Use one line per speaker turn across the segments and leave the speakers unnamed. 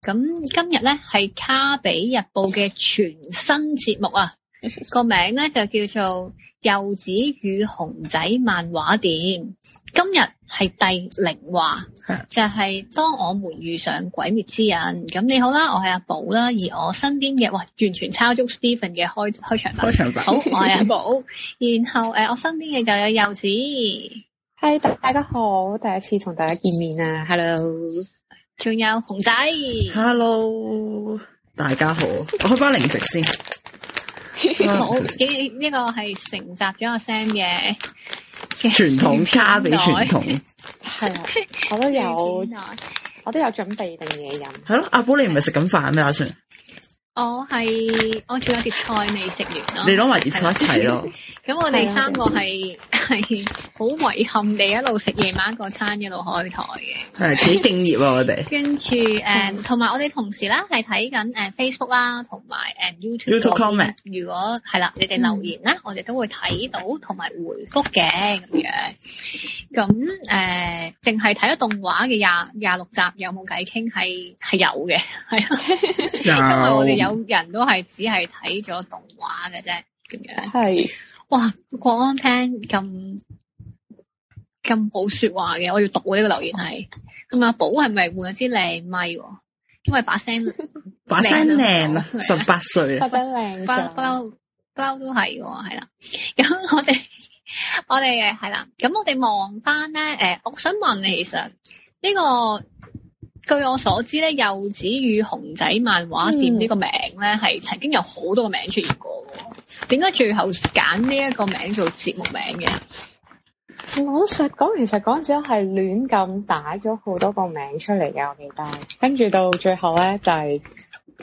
咁今日咧係《卡比日報》嘅全新節目啊，個 名咧就叫做《侑子與熊仔漫畫店》。今日係第零話， 就係當我們遇上鬼滅之刃」。咁你好啦，我係阿寶啦，而我身邊嘅哇，完全抄足 Stephen 嘅開開場白。開場白 好，我係阿寶。 然後誒，我身邊嘅就有侑子。嗨、hey, 大大家好，第一次同大家見面啊，Hello。仲有熊仔，Hello，
大家好， 我開翻零食先去。
我幾呢、這個係承集咗個 Sam 嘅
傳統卡俾傳統，
係啊，我都有， 我，都有 我都有準備定嘢飲。
係咯，阿、啊、寶、啊、你唔係食緊飯咩？打算？
我係我仲有一碟菜未食完咯，你攞埋碟菜一齊咯。咁 我哋三個係係好遺憾地一路食夜晚個餐一路開台嘅，係
幾敬業啊我哋。
跟住誒，同、嗯、埋我哋同時咧係睇緊誒 Facebook 啦、啊，同埋誒 YouTube, YouTube。YouTube comment，如果係啦，你哋留言啦、嗯，我哋都會睇到同埋回覆嘅咁樣。咁 誒，淨係睇得動畫嘅廿廿六集有冇偈傾？係係有嘅，
係因為我哋有。 有
人都係只係睇咗動畫嘅啫，咁樣係哇！國安聽咁咁好說話嘅，我要讀呢個留言係。咁阿寶係咪換咗支靚咪，因為把聲
把聲靚啊，十八歲啊，
不嬲，不嬲都係嘅，係啦。咁、嗯、我哋我哋嘅係啦。咁、嗯、我哋望翻咧，誒、呃，我想問你其實呢個。據我所知咧，侑子與熊仔漫畫店呢個名咧，係曾經有好多個名出現過嘅。點解最後揀呢一個名做節目名嘅？
老實講，其實嗰陣時係亂咁打咗好多個名出嚟嘅，我記得。跟住到最後咧，就係、係、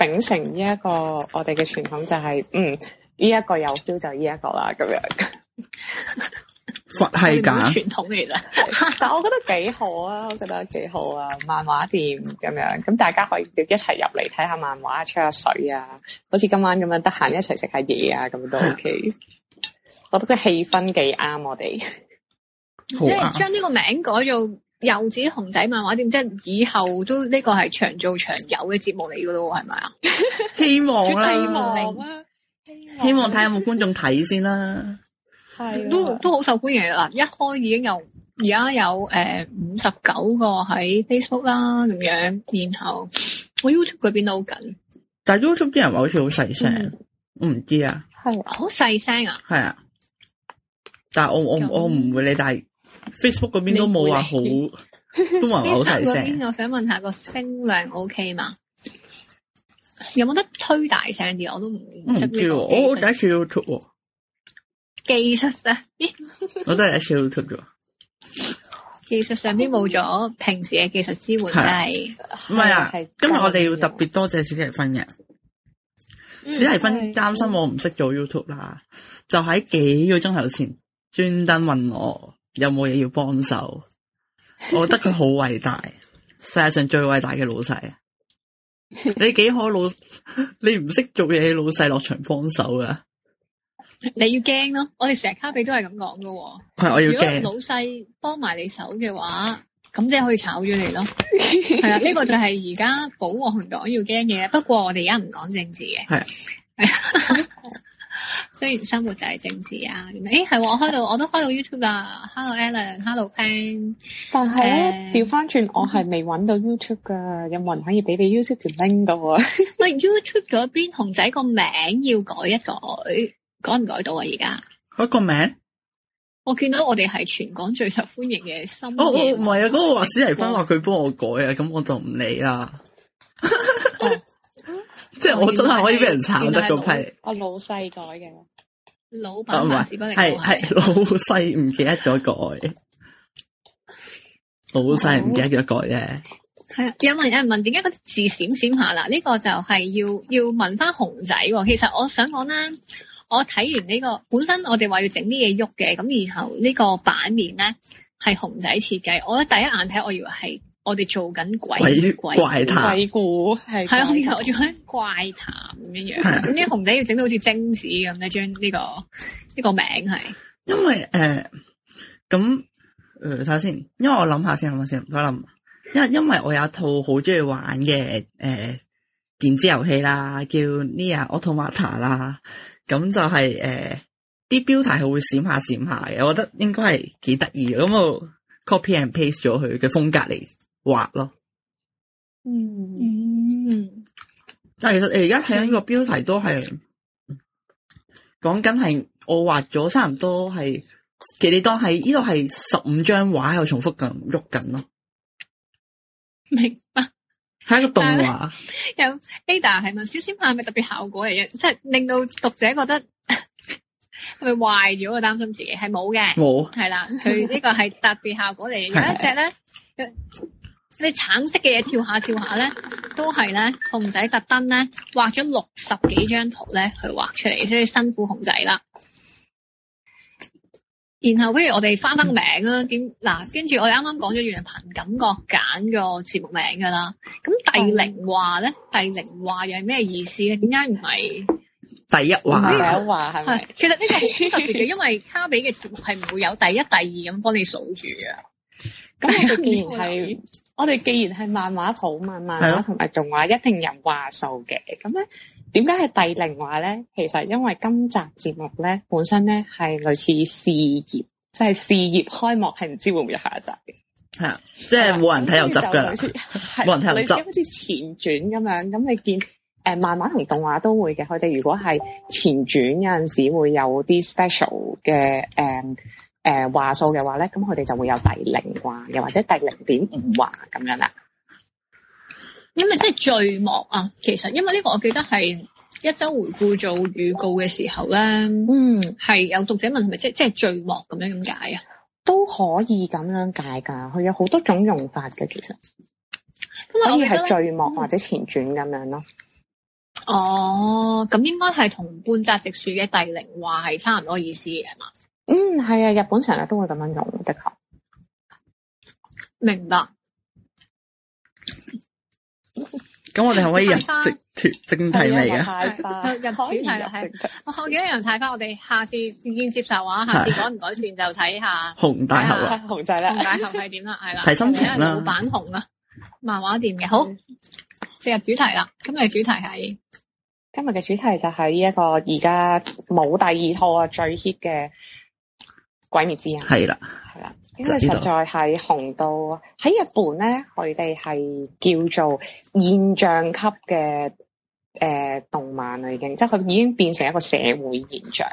秉承呢一個我哋嘅傳統、就係，就係嗯呢一、呢個有 feel 就呢一個啦，咁樣。
佛系噶，傳
統嚟噶，但我覺得幾好啊， 我覺得幾好啊，漫畫店咁樣，咁大家可以一齊入嚟睇下漫畫，吹下水啊，好似今晚咁樣得閒一齊食下嘢啊，咁都 OK。我覺得個氣氛幾啱我哋、
啊。即係將呢個名改做《侑子熊仔漫畫店》，即係以後都呢個係長做長有嘅
節目嚟噶咯，係咪啊？希望啦，希望，希望睇有冇觀眾睇先啦。
係都都好受歡迎嗱，一開已經有而家有誒五十九個喺 Facebook 啦，咁樣然後我、哦、YouTube 嗰邊都好緊，
但係 YouTube 啲人話好似好細聲，我唔知啊，
係好細聲啊，
係啊，但係我我、嗯、我唔會理，但係 Facebook 嗰邊都冇話好，
都冇話好細聲。 我想問下個聲量 OK 嘛？有冇得推大聲啲？我都唔唔、嗯、知、這個、我，我
第一次 YouTube、啊。
技術、啊、 上，
我都係一次 YouTube 咗。
技術上邊冇咗平時嘅技術支援係，唔係啊？
今日我哋要特別多謝小麗芬嘅、嗯。
小麗芬
擔心我唔識做 YouTube 啦、嗯，就喺幾個鐘頭前專登、嗯、問我有冇嘢要幫手。 我覺得佢好偉大，世界上最偉大嘅老細。 你幾可老？你唔識做嘢嘅老細落場幫手噶？
你要驚咯，我哋成日卡比都係咁講噶。係我要驚。如果老細幫埋你手嘅話，咁即係可以炒咗你咯。係 啦，呢、這個就係而家保皇黨要驚嘅。不過我哋而家唔講政治嘅。
係啊。
雖然生活就係政治啊。誒，係我開到，我都開到 YouTube 噶。Hello Alan，Hello Ken。
但係咧，調翻轉，我係未揾到 YouTube 噶、嗯。有冇人可以俾俾 YouTube link 噶？喂 ，YouTube 嗰邊熊仔個名要改一改。
改唔
改到啊？而家改個名？
我見到我哋係全港最受歡迎嘅
新哦，唔、
哦、係啊，嗰、嗯那個話史提芬話佢幫我改啊，咁、嗯、我就唔理啦、嗯 哦。即係我真係可以俾人慘得個批。
我老細改嘅，老闆阿史提芬係係
老細唔記得咗改，老細唔記得咗改啫。係
有人問，有人問，點解嗰啲字閃閃下？嗱，呢個就係要要問翻熊仔。其實我想講咧。我睇完呢，這個本身我，我哋話要整啲嘢喐嘅，咁然後呢個版面咧係熊仔設計。我第一眼睇，我以為係我哋做緊鬼，鬼怪談，係係啊，我以為我仲怪談咁樣樣。咁啲熊仔要整到好似貞子咁咧，將 呢，這個呢，這個名係。
因為誒咁誒睇下先，因為我諗下先諗下先，先我諗因為因為我有一套好中意玩嘅誒、呃、電子遊戲啦，叫 Nier Automata 啦。咁就係、是、誒，啲、呃、標題係會閃下閃下嘅，我覺得應該係幾得意嘅，咁我 copy and paste 咗佢嘅風格嚟畫咯。嗯，但係其實你而家睇緊呢個標題都係講緊係我畫咗差唔多係，其實你當係呢度係十五張畫喺度重複緊喐緊咯。
明白。
係一個動畫、啊。
有 Ada 係問小青蛙係咪特別效果嚟嘅，即係令到讀者覺得係咪壞咗？我擔心自己係冇嘅，冇係啦。佢、哦、呢個係特別效果嚟嘅。。 有一隻咧，你橙色嘅嘢跳下跳下咧，都係咧，熊仔特登咧畫咗六十幾張圖咧去畫出嚟，所以辛苦熊仔啦。然後不如我哋翻翻個名啦，點、嗯、嗱？跟住我哋啱啱講咗原來憑感覺揀個節目名噶啦。咁第零話咧，第零話，話又係咩意思咧？點解唔係
第一話？第一
話係咪？其實呢個好特別嘅， 因為卡比嘅節目係唔會有第一、第二咁幫你數住
嘅。咁 我哋既然係 我哋既然係漫畫圖、漫漫畫同埋動畫，一定有話數嘅。咁咧。點解係第零話咧？其實因為今集節目咧本身咧係類似事業，即係事業開幕，係唔知道會唔會下一集？
係啊，即係冇人睇又執噶，
冇人睇又執，好似前傳咁樣。咁你見誒，漫畫同動畫都會嘅。佢哋如果係前傳有陣時會有啲 special 嘅誒誒話數嘅話咧，咁佢哋就會有第零話，又或者第零點五話咁樣啦。嗯因為
即係序幕啊，其實因為,呢個我記得係一周回顧做預告嘅時候咧，嗯，係有讀者問，係咪即係即係序幕咁樣咁解啊？都可以咁樣解
噶，佢有好多種用法嘅，其實可以係序幕或者前傳咁樣咯，嗯。
哦，咁應該係同半澤直樹嘅第零話係差唔多意思嘅係嘛？
嗯，係啊，日本成日都會咁樣用，的
確，明白。
咁我哋可以入直脱正題嚟嘅，
入主題係。 我我見有人睇翻，我哋下次見接受話、啊，下次改唔改善就睇下。熊 大俠啊，熊仔啦，大俠係點啦，係啦，係心情啦，老闆熊啊，漫畫店嘅好，進入主題啦。今日主題係
今日嘅主題就係呢一個，而家冇第二套啊，最 hit 嘅《鬼滅之刃》係啦。因為實在係紅到喺日本咧，佢哋係叫做現象級嘅誒、呃、動漫嚟嘅。即係佢已經變成一個社會現象。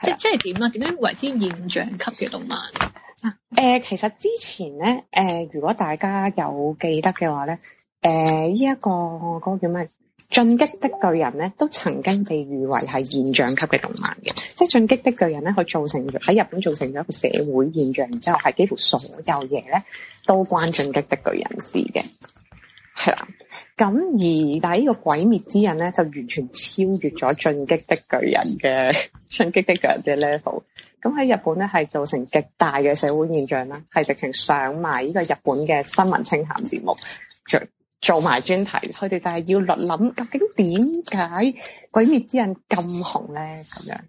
是即即係點啊？點樣為之現象級嘅動漫？誒、呃，其實之前咧，誒、呃，如果大家有記得嘅話咧，誒、呃，呢一、個嗰、嗰個叫咩？進擊的巨人咧，都曾經被譽為係現象級嘅動漫嘅，即係進擊的巨人咧，佢造成喺日本造成咗一個社會現象，之後係幾乎所有嘢咧都關進擊的巨人事嘅，係啦。咁而但係呢個鬼滅之刃咧，就完全超越咗進擊的巨人嘅進擊的巨人嘅 level。咁喺日本咧，係造成極大嘅社會現象啦，係直情上埋呢個日本嘅新聞清談節目最。做埋專題，佢哋就係要落諗，究竟點解鬼滅之刃咁紅咧？咁樣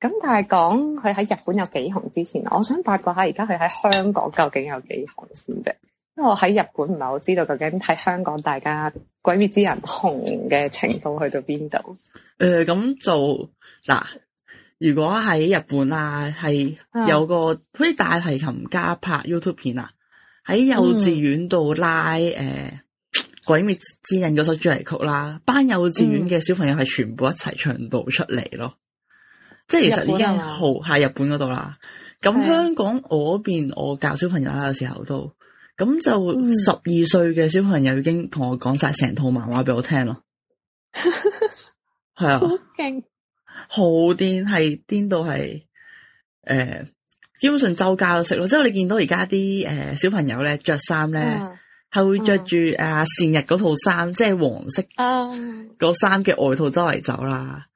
咁，但係講佢喺日本有幾紅之前，我想八卦下，而家佢喺香港究竟有幾紅先啫？因為我喺日本唔係好知道究竟喺香港大家
鬼滅之刃紅嘅程度去到邊度？咁、呃、做，嗱，如果喺日本啊，係有個推、啊、大提琴家拍 YouTube 片啊，喺幼稚園度拉、嗯呃鬼滅之刃嗰首主題曲啦，班幼稚園嘅小朋友係全部一齊唱到出嚟咯、嗯，即係其實已經好喺日本嗰度啦。咁香港我邊我教小朋友啦，有時候都咁就十二歲嘅小朋友已經同我講晒成套漫畫俾我聽咯，係 啊，好勁，好癲，係癲到係誒、呃，基本上周教都識咯。即係你見到而家啲誒小朋友咧着衫咧。係會着住阿善逸嗰套衫，嗯，即係黃色嗰衫嘅外套周圍走啦，嗯。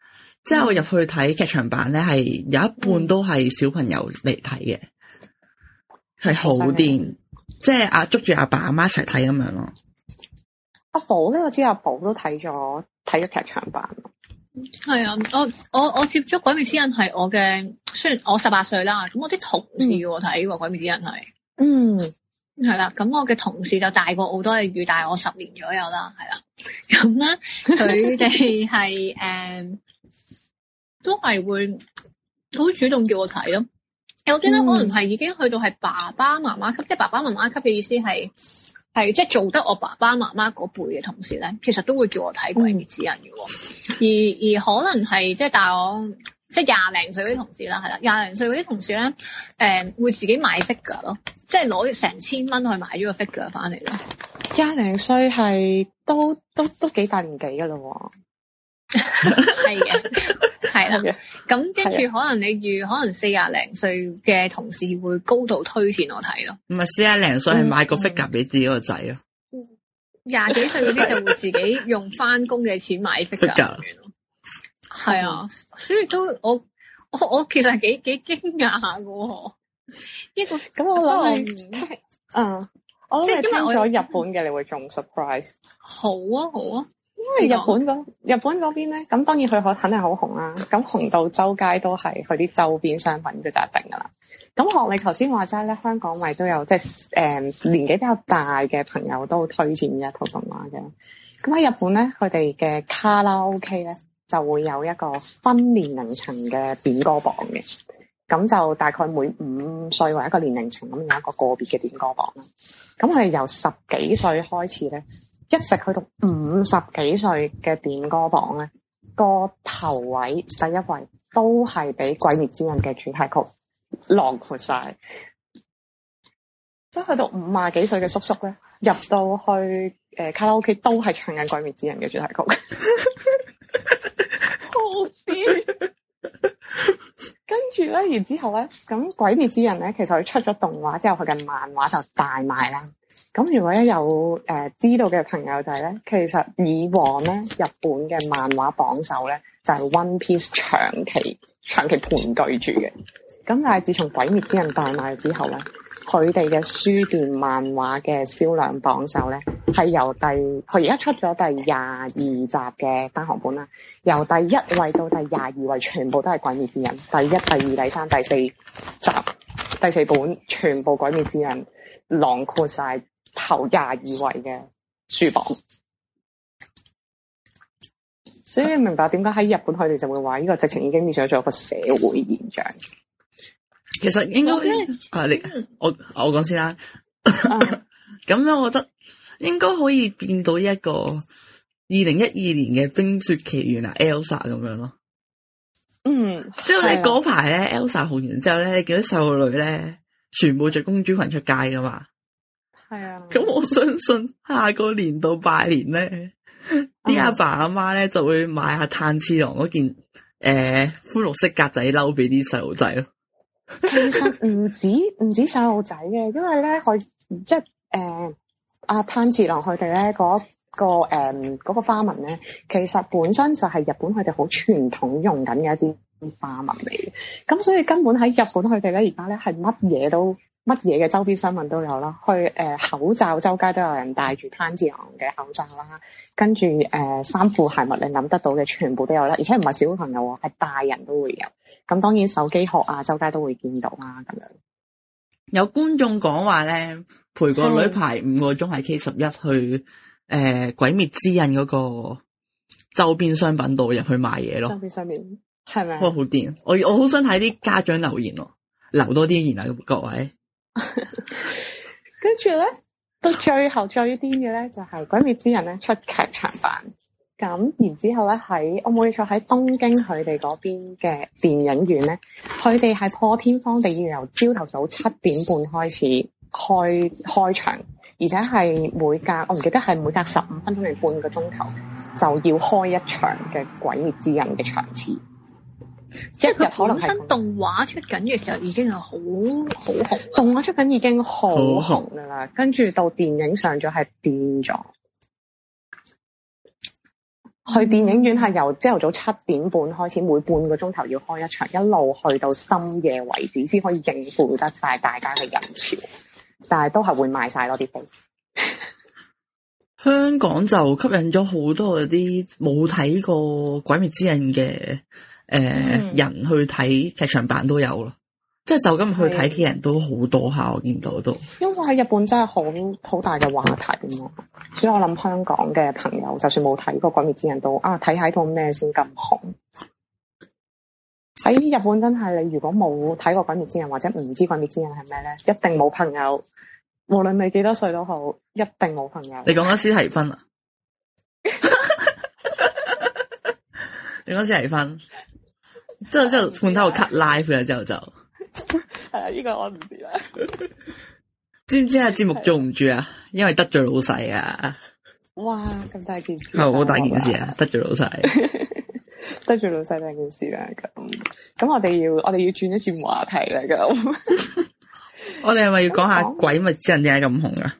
之後入去睇劇場版咧，係有一半都係小朋友嚟睇嘅，係好癲，即係阿捉住阿爸阿媽一齊睇咁樣咯。
阿寶咧，我知阿寶都睇咗
睇咗劇場版。
係啊，我我我接觸《鬼滅之刃》係我嘅，雖然我十八歲啦，咁我啲同事我睇，嗯《鬼滅之刃》係嗯。係啦，咁我嘅同事就大過好多嘅，都預大我十年左右啦，係啦，咁咧佢哋係誒都係會好主動叫我睇咯。我記得可能係已經去到係爸爸媽媽級，嗯、即係爸爸媽媽級嘅意思係係即係做得我爸爸媽媽嗰輩嘅同事咧，其實都會叫我睇《鬼滅之刃》
嘅喎，
而而可能係即係大我，即係廿零歲嗰啲同事啦，係啦，廿零歲嗰啲同事咧，誒、嗯、會自己買 figure 咯，即係攞成千蚊去買咗個 figure 翻嚟咯。
廿零歲係都都都幾大年紀噶咯，
係 嘅，係啦。咁跟住可能你遇可能四廿零歲嘅同事會高度推薦我睇咯。
唔係四廿零歲係買個 figure 俾、嗯、自己個仔咯。
廿幾歲嗰啲就會自己用翻工嘅錢買 figure。 係啊，所以都我我我其實幾幾驚訝下一
個咁我諗係、嗯，嗯，我即係聽咗日本嘅你會仲 surprise，好啊好啊，因為日本嗰日本嗰邊咧，咁當然佢可肯定好紅啦，咁紅到周街都係佢啲周邊商品都就係定噶啦。咁似你頭先話齋咧，香港咪都有即係誒、嗯、年紀比較大嘅朋友都推薦一套動畫嘅，咁喺日本咧，佢哋嘅卡拉 OK 咧。就會有一個分年齡層嘅點歌榜嘅，咁就大概每五歲或一個年齡層咁有一個個別嘅點歌榜啦。咁係由十幾歲開始咧，一直去到五十幾歲嘅點歌榜咧，個頭位第一位都係俾《鬼滅之刃》嘅主題曲囊括晒。即係去到五廿幾歲嘅叔叔咧，入到去誒卡拉 OK 都係唱緊《鬼滅之刃》嘅主題曲。 跟住咧，然之後咧，咁《鬼滅之刃》咧，其實佢出咗動畫之後，佢嘅漫畫就大賣啦。咁如果有誒、呃、知道嘅朋友就係咧，其實以往咧日本嘅漫畫榜首咧就係、是《One Piece》長期
長期盤踞住嘅。
咁但係自從《鬼滅之刃》大賣之後
咧。佢
哋嘅書店漫畫嘅銷量榜首咧，係由第佢而家出咗第廿二集嘅單行本啦。由第一位到第廿二位，全部都係鬼滅之刃，第一、第二、第三、第四集、第四本，全部鬼滅之刃囊括晒頭廿二位嘅書榜。所以你明白點解喺日本佢哋就會話呢個直情已經變咗做個社會現象。
其實應該、okay. 啊，你我我講先啦。咁、啊、 樣我覺得應該可以變到一個二零一二年嘅《冰雪奇緣、啊》啊，Elsa 咁樣咯。嗯，即、就、係、是、你嗰排咧，Elsa 紅完之後咧，你見到細路女咧，全部着公主裙出街噶嘛？係、嗯、啊。咁我相信下個年到拜年咧，啲、嗯、阿 爸阿媽咧就會買下炭治郎嗰件誒灰、呃、綠色格仔褸俾啲細路仔咯。
其實唔止唔止細路仔嘅，因為咧佢即係誒阿炭治郎佢哋咧嗰個誒嗰、呃那個花紋咧，其實本身就係日本佢哋好傳統用緊嘅一啲花紋嚟嘅。咁所以根本喺日本佢哋咧而家咧係乜嘢都乜嘢嘅周邊新聞都有啦。去誒、呃，口罩周街都有人戴住炭治郎嘅口罩啦，跟住誒衫褲鞋襪你諗得到嘅全部都有啦。而且唔係小朋友喎，係大人都會有。咁當然手機殼啊，周街都會見到啊，咁樣
有觀眾講話咧，陪個女排五個鐘喺 K 十一去誒、呃《鬼滅之刃》嗰個周邊商品度入去買嘢咯，周
邊商品？係咪？哇！
好癲！我我好想睇啲家長留言咯，留多啲留言啊，各位。
跟住咧，到最後最癲嘅咧，就係《鬼滅之刃》咧出劇場版。咁，然之後咧，喺我冇記錯喺東京佢哋嗰邊嘅電影院咧，佢哋係破天荒地要由朝頭早七點半開始開開場，而且係每隔我唔記得係每隔十五分鐘定半個鐘頭就要開一場嘅《鬼滅之刃》嘅場次，
即係佢本身動畫出緊嘅時候已經係好
好紅，動畫出緊已經好紅噶啦，跟住到電影上咗係癲咗。
去電影院
係由朝頭早七點半開始，每半個鐘頭要開一場，一路去到深夜為止，先可以應付得晒大家嘅人潮。但係都係會賣晒多啲飛。
香港就吸引咗好多啲冇睇過《鬼滅之刃》嘅誒人去睇劇場版都有咯。即係就咁去睇嘅人都好多下，我見到都。
因為喺日本真係好好大嘅話題嘛，所以我諗香港嘅朋友，就算冇睇過《鬼滅之刃》，都啊睇下到咩先咁紅。喺、哎、日本真係，你如果冇睇過《鬼滅之刃》，或者唔知《鬼滅之刃》係咩咧，一定冇朋友。無論你幾多歲都好，一定冇朋友。你講緊
史提芬啊？ 你講史提芬， 之後之後換頭 cut live 之後就。
係啊，呢個我唔知啦。
知唔知阿節目做唔住啊？因為得罪老細啊！
哇，咁大件事，好大件事啊！
得罪老細，
得罪老細定件事啦。咁，咁我哋要我哋要轉一轉話題啦。咁，
我哋係咪要講、那個、 下鬼滅之刃點解咁紅啊？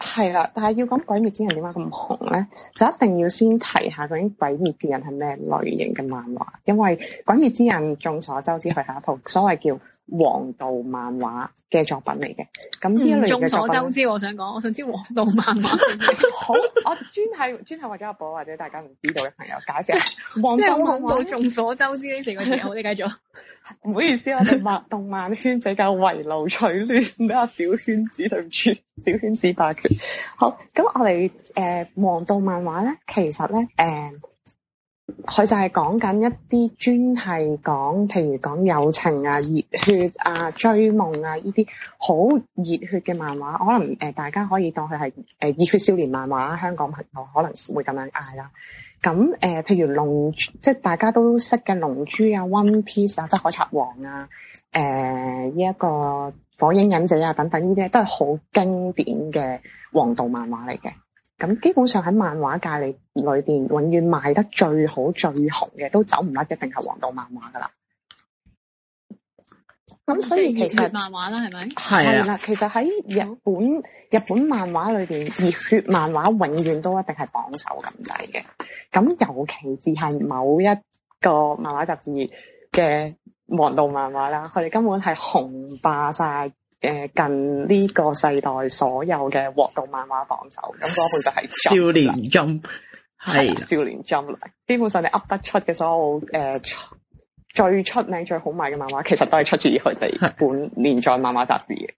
係啦，但係要講《鬼滅之刃》點解咁紅咧？就一定要先提下究竟《鬼滅之刃》係咩類型嘅漫畫，因為《鬼滅之刃》眾所周知佢係一套所謂叫王道漫畫嘅作品嚟嘅。咁呢一類嘅眾、嗯、所周知，
我想講，我想知王道，道漫畫 好，我專係專係為咗阿寶或者大家唔
知道嘅朋友解釋。
王道好，恐怖，眾所周知呢四個字，我你
繼續。唔好意思，我哋漫動漫圈比較圍爐取暖，比較小圈子，對唔住，小圈子霸權。好，咁我哋誒，王道、呃、動漫畫咧，其實咧，誒、呃，佢就係講緊一啲專係講，譬如講友情啊、熱血啊、追夢啊呢啲好熱血嘅漫畫，可能誒，大家可以當佢係誒熱血少年漫畫，香港朋友可能會咁樣嗌啦。咁誒、呃、譬如龍，即係大家都識嘅龍珠啊、One Piece 啊、即係海賊王啊、誒、呃、呢一個火影忍者啊等等，呢啲咧都係好經典嘅王道漫畫嚟嘅。咁基本上喺漫畫界裏裏邊永遠賣得最好、最紅嘅都走唔甩，一定係王道漫畫噶啦。咁所以其實漫畫啦，係咪係啦？其實喺日本日本漫畫裏邊，熱血漫畫永遠都一定係榜首咁滯嘅。咁尤其至係某一個漫畫雜誌嘅王道漫畫啦，佢哋根本係紅霸曬誒近呢個世代所有嘅王道漫畫榜首。咁嗰本就係《少年
Jump》，係《
少年 Jump》。基本上你噏得出嘅所有誒，最出名、最好賣嘅漫畫，其實都係出自於佢哋本連載漫畫雜誌嘅。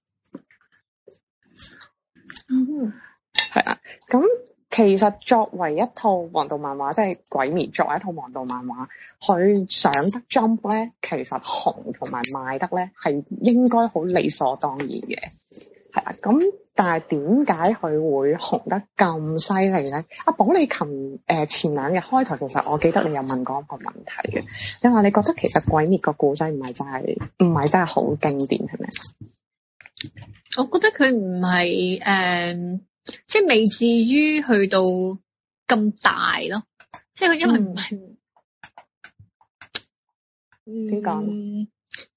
嗯，係啊。咁其實作為一套王道漫畫，即係《鬼滅》作為一套王道漫畫，佢上得 Jump 咧，其實紅同埋賣得咧，係應該好理所當然嘅。係啦，咁但係點解佢會紅得咁犀利咧？阿 Bo，你琴誒前兩日開頭，其實我記得你有問過一個問題嘅，你話你覺得其實《鬼滅》個故仔唔係真係唔係真係好經典，係咪？
我覺得佢唔係誒，即係未至於去到咁大咯，即係佢因為唔係，嗯。嗯，點講？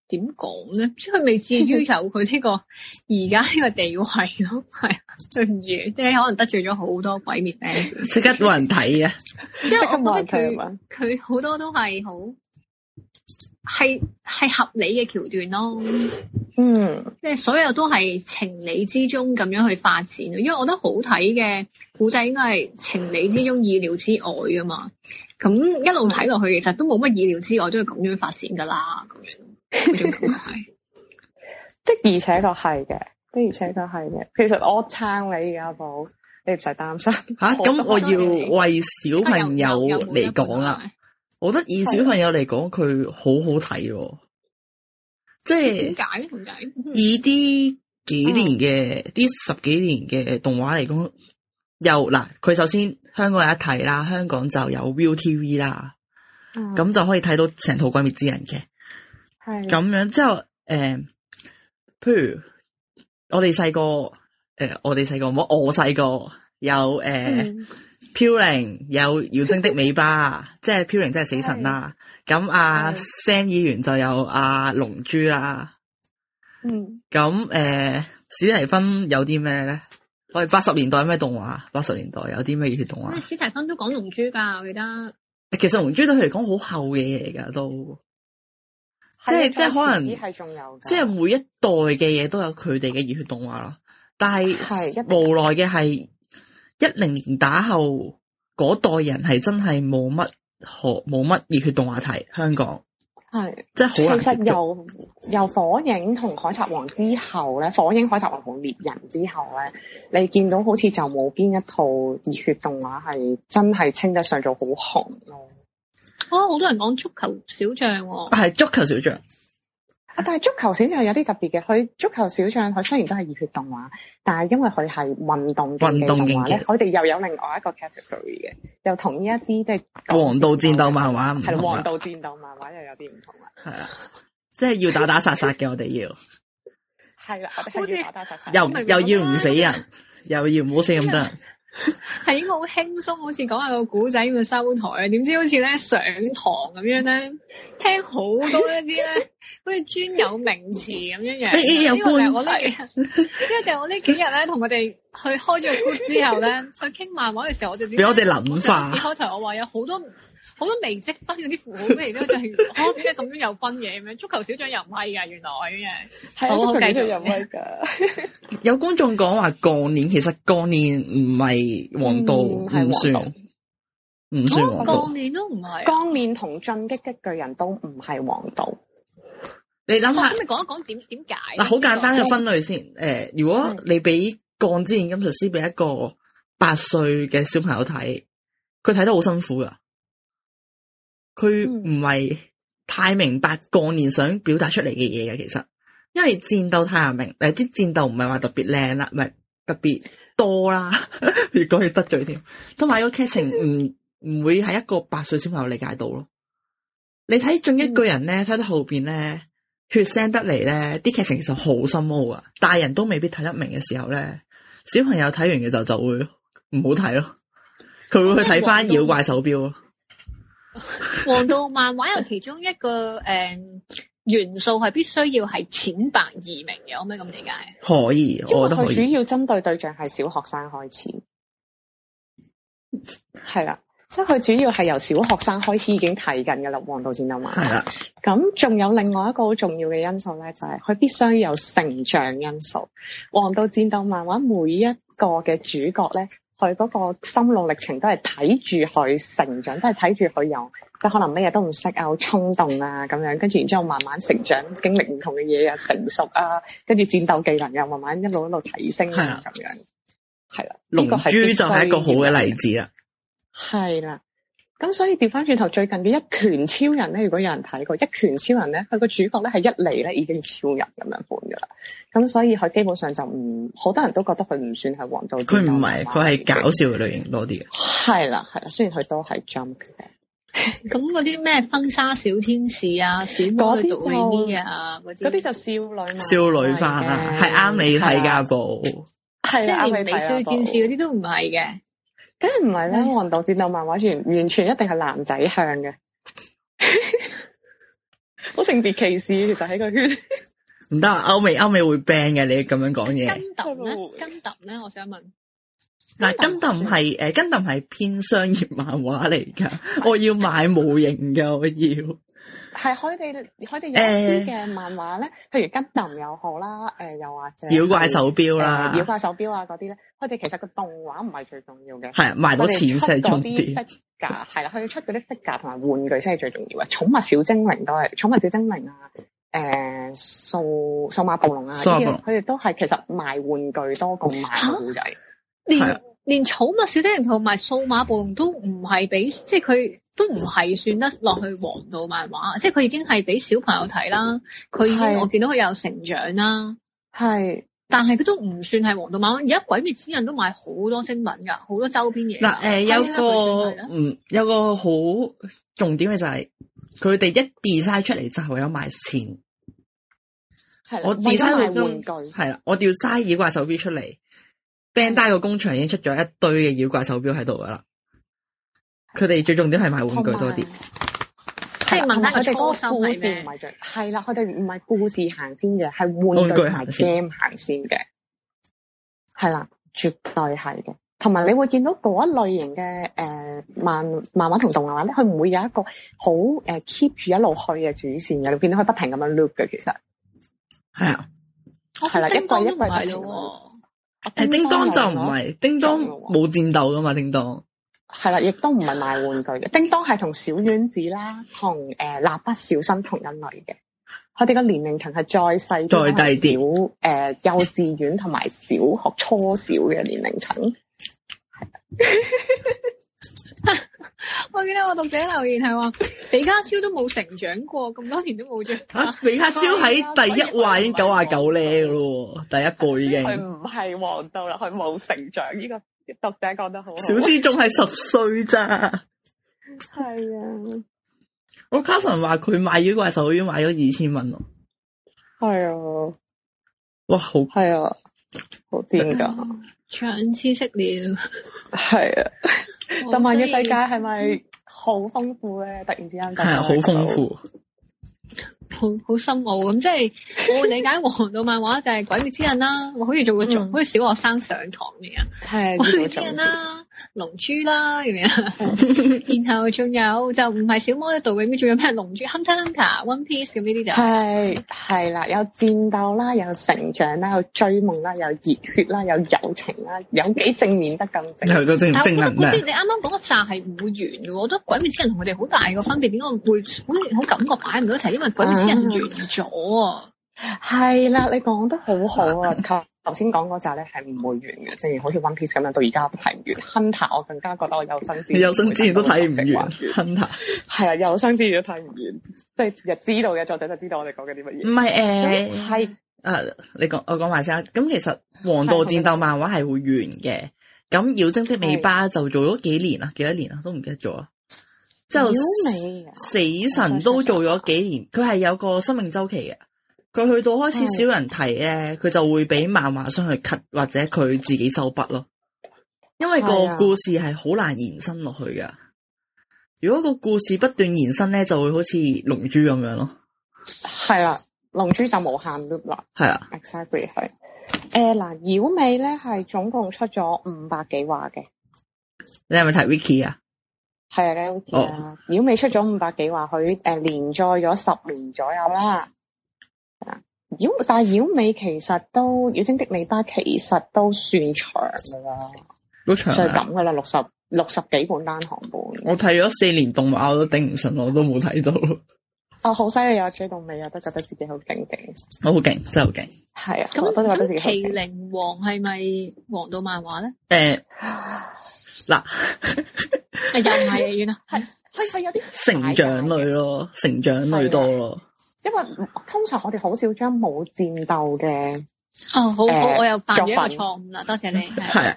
點講咧？即係未至於有佢呢個而家呢個地位咯， 係對唔住，即係可能得罪咗好多鬼滅 fans，即刻冇人
睇啊！ 即刻冇人睇？
因為我
覺
得佢
佢好多都係好係係合理嘅橋段咯，嗯，即係所有都係情理之中咁樣去發展咯。因為我覺得好睇嘅古仔應該係情理之中、意料之外啊嘛。咁一路睇落去，嗯，其實都冇乜意料之外，都係咁樣發展噶
啦，咁樣。的而且確係嘅，的而且確係嘅。其實我撐你嘅阿寶，你唔使擔心。吓、啊、咁、啊、我要
為小朋友嚟講啦。我覺得以小朋友嚟講，佢好好睇。即係點解？
點解？以啲
幾年嘅、啲、嗯、十幾年嘅動畫嚟講，又嗱，佢首先香港有一睇啦，香港就有 Viu TV 啦、嗯，咁就可以睇到成套《鬼滅之刃》嘅。係咁樣之後，誒、呃，譬如我哋細個，誒、呃，我哋細個唔好我細個有誒，漂靈、呃嗯、有妖精的尾巴， 即係漂靈即係死神啦、啊。咁阿、啊、Sam 議員就有阿、啊、龍珠啦、
啊。
嗯。咁誒、呃，史提芬有啲咩咧？我哋八十年代有咩動畫？八十年代有啲咩熱血動畫、嗯？
史提芬都講龍珠噶，
我記得。其實龍珠對佢嚟講好厚嘅嘢噶都。即係即係可能，即係每一代嘅嘢都有佢哋嘅熱血動畫咯。但係無奈嘅係一零年打後嗰代人係真係冇乜學冇乜熱血動畫睇。香港
係即係好難。其實由由火影同海賊王之後咧，火影、海賊王同獵人之後咧，你見到好似就冇邊一套熱血動畫係真係稱得上做好紅咯。哦，好多人講足球小將喎。哦，係足球小將。啊，但係足球小將有啲特別嘅，佢足球小將佢雖然都係熱血動畫，但係因為佢係運動嘅動畫咧，我哋又有另外一個 category 嘅，
又同呢一啲即係王道戰鬥漫畫係王道
戰鬥漫畫又有啲唔同
啦，係 啊，即係要打打殺殺嘅，我哋要
係啦，好似又
又要唔死人，又要唔好要死咁多
係應該好輕鬆，好似講下個古仔咁樣收台，點知好似咧上堂咁樣咧，聽好多一啲咧， 好似專有名詞咁樣樣。呢 呢、這個就係我呢幾日，呢、這個、就係我呢幾日咧，同佢哋去開咗個 group 之後咧， 去傾漫畫嘅時候，我哋俾我哋諗法。開頭我話有好多。好多未積分嗰啲父母，嗰啲咧就係，可即係咁樣有分嘢咁樣。足球小將又唔係噶，原來嘅樣。係啊，繼續又唔係
噶。
有觀眾講話，過年其實過年唔係王道，唔、嗯、算唔算王道、
哦。過年都唔係，過年同進擊的巨人都唔係王道。
你諗下，咁、啊、你
講一講點點解？嗱、啊，好簡單嘅分
類先。誒、呃，如果你俾鋼之鍊金術師俾一個八歲嘅小朋友睇，佢睇得好辛苦噶。佢唔係太明白過年想表達出嚟嘅嘢嘅。其實，因為戰鬥太難明，誒，啲戰鬥唔係話特別靚啦，唔係特別多啦，越講越得罪添。同埋個劇情唔唔 會係一個八歲小朋友理解到咯。你睇《進一巨人》咧，睇到後邊咧，血腥得嚟咧，啲劇情其實好深奧啊，大人都未必睇得明嘅時候咧，小朋友睇完嘅時候就就會唔好睇咯，佢會去睇翻妖怪手表咯。
王 道漫畫有其中一個誒元、 呃、素係必須要係淺白易明嘅，可唔可以咁理解？
可以，因為佢主
要針對對象係小學生開始，係啦，即係佢主要係由小學生開始已經睇緊㗎啦。王道戰鬥漫畫，係啦。咁仲有另外一個好重要嘅因素咧，就係、是、佢必須有成長因素。王道戰鬥漫畫每一個嘅主角咧。佢嗰個心路歷程都係睇住佢成長，即係睇住佢又，即係可能咩嘢都唔識啊，好沖動啊咁樣，跟住然之後慢慢成長，經歷唔同嘅嘢啊，成熟啊，跟住戰鬥技能又慢慢一路一路提升啊咁樣，
係啦，龍珠就係、就是、一個好嘅例子啊，
係啦。咁所以掉返轉頭，最近嘅一拳超人咧，如果有人睇過一拳超人咧，佢個主角咧係一嚟咧已經超人咁樣款噶啦。咁所以佢基本上就唔好多人都覺得佢唔算係王道，道。佢唔
係，佢係搞笑嘅類型多啲
嘅。係啦，係啦，
雖然佢都係 jump 嘅。
咁嗰啲咩婚紗小天使啊，小
嗰啲呀，嗰啲就，就少女嘛，
少女化啦、啊，係啱你睇噶部。係即
係連美少女戰士嗰啲都唔係嘅。啊。
誒、欸，唔係咧，王道戰鬥漫畫圈完全一定係男仔向嘅，好
性別歧視，
其實喺個圈。
唔得啊，歐美歐美會 ban 嘅，你咁樣講嘢。根揼咧，
根揼咧，我想問，
嗱，根揼係誒，根揼係偏商業漫畫嚟噶，我要買模型噶，我要。
係佢哋，佢哋有啲嘅漫畫咧、欸，譬如吉林又好啦，誒、呃、又或者《妖怪手表、啊》啦、呃，妖怪手表啊嗰啲咧，佢哋其實個動畫唔係最重要嘅，係、啊、賣到錢先重要。係啦、 啊，佢出啲 figure 啦，佢出嗰啲 figure 同埋玩具先係最重要嘅。寵物小精靈都係，寵物小精靈啊，誒、呃，數數碼暴龍啊，佢哋都係其實賣玩具多過賣古仔。連寵物小精靈同埋數碼暴龍都
唔係俾，即係佢都唔係算得落去王道漫畫，即係佢已經係俾小朋友睇啦。佢已經我見到佢有成長啦。係，但係佢都唔算係王道漫畫。而家鬼滅之刃都賣好多精品噶，好多周邊嘢。嗱，誒、呃呃，有一個
嗯，有個好重點嘅就係、是，佢哋一 design 出嚟就有賣錢。
係，我 design 係啦，
我 design 耳掛手表出嚟。Bandai 個工場已經出咗一堆嘅妖怪手表喺度噶啦，佢哋最重點係賣玩具多啲，即係問題
佢哋個故事唔係最係啦，佢哋唔係故事行先嘅，係玩具行先，game 行先嘅，係啦，絕對係嘅。同埋你會見到嗰一類型嘅誒、呃、漫漫畫同動畫咧，佢唔會有一個好誒 keep 住一路去嘅主線嘅，你
見到佢不停咁樣 loop 嘅，其實
係啊，係啦，一個一個。
係、啊、叮，叮噹就唔係，叮噹冇戰鬥噶嘛，叮噹係啦，亦
都唔係賣玩具嘅，叮噹係同小丸子啦，同誒蠟筆小新同一類嘅，佢哋個年齡層係再細，再低啲，誒、呃、幼稚園同埋小學初小嘅年齡層。
我見到我讀者留言係話，比卡超都冇成長過，咁多年都冇
長。比 卡超喺
第一話已經九廿九靚噶咯，第一個已經。佢唔
係王道啦，佢冇成長。呢、呢個讀者講得好好。小智
仲係十歲咋？
係啊。
我卡神話佢買妖怪手錶買咗二千蚊咯。
係啊。
哇，好係啊，好癲噶。
長知識了，係啊！動漫嘅世界係咪好豐富咧、嗯？突然之間咁係啊，好豐富，
好好深奧咁。 咁即係我理解王道漫畫就係鬼滅之刃啦、啊，我 好似做個做、嗯，好似小學生上堂嘅樣係。龍珠啦，咁樣， 然後仲有就唔係小魔女杜永，邊仲有咩龍珠 Hunter, Hunter、One Piece 咁，
呢啲就係係啦，有戰鬥啦，有成長啦，有追夢啦，有熱血啦，有友情啦，有幾正面得咁正。 但係鬼滅你
啱啱講個集係唔會完嘅，我覺得鬼滅之刃同佢哋好大個分別，點解會好似好感覺擺唔到一齊？因為鬼滅之
刃完咗。嗯係啦，你講得好好啊！頭頭先講嗰集咧係唔會完嘅，正如好似 One Piece 咁樣，到而家都睇唔完。 Hunter 我更加覺得我有生之有 生之年都睇唔完。
Hunter 係係啊，有生之年都睇唔完，
即係日知道嘅，作者就知道我哋講緊啲乜嘢。唔
係誒，係、呃、誒、啊，你講我講埋先啊。咁 其實《王道戰鬥》漫畫係會完嘅。咁 《妖精的尾巴》就做咗幾年啦，幾多年啦，都唔記得咗。 之後《死神》都做咗幾年，佢 係有個生命週期嘅。佢去到開始少人提咧，佢就會俾漫畫商去 cut，或者佢自己收筆咯。因為個故事係好難延伸落去噶。如果個故事不斷延伸咧，就會好似龍珠咁樣咯。
係啦，龍珠就無限啦。係啊，exactly 係。誒，嗱，妖尾咧係總共出咗五百幾話嘅。
你係咪睇 Vicky 啊？
係啊，睇 Vicky 啊。妖尾出咗五百幾話，佢誒、呃、連載咗十年左右啦。妖，但係妖尾其實都妖精的尾巴其
實都算長噶啦，都長了，就係咁
噶啦，六十六十幾本單行本。
我睇咗四年動畫，我都頂唔順，我都冇睇到。
哦，好犀利啊！追到尾啊，都覺得自己好勁勁。
我好勁，真係好勁。係啊，咁我咁《麒
麟王》
係咪王道漫畫
咧？誒、欸，嗱， 又唔係原來係係係有啲成長類咯、哦啊，成長類多咯。
因為通常我哋好少將冇戰鬥嘅，哦，好我、呃、我又犯咗一個錯誤啦， 多謝你係係啦，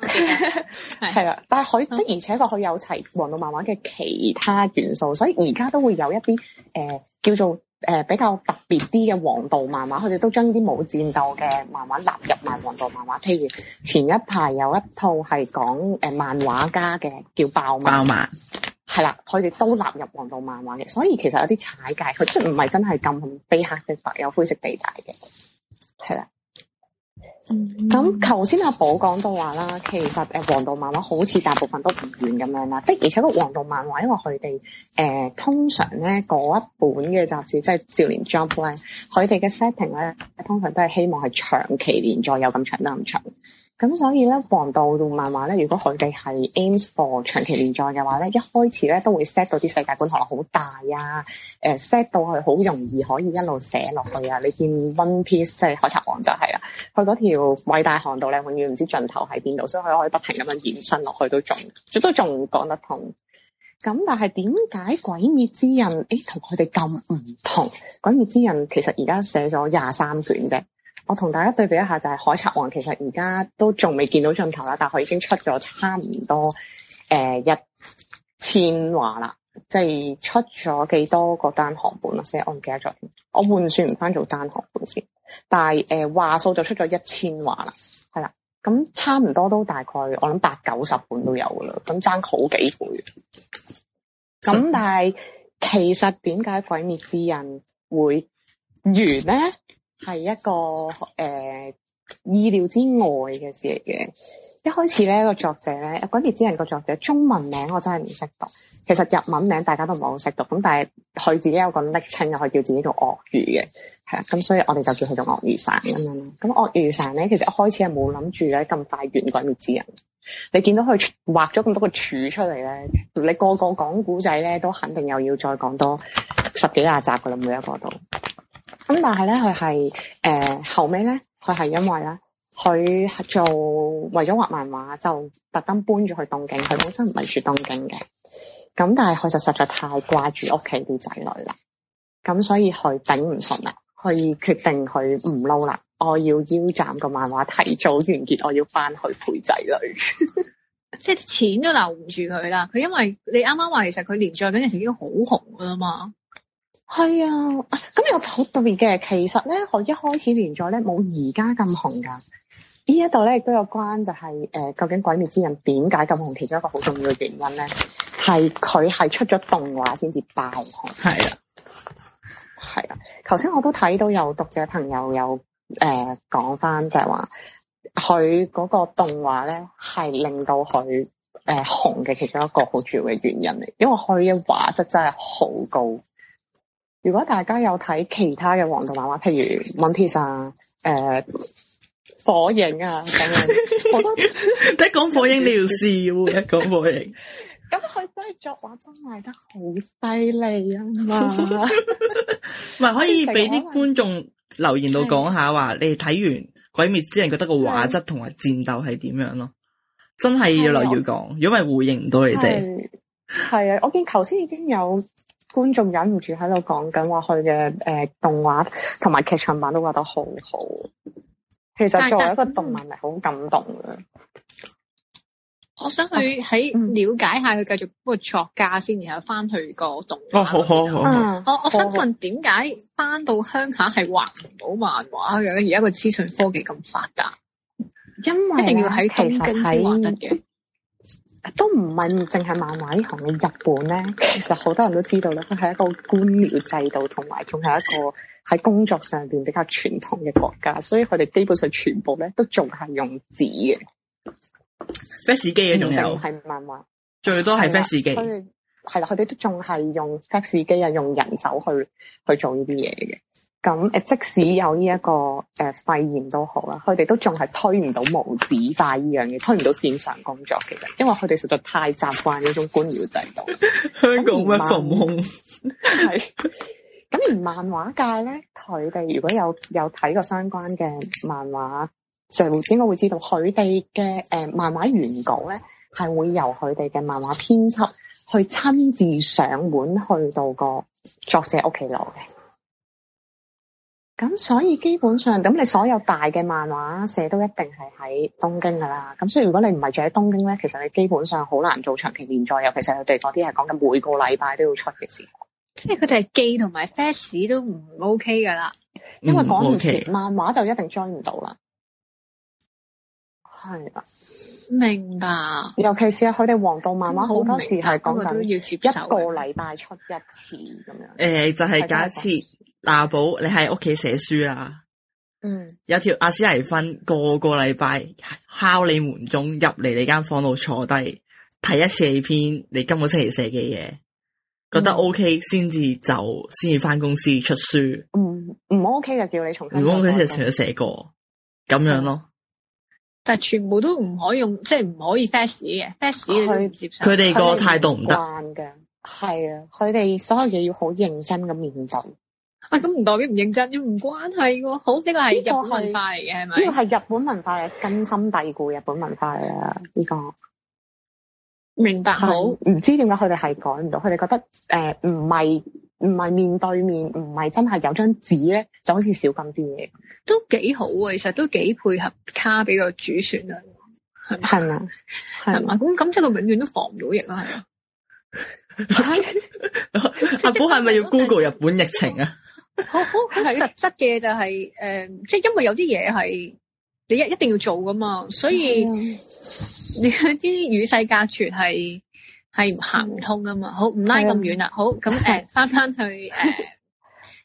是的 是的是的 但係佢的而且確佢有齊王道漫畫嘅其他元素，所以而家都會有一啲誒、呃、叫做誒、呃、比較特別啲嘅王道漫畫，佢哋都將呢啲冇戰鬥嘅漫畫納入埋王道漫畫，譬如前一排有一套係講誒漫畫家嘅叫爆爆漫。爆漫係啦，佢哋都納入王道漫畫嘅，所以其實有啲踩界，佢即係唔係真係咁非黑即白，有灰色地帶嘅，係啦。嗯。咁頭先阿寶講到話啦，其實誒王道漫畫好似大部分都唔完咁樣啦，即係而且個王道漫畫，因為佢哋誒通常咧嗰一本嘅雜誌即係少年 Jump 咧，佢哋嘅 setting 咧通常都係希望係長期連載，有咁長得咁長。咁所以咧，王道同漫畫咧，如果佢哋係 aims for 長期連載嘅話咧，一開始咧都會 set 到啲世界觀好大啊，誒 set 到係好容易可以一路寫落去啊。你見 One Piece 即係海賊王就係啦，佢嗰條偉大航道咧永遠唔知盡頭喺邊度，所以佢可以不停咁樣延伸落去都仲，都仲講得通。咁但係點解鬼滅之刃誒同佢哋咁唔同？鬼滅之刃其實而家寫咗廿三卷啫。我同大家對比一下，就係、是《海賊王》其實而家都仲未見到盡頭啦，但係已經出咗差唔多誒一千話啦，即、就、係、是、出咗幾多個單行本啊？即我唔記得咗，我換算唔翻做單行本先。但係誒、呃、話數就出咗一千話啦，係啦，咁差唔多都大概我諗八九十本都有噶啦，咁爭好幾倍。
咁
但係其實點解《鬼滅之刃》會完咧？係一個誒、呃、意料之外嘅事嚟嘅。一開始咧、嗰個作者咧《鬼滅之刃》個作者中文名我真係唔識讀，其實日文名大家都唔係好識讀。咁但係佢自己有個昵稱，佢叫自己做鱷魚嘅，係啊。咁所以我哋就叫佢做鱷魚山咁樣啦。咁鱷魚山咧，其實一開始係冇諗住咧咁快完結《鬼滅之刃》。你見到佢畫咗咁多個柱出嚟咧，你個個講古仔咧都肯定又要再講多十幾廿集噶啦，每一個都。咁但係咧，佢係誒後尾咧，佢係因為咧，佢做為咗畫漫畫就特登搬咗去東京。佢本身唔係住東京嘅，咁但係佢就實在太掛住屋企啲仔女啦，咁所以佢頂唔順啦，佢決定佢唔撈啦，我要腰斬個漫畫提早完結，我要翻去陪仔女。
即係錢都留唔住佢啦。佢因為你
啱啱話，其實佢連載嗰陣時已經好紅噶啦嘛。係啊，咁有好特別嘅。其實咧，我一開始連載咧冇而家咁紅噶。呢一度咧，亦都有關就係、是、誒、呃、究竟《鬼滅之刃》點解咁紅？其中一個好重要嘅原因咧，係佢係出咗動畫先至爆紅。係啊，係啊。頭先我都睇到有讀者朋友有誒講翻，呃、就係話佢嗰個動畫咧係令到佢誒、呃、紅嘅其中一個好主要嘅原因嚟，因為佢嘅畫質真係好高。如果大家有睇其他嘅王道漫畫，譬如《m o n t 啊、誒、呃《火影》啊，等等我覺
得一講《 火，影你要 火影》要事，一講《火影》。咁佢真係作畫真係賣得好犀利啊嘛！唔係可以俾啲觀眾留言度講下，話你哋睇完《鬼滅之刃》覺得個畫質同埋戰鬥係點樣咯？真係要留意講，如果唔係回應唔到你哋。
係啊，我見頭先已經有。觀眾忍唔住喺度講緊話佢嘅誒動畫同埋劇場版都畫得好好，其實作為一個動漫係好感動嘅。
我想去喺了解下佢繼續嗰個作家先、啊嗯，然後翻去個動。哦，好
好好，好、
啊、好。我我想問，點解翻到鄉下係畫唔到漫畫嘅？而家個資訊科技咁發達，因為、啊、一定要喺東京先畫得嘅。
都唔係淨係漫畫呢行嘅日本咧，其實好多人都知道啦，佢係一個官僚制度，同埋仲係一個喺工作上邊比較傳統嘅國家，所以佢哋基本上全部咧都仲係用紙嘅。
flash 機啊，仲有係漫畫，最多係 flash 機，
係啦，佢哋、啊啊、都仲係用 flash 機啊，用人手去去做呢啲嘢嘅。.咁，即使有呢、這、一個誒、呃、肺炎都好啦，佢哋都仲係推唔到無紙化呢樣嘢，推唔到線上工作其實，因為佢哋實在太習慣呢種官僚制
度。 香港嘅防空？係
咁，而漫畫界咧，佢 哋如果有有睇過相關嘅漫畫，就會應該會知道他們的，佢哋嘅誒漫畫原稿咧係會由佢哋嘅漫畫編輯去親自上門去到個作者屋企攞嘅。咁所以基本上，咁你所有大嘅漫畫社都一定係喺東京噶啦。咁所以如果你唔係住喺東京咧，其實你基本上好難做長期連載，尤其係佢哋嗰啲係講緊每個禮拜都要出嘅事。
即係佢哋係寄同埋 f a s
都唔 OK
噶啦，因為講唔住
漫畫就一定追唔到啦。係啦，明白。尤其是啊，佢哋王道漫畫好多時係講緊都要接一個禮拜出一次
咁樣。誒、欸，就係、是、假設。阿 Bo，你喺屋企寫書啦。嗯。有條阿斯尼芬個個禮拜敲你門鐘入嚟你間房度坐低睇一次你篇你今個星期寫嘅嘢，覺得 O K 先至就先至返公司出書。
唔唔 O K 就叫你重新。
如果佢成日寫過咁樣咯，
但係全部都唔可以用，即係唔可以 fast 嘅 fast、啊、去接受。佢哋個態度唔得。慣係啊，佢哋所有嘢要好認真咁面對。啊，咁唔代表唔認真，都唔關係喎、啊。好，呢個係日本文化嚟嘅，係咪？呢個係日本文化嘅根深蒂固，日本文化嚟啦。呢、這個明白好。唔知點解佢哋係講唔到，佢哋覺得誒，唔係唔係面對面，唔係真係有張紙咧，就好似少咁啲嘢。都幾好喎、啊。其實都幾配合卡，比個主旋
律
係咪？係嘛。咁咁即係永遠都防唔到疫啦，
係啊。 阿 Bo 係咪要 Google 日本疫情啊？
好好好實質嘅就係、係、誒、呃，即係因為有啲嘢係你一一定要做噶嘛，所以你啲與世隔絕係係行唔通噶嘛。好，唔拉咁遠啦，
好咁誒，
翻翻、呃、 去誒、呃、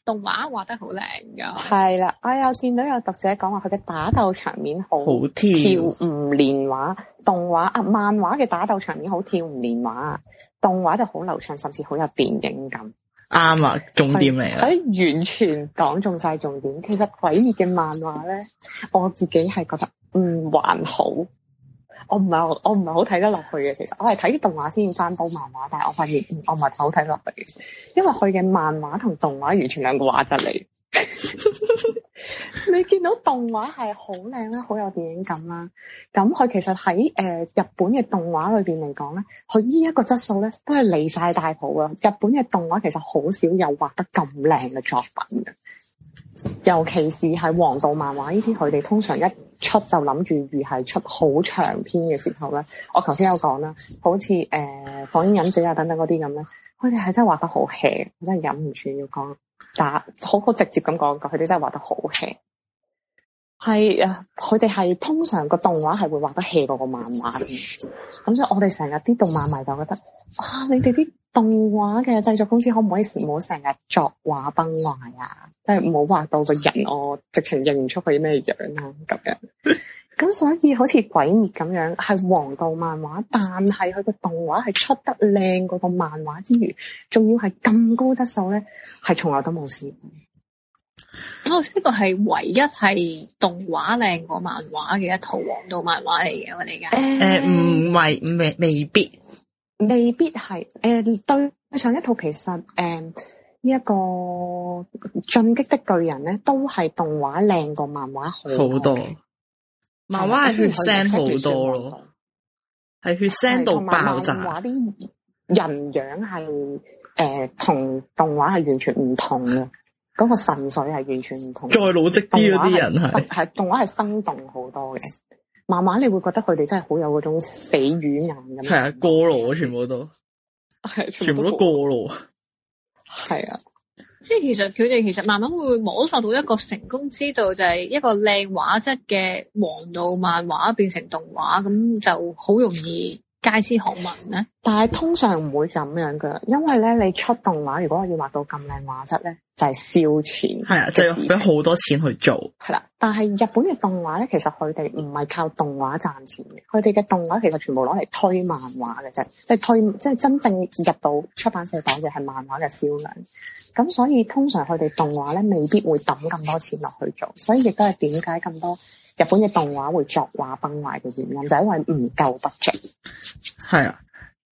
動畫畫得好靚
噶。係啦，我又見到有讀者講話佢嘅打鬥場面好跳唔連畫動畫啊，漫畫嘅打鬥場面好跳唔連畫，動畫就好流暢，甚至好有電影感。
啱啊，重點嚟啦！佢
完全講中晒重點。其實鬼滅嘅漫畫咧，我自己係覺得嗯，還好。我唔係我唔係好睇得落去嘅。其實我係睇啲動畫先翻到漫畫，但係我發現我唔係好睇落去，因為佢嘅漫畫同動畫完全兩個畫質嚟。 你見到動畫係好靚啦，好有電影感啦。咁佢其實喺誒日本嘅動畫裏邊嚟講咧，佢呢一個質素咧都係離晒大譜啊！日本嘅動畫其實好少有畫得咁靚嘅作品嘅，尤其是係王道漫畫呢啲，佢哋通常一出就諗住如係出好長篇嘅時候咧。我頭先有講啦，好似誒《火影忍者》啊等等嗰啲咁咧，佢哋係真係畫得好 hea，真係忍唔住要講。打好好直接咁講，佢哋真係畫得好 hea。係啊，佢哋係通常個動畫係會畫得 hea 過個漫畫。咁所以我哋成日啲動漫迷就覺得，啊你哋啲動畫嘅製作公司可唔可以唔好成日作畫崩壞啊？即係唔好畫到個人我直情認唔出佢咩樣啊。」咁樣。咁所以好似鬼滅咁樣係王道漫畫，但係佢個動畫係出得靚嗰個漫畫之餘，仲要係咁高質素咧，係從來都冇事。
哦，呢個係唯一係動畫靚過漫畫嘅一套王道漫
畫嚟嘅，我哋而家誒，唔、欸呃、未未未必
未必係誒、呃，對上一套其實誒呢一個進擊的巨人咧，都係動畫靚過漫畫好多。漫畫係血腥好多
咯，係血腥到爆炸。漫畫
啲人樣係誒、同、呃、動畫係完全唔同嘅，嗰、嗰個神髓係完全唔同。再老積啲嗰啲人係係動畫係生動好多嘅，慢慢你會覺得佢哋真係好有嗰種死魚眼咁。係過啊，全部都係
全部都過咗。係啊。
即係其實佢哋其實慢慢會摸索到一個成功之道，就係一個靚畫質嘅王道漫畫變成
動畫，咁就好容易。介師學問咧，但係通常唔會咁樣嘅，因為咧你出動畫，如果我要畫到咁靚畫質咧，
就係燒錢，係啊，就用咗好多錢去做。係啦，
但係日本嘅動畫咧，其實佢哋唔係靠動畫賺錢嘅，佢哋嘅動畫其實全部攞嚟推漫畫嘅啫，即係推，即係真正入到出版社度嘅係漫畫嘅銷量。咁所以通常佢哋動畫咧未必會抌咁多錢落去做，所以亦都係點解咁多，日本嘅動畫會作畫崩壞
嘅原因就係、是、因為唔夠預算。係啊，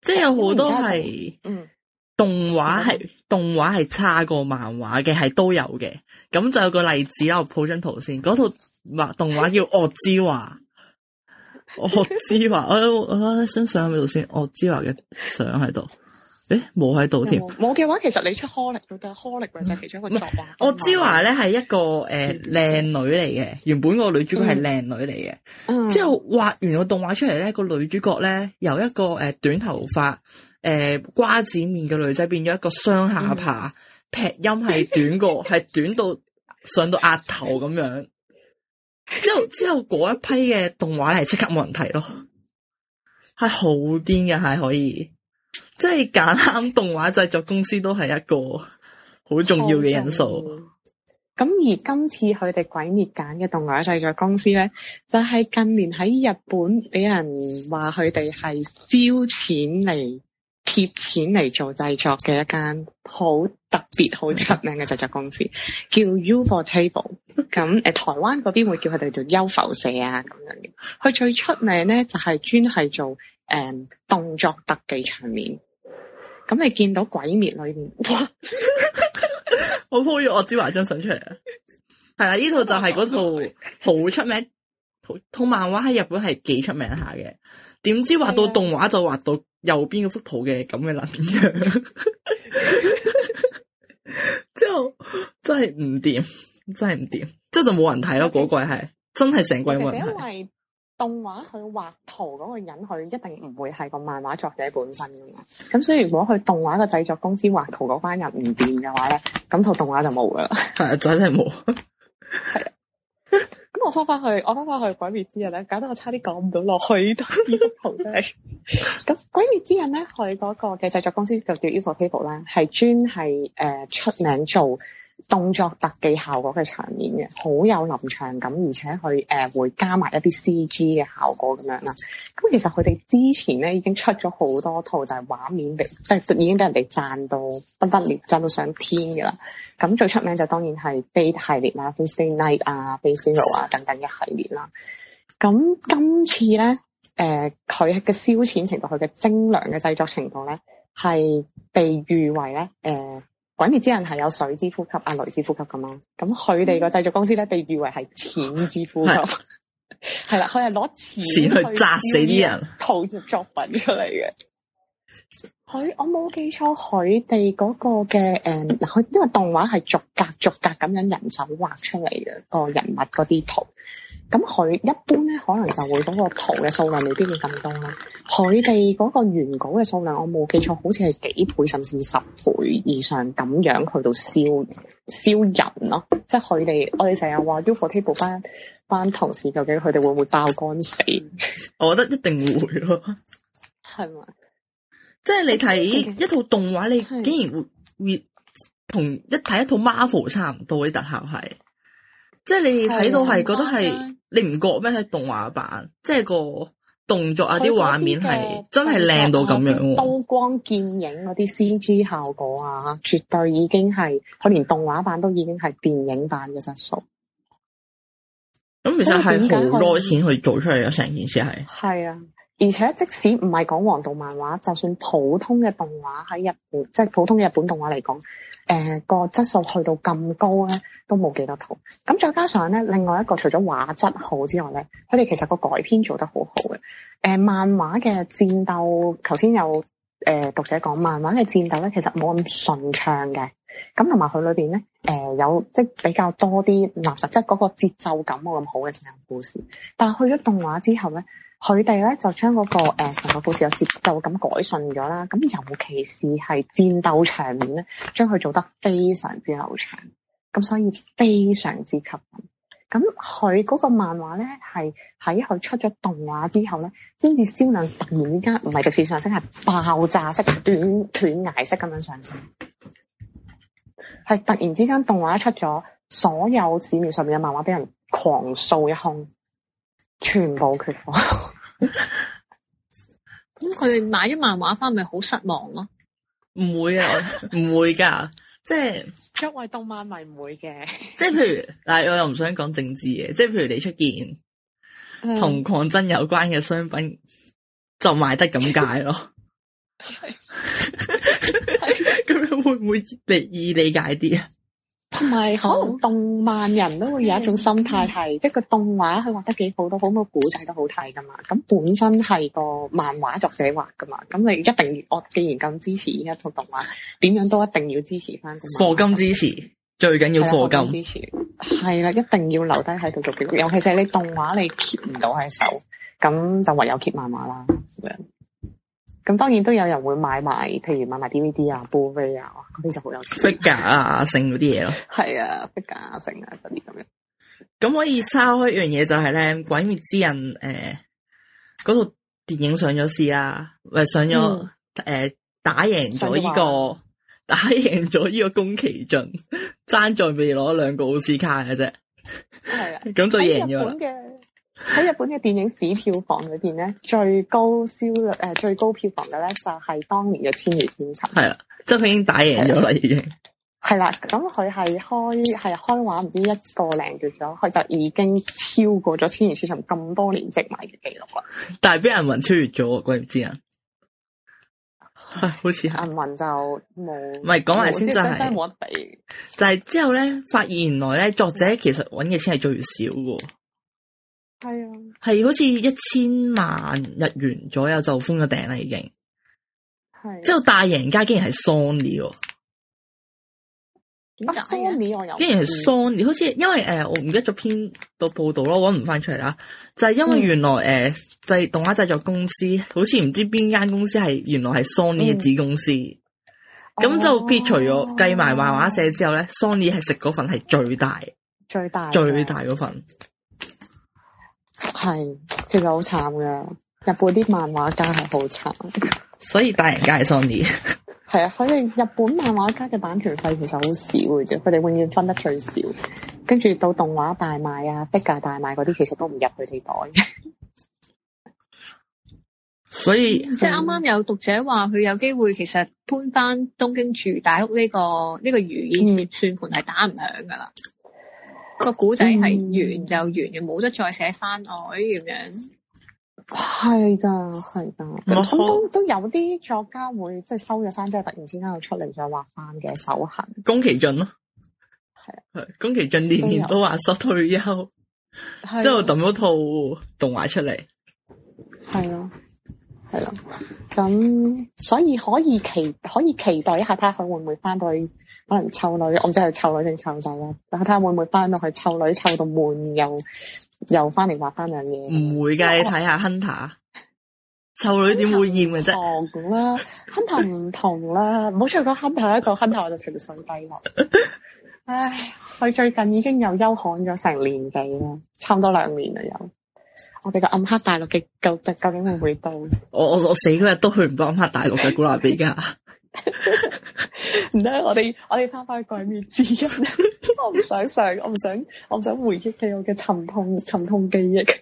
即係有好多係、這個，嗯，動畫係、嗯、動畫係差過漫畫嘅，係都有嘅。咁就有個例子啦，我鋪張圖先，嗰套畫動畫叫《惡之華》，惡 之華，我我想上喺度先，惡《惡之華》嘅相喺度。誒，冇喺度添。
冇嘅話，其實你出 Holic 都得 Holic 就其中一個作
畫。我知華咧係一個誒靚、呃、女嚟嘅，原本個女主角係靚女嚟嘅、嗯。之後畫完個動畫出嚟咧，個女主角咧由一個誒短頭髮誒、呃、瓜子面嘅女仔變咗一個雙下巴、嗯，劈音係短過，係 短到上到額頭咁樣。之後之後嗰一批嘅動畫係即刻冇人睇咯，係好癲嘅，係可以。即係揀啱動畫製作公司都係一個好重要嘅因素。
咁而今次佢哋鬼滅揀嘅動畫製作公司咧，就係、是、近年喺日本俾人話佢哋係燒錢嚟貼錢嚟做製作嘅一間好特別好出名嘅製作公司， 叫 ufotable。咁誒、呃，台灣嗰邊會叫佢哋做幽浮社啊咁樣嘅。佢最出名咧就係專係做誒、嗯、動作特技場面。咁你見到鬼滅裏
邊， 哇！我 po 咗惡之華張相出嚟啊，係啦，呢套就係嗰套好出名， 套漫畫喺日本係幾出名下嘅，點知畫到動畫就畫到右邊幅圖嘅咁嘅爛樣能，之 後 真係唔掂，真係唔掂，之後就冇人睇咯，嗰季係真係成季冇人睇。
動畫去畫圖嗰個人，佢一定唔會係個漫畫作者本身噶嘛。
咁、嗯、所以如果佢
動畫嘅製作公司畫圖嗰班人唔掂嘅話咧，咁套動畫就冇噶啦。係， 真係冇。係啊。咁我翻返去，我翻返去《鬼滅之刃》咧，搞得我差啲講唔到落去都。咁 《鬼滅之刃》咧，佢嗰個嘅製作公司就叫 ufotable 啦，係專係誒出名做。動作特技效果嘅場面嘅，好有臨場感，而且佢誒、呃、會加埋一啲 CG 嘅效果咁樣啦。咁其實佢哋之前咧已經出咗好多套，就係畫面被即係已經俾人哋讚到不得了，讚到上天噶啦。咁最出名就當然係 Fate 系列啦，Fate Stay Night 啊 Fate Zero 啊等等一系列啦。咁今次咧，誒佢嘅燒錢程度，佢嘅精良嘅製作程度咧，係被譽為咧，誒、呃。鬼滅之刃係有水之呼吸啊，雷之呼吸咁咯。咁佢哋個製作公司咧，被譽為係錢之呼吸。係、嗯、啦，佢係攞錢去砸死啲人，塗出作品出嚟嘅。佢我冇記錯，佢哋嗰個嘅誒，嗱佢因為動畫係逐格逐格咁樣人手畫出嚟嘅個人物嗰啲圖。咁佢一般咧，可能就會嗰個圖嘅數量未必會咁多啦。佢哋嗰個原稿嘅數量，我冇記錯，好似係幾倍甚至十倍以上咁樣去到燒燒人咯。即係佢哋，我哋成日話 ufotable 班班同事，究竟佢哋會唔會爆肝死？
我覺得一定會咯。係 咪？即係你睇一套動畫，你竟然會同、okay. 一睇一套 Marvel 差唔多啲、這個、特效係。即係你睇到係覺得係，你唔覺咩？喺動畫版，即係個動作啊啲畫面係真係靚到咁樣，刀
光劍影嗰啲 CP 效果啊，絕對已經係佢連動畫版都已經係電影版
嘅質素。咁其實係好多錢去做出嚟嘅成件事係。
係啊，而且即使唔係講王道漫畫，就算普通嘅動畫喺日本，即係普通日本動畫嚟講。誒、呃，個質素去到咁高咧，都冇幾多套。咁再加上咧，另外一個除咗畫質好之外咧，佢哋其實個改編做得好好嘅。誒、呃，漫畫嘅戰鬥，頭先有誒、呃、讀者講，漫畫嘅戰鬥咧，其實冇咁順暢嘅。咁同埋佢裏邊咧，誒、呃、有即係、就是、比較多啲垃圾，即、就、嗰、是、個節奏感冇咁好嘅成人故事。但係去咗動畫之後咧。佢哋咧就將嗰、那個誒成個故事有節奏咁改順咗啦，咁尤其是係戰鬥場面咧，將佢做得非常之流暢，咁所以非常之吸引。咁佢嗰個漫畫咧係喺佢出咗動畫之後咧，先至銷量突然之間唔係直線上升，係爆炸式、斷斷崖式咁樣上升。係突然之間動畫出咗，所有市面上面嘅漫畫俾人狂掃一空，全部缺貨。
咁佢哋買咗漫畫翻，咪好失望咯？
唔會啊，唔會噶，
即係因為動漫唔會嘅。
即係譬如，但係我又唔想講政治嘅。即係譬如你出現同抗爭有關嘅商品就買，就賣得咁解咯。咁樣會唔會易 理解啲啊？
同埋可能動漫人都會有一種心態，係 即係個動畫佢畫得幾好，好都好，冇古仔都好睇噶嘛。咁本身係個漫畫作者畫噶嘛，咁你一定要，我既然咁支持而家套動畫，點樣都一定要支持翻。課
金支持，最緊要課金支
持，係啦，一定要留低喺度做結。尤其是你動畫你 keep 唔到喺手，咁就唯有 keep 漫畫啦。Yeah. 咁當然都有人會買埋，譬如買埋 DVD 啊、movie 啊，嗰啲就
好有錢。figure 啊、剩嗰啲嘢咯。
係啊，figure 啊、剩啊嗰啲
咁樣。咁可以抄一樣嘢就係咧，《鬼滅之刃》誒嗰套電影上咗市啊，咪上咗誒打贏咗呢個打贏咗呢個宮崎駿，爭在未攞兩個奧斯卡嘅啫。係啊，咁就贏咗。喺日本嘅
電影史票房裏邊咧，最高銷量誒最高票房嘅咧就係當年嘅《千與
千尋》。係啊，即係佢已經打贏咗啦，已經
係啦。咁佢係開係開畫唔知一個零月咗，佢就已經超過咗《千與千尋》咁多年積埋嘅記
錄啦。但係俾人民超越咗，鬼唔知啊，
哎！好似係人民就冇唔係講埋先就真係冇得比。就係，是就是
就是就是，之後咧，發現原來咧作者其實揾嘅錢係最少嘅。係啊，係好似一千萬日元左右就封咗頂啦，已經。
係、啊。之後
大贏家竟然係 Sony 喎！點解
Sony 我有？竟然係
Sony，好似因為誒，我唔記得咗篇到報道咯，搵唔翻出嚟啦。就係、是、因為原來誒，製、嗯呃就是、動畫製作公司好似唔知邊間公司係原來係 Sony 嘅子公司。
咁、嗯、就撇除咗計
埋漫畫社之後咧，Sony 係食嗰份係最大，
最
大，最大嗰份。
係，其實好慘噶，日本啲漫畫家係好慘，
所以大人介心啲，
係啊，佢哋日本漫畫家嘅版權費其實好少嘅啫，佢哋永遠分得最少，跟住到動畫大賣啊，figure 大賣嗰啲，其實都唔入佢哋袋。所以、 嗯、即係啱
啱有讀者話，佢有機會其實搬翻東京住大屋呢、呢個呢、呢個如意算盤係打唔響噶啦。個古仔係完就完嘅，冇得再寫翻我咁樣。
係噶，係噶，咁、嗯嗯嗯、都都有啲作家會即係、就是、收咗山之後，突然之間又出嚟再畫翻嘅手痕。
宮崎駿咯，係啊，宮崎駿年年都話收退休，之後抌咗套動畫出嚟。
係咯，係咯，咁所以可以期可以期待一下睇下佢會唔會翻到去。可能湊女，我真係湊女定湊仔啦。但睇下會唔會翻到去湊女，湊到悶又又翻嚟畫翻樣嘢。唔會嘅，你睇下亨太湊女點會厭嘅啫。不同啦，亨太唔同啦。唔好再講亨太，一講亨太我就情緒低落。唉，佢最近已經又休刊咗成年幾啦，差唔多兩年啦。又我哋個暗黑大陸嘅，
究竟究竟會唔會到？我我我死嗰日都去唔到暗黑大陸嘅古拉比家。
唔 得，我哋我哋翻翻鬼滅之刃 我唔想想，我唔想我唔想回憶起我嘅沉痛沉痛記憶，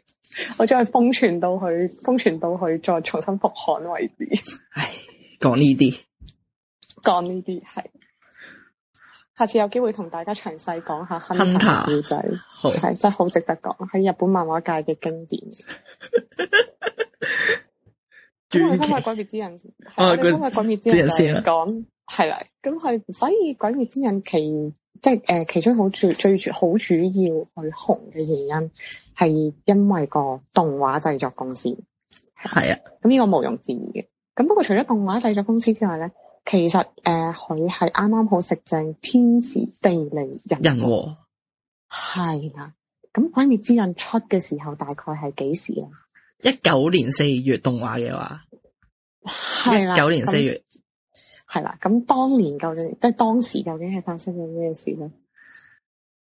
我將係封存到去封存到去再重新復刊為止。唉，
講呢啲，
講呢啲係，下次有機會同大家詳細講下《哼卡小子》，係真係好值得講，喺日本漫畫界嘅經典。 因為《鬼滅之刃、哦那個》先，因為《鬼滅之刃》嚟講係啦，咁係所以鬼滅《鬼滅之刃》其即係誒其中好主最主要好主要佢紅嘅原因係因為個動畫製作公司係啊，咁呢、嗯、個毋庸置疑嘅。咁不過除咗動畫製作公司之外咧，其實誒佢係啱啱好食正天時地利人，人和係啊。咁《鬼滅之刃》出嘅時候大概係幾時啊？一九年四月
動畫嘅話，係啦，九年四月
係啦。咁當年究竟即係當時究竟係發生咗咩事咧？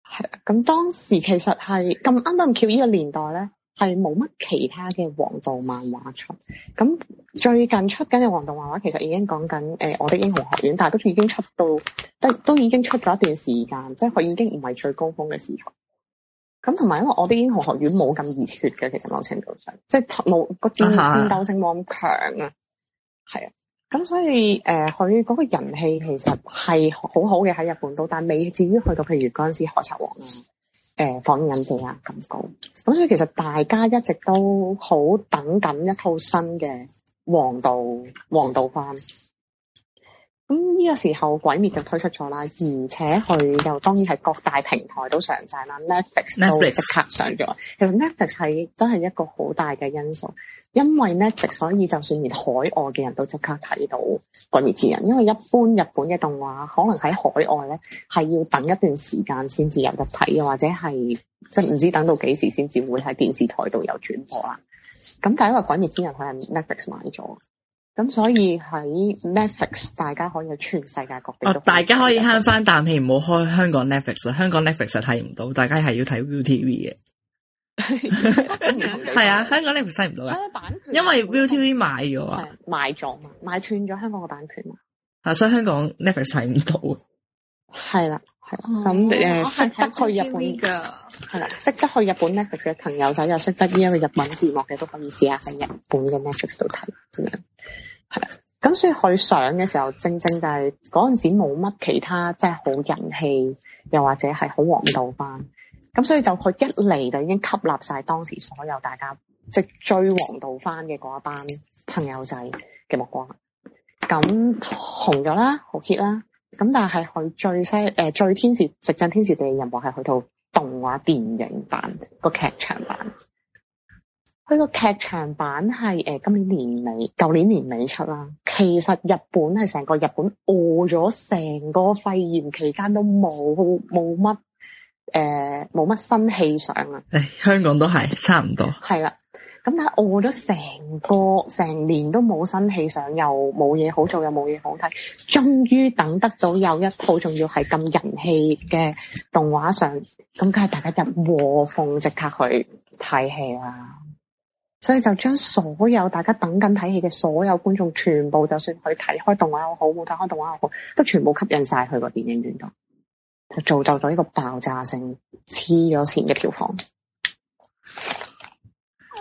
係咁當時其實係咁啱到咁巧呢個年代咧，係冇乜其他嘅王道漫畫出。咁最近出緊嘅王道漫畫其實已經講緊誒我的英雄學院，但係都已經出到都都已經出咗一段時間，即係佢已經唔係最高峰嘅時候。咁同埋，因為我啲英雄學院冇咁熱血嘅，其實某程度上，即係冇個戰戰鬥性冇咁強啊，係、uh、啊 -huh.，咁所以誒，佢、呃、嗰個人氣其實係好好嘅喺日本度，但係未至於去到譬如嗰尸海賊王啊，誒、呃，火影忍者啊咁高，咁所以其實大家一直都好等緊一套新嘅王道王道番。咁、這、呢個時候，《鬼滅》就推出咗啦，而且佢就當然係各大平台都上晒啦，Netflix 都即刻上咗。其實 Netflix 係真係一個好大嘅因素，因為 Netflix 所以就算連海外嘅人都即刻睇到《鬼滅之刃》，因為一般日本嘅動畫可能喺海外咧係要等一段時間先至有得睇嘅，或者係即係唔知等到幾時先至會喺電視台度有轉播啦。咁但係因為《鬼滅之刃》佢係 Netflix 買咗。咁所以喺 Netflix 大家可以全世界各
地、哦、大家可以慳翻啖氣，唔好開香港 Netflix 香港 Netflix 睇唔到，大家係要睇 ViuTV
嘅，係 啊，香港 Netflix 睇唔到嘅版權，
因為 ViuTV 買咗啊，
買咗嘛，買斷咗香港嘅版權嘛
啊，所以香港 Netflix 睇唔到，係啦，
係咁誒識得去日本噶，係啦，識得去日本 Netflix 嘅朋友仔 又識得呢一個日文字幕嘅，都可以試下喺日本嘅 Netflix 度睇，咁 樣。係咁，所以佢上嘅時候，正正就係嗰陣時冇乜其他即係好人氣，又或者係好王道番。咁所以就佢一嚟就已經吸納晒當時所有大家即係追王道番嘅嗰一班朋友仔嘅目光了，咁紅咗啦，好 hit 啦，咁但係佢最犀誒、呃、最天時、直陣天時地嘅人物係去到動畫電影版、個劇場版。佢、這個劇場版係誒今年年尾，舊年年尾出啦。其實日本係成個日本餓咗成個肺炎期間都冇冇乜誒冇乜新戲上
啊。誒、哎，香港都係差唔多。
係啦，咁但係餓咗成個成年都冇新戲上，又冇嘢好做，又冇嘢好睇，終於等得到有一套，仲要係咁人氣嘅動畫上，咁梗係大家一窩蜂即刻去睇戲啦。所以就將所有大家等緊睇戲嘅所有觀眾，全部就算佢睇開動畫又好，冇睇開動畫又好，都全部吸引晒去個電影院度，就造就咗一個爆炸性黐咗線嘅票房。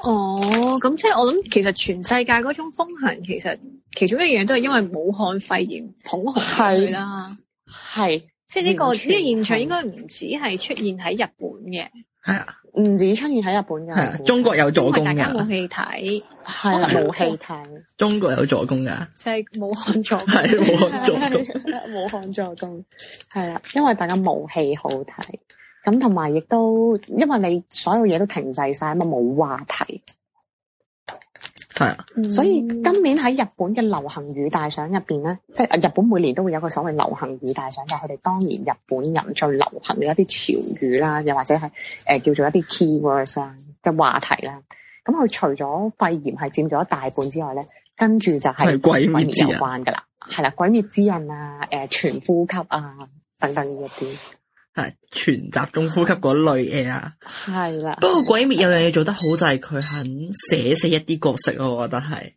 哦，咁即係我諗，其實全世界嗰種風行，其實其中一樣都係因為武漢肺炎捧紅佢啦，係，即係呢、呢個呢個現場應該唔止係出現喺日
本
嘅，係啊。唔止春與喺日本㗎，中國有助攻㗎。因為大家冇戲睇，係冇戲睇。
中國有助攻㗎，就
係、係、武漢助攻，武漢助攻， 武漢助攻，武漢助攻。係 啊，因為大家冇戲好睇，咁同埋亦都，因為你所有嘢都停滯曬啊嘛，冇話題。係、啊，所以今年喺日本嘅流行語大賞入邊咧，即係日本每年都會有一個所謂流行語大賞，就係佢哋當年日本人最流行嘅一啲潮語啦，又或者係誒、呃、叫做一啲 keywords 嘅話題啦。咁佢除咗肺炎係佔咗一大半之外咧，跟住就係鬼滅有關噶啦，係啦，鬼滅之刃啊，
誒、呃，全呼吸啊，等等呢一啲。全集中呼吸嗰類嘢啊，
係啦。不過
鬼滅有樣嘢做得好，就係佢肯寫死一啲角色，我覺得係，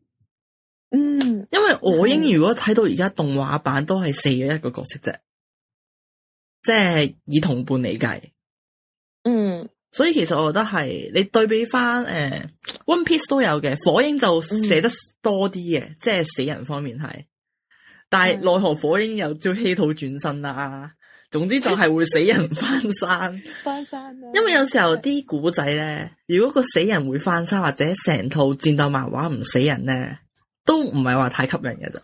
嗯，
因
為火影如果睇到而家動畫版都係死咗一個角色啫，即係以同伴嚟計，嗯，所以其實我覺得係你對比翻誒、呃、One Piece 都有嘅，火影就寫得多啲嘅，嗯、即係死人方面係，但係奈何火影有招穢土轉生啦、啊。總之就係會死人返生， 返生因為有時候啲古仔咧， 如果個死人會返生或者成套戰鬥漫畫唔死人咧，都唔係話太吸引嘅咋。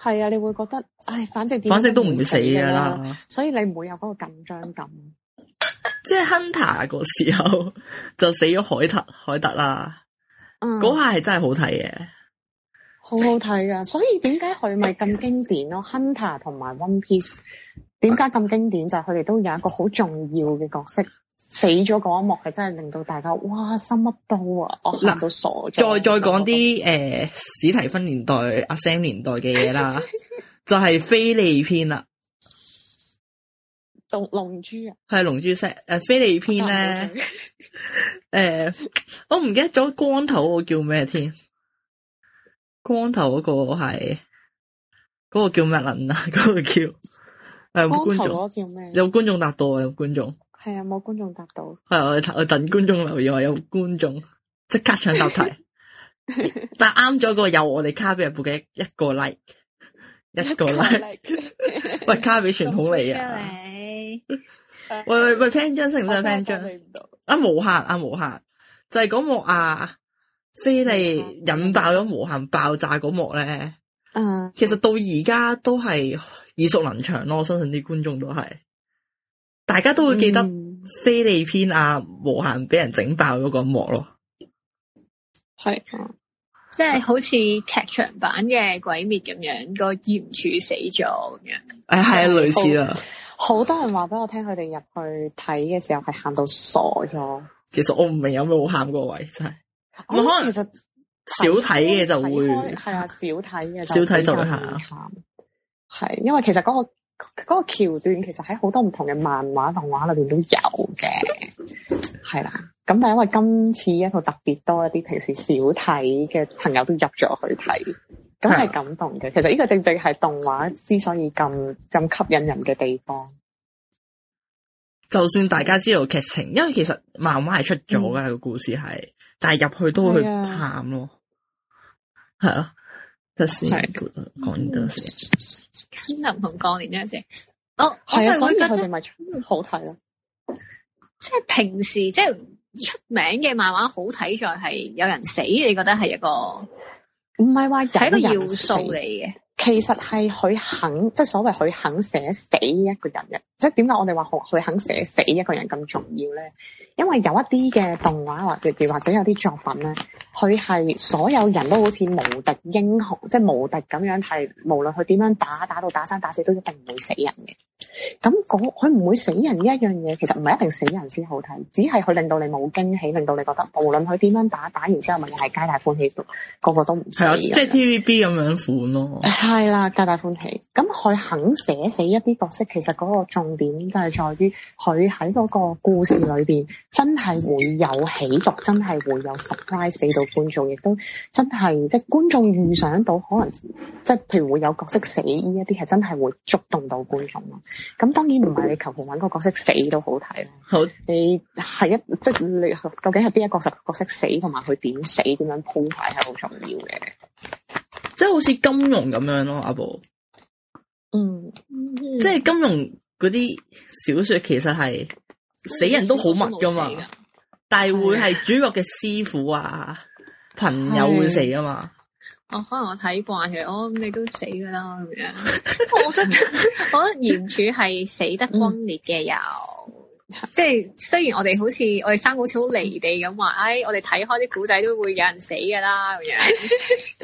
係啊，你會覺得，唉，反正不反正都唔會死嘅啦，所以你唔會有嗰個緊張感。
即係 Hunter 嗰時候就死咗海特海特啦，
嗰下
係真係好睇嘅，
好好睇㗎！所以點解佢咪咁經典咯 ？Hunter 同埋 One Piece。點解咁經典？就係佢哋都有一個好重要嘅角色死咗嗰一幕，係真係令到大家哇心乜到啊！我喊到傻咗。
再再講啲誒史提芬年代阿 Sam 年代嘅嘢啦，就係、是、菲利篇啦。
讀 龍珠
啊？係龍珠色、呃、菲誒，利篇咧。誒，我唔記得咗光頭嗰個叫咩天？光頭嗰個係嗰、那個叫咩人啊？嗰、那個叫。冇觀眾
叫咩，
有觀眾答到啊！有觀眾係啊，冇觀眾答到。係我我等觀眾留意啊，有觀眾即刻搶答題 但答啱咗個有我哋卡比嘅一個 like 一個 like。喂、like、 卡比傳統嚟啊！喂喂喂聽張是是 喂聽張識唔識聽張啊？無限啊無限，就係、是、嗰幕啊，菲利引爆咗無限爆炸嗰幕咧。嗯，其實到而家都係。耳熟能詳咯，我相信啲觀眾都係，大家都會記得《飛地篇》啊，無限俾人整爆嗰個幕咯，係、
嗯，即係好似劇場版嘅《鬼滅》咁樣，個炎柱死
咗
咁
樣，誒、哎，係啊，類似啦，好多人話俾我聽，佢哋入去睇嘅時
候係喊到傻咗，其實我唔明有咩好喊嗰個位，真係，哦、可能其實少睇嘅就會，
係、哦、啊，少睇嘅，少睇就會喊。係，因為其實嗰個嗰個橋段，其實喺好多唔同嘅漫畫、動畫裏邊都有嘅，係啦。咁但係因為今次一套特別多一啲平時少睇嘅朋友都入咗去睇，咁係感動嘅。其實呢個正正係動畫之
所以咁咁吸引人嘅地方。就算大家知道劇情，因為其實漫畫係出咗嘅，個故事係，但係入去都會喊咯，係咯。得先講呢
邊度唔同過年呢一隻？我、啊、係啊，所以佢哋咪好睇咯。即係平時即係、就是、出名嘅漫畫，好睇在係有人死。你覺得
係一個唔係話係一個要素嚟嘅。其實係佢肯，即係所謂佢肯寫死一個人嘅。即係點解我哋話佢佢肯寫死一個人咁重要咧？因為有一啲嘅動畫或亦或者有啲作品咧，佢係所有人都好似無敵英雄，即係無敵咁樣，係無論佢點樣打，打到打三打四都一定唔會死人嘅。咁佢唔會死人呢一樣嘢，其實唔係一定死人先好睇，只係佢令到你冇驚喜，令到你覺得無論佢點樣打，打完之後咪係皆大歡喜，個個都唔死。係即
係 T V B 咁樣款咯、啊。係啦，皆大歡喜。咁、
嗯、佢肯寫死一啲角色，其實嗰個重點就係在於佢喺嗰個故事裏邊，真係會有起落，真係會有 surprise 俾到觀眾，亦都真係即係觀眾預想到可能即係，譬如會有角色死，呢一啲係真係會觸動到觀眾咯。咁、嗯、當然唔係你求其搵個角色死都好睇啦。好，你係一即係你究竟係邊一個角色角色死同埋佢點死，點樣鋪
排係好重要嘅。即係好似金融咁樣咯，阿寶。嗯，嗯，
即
係金融嗰啲小説其實係死人都好密噶嘛，但係會係主角嘅師傅啊、朋友會死噶嘛。
哦，我可能我睇慣，其實我咩都死噶啦咁樣我覺得， 我覺得炎柱係死得轟烈嘅、嗯、有。即係雖然我哋好似我哋生，好似好離地咁話，哎，我哋睇開啲古仔都會有人死噶啦咁樣，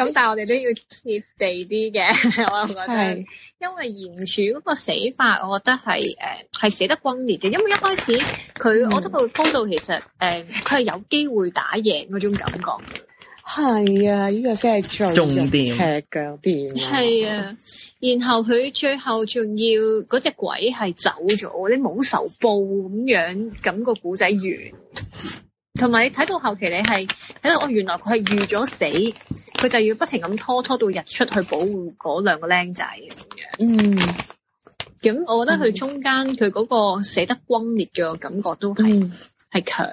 咁 但係我哋都要貼地啲嘅，我又覺得，因為炎柱嗰個死法，我覺得係誒係死得轟烈嘅，因為一開始佢、嗯、我嗰會鋪到其實誒佢係有機會打贏嗰種感覺，
係啊，呢、這個先係、啊、重點，踢腳墊係啊。然後佢
最後仲要嗰隻、那個、鬼係走咗，你冇仇報咁樣，咁個古仔完。同埋你睇到後期，你係睇到哦，原來佢係預咗死，佢就要不停咁拖，拖到日出去保護嗰兩個僆仔咁樣。嗯，咁我覺得佢中間佢嗰、嗯、個寫得轟烈嘅感覺
都係係、嗯、強嘅。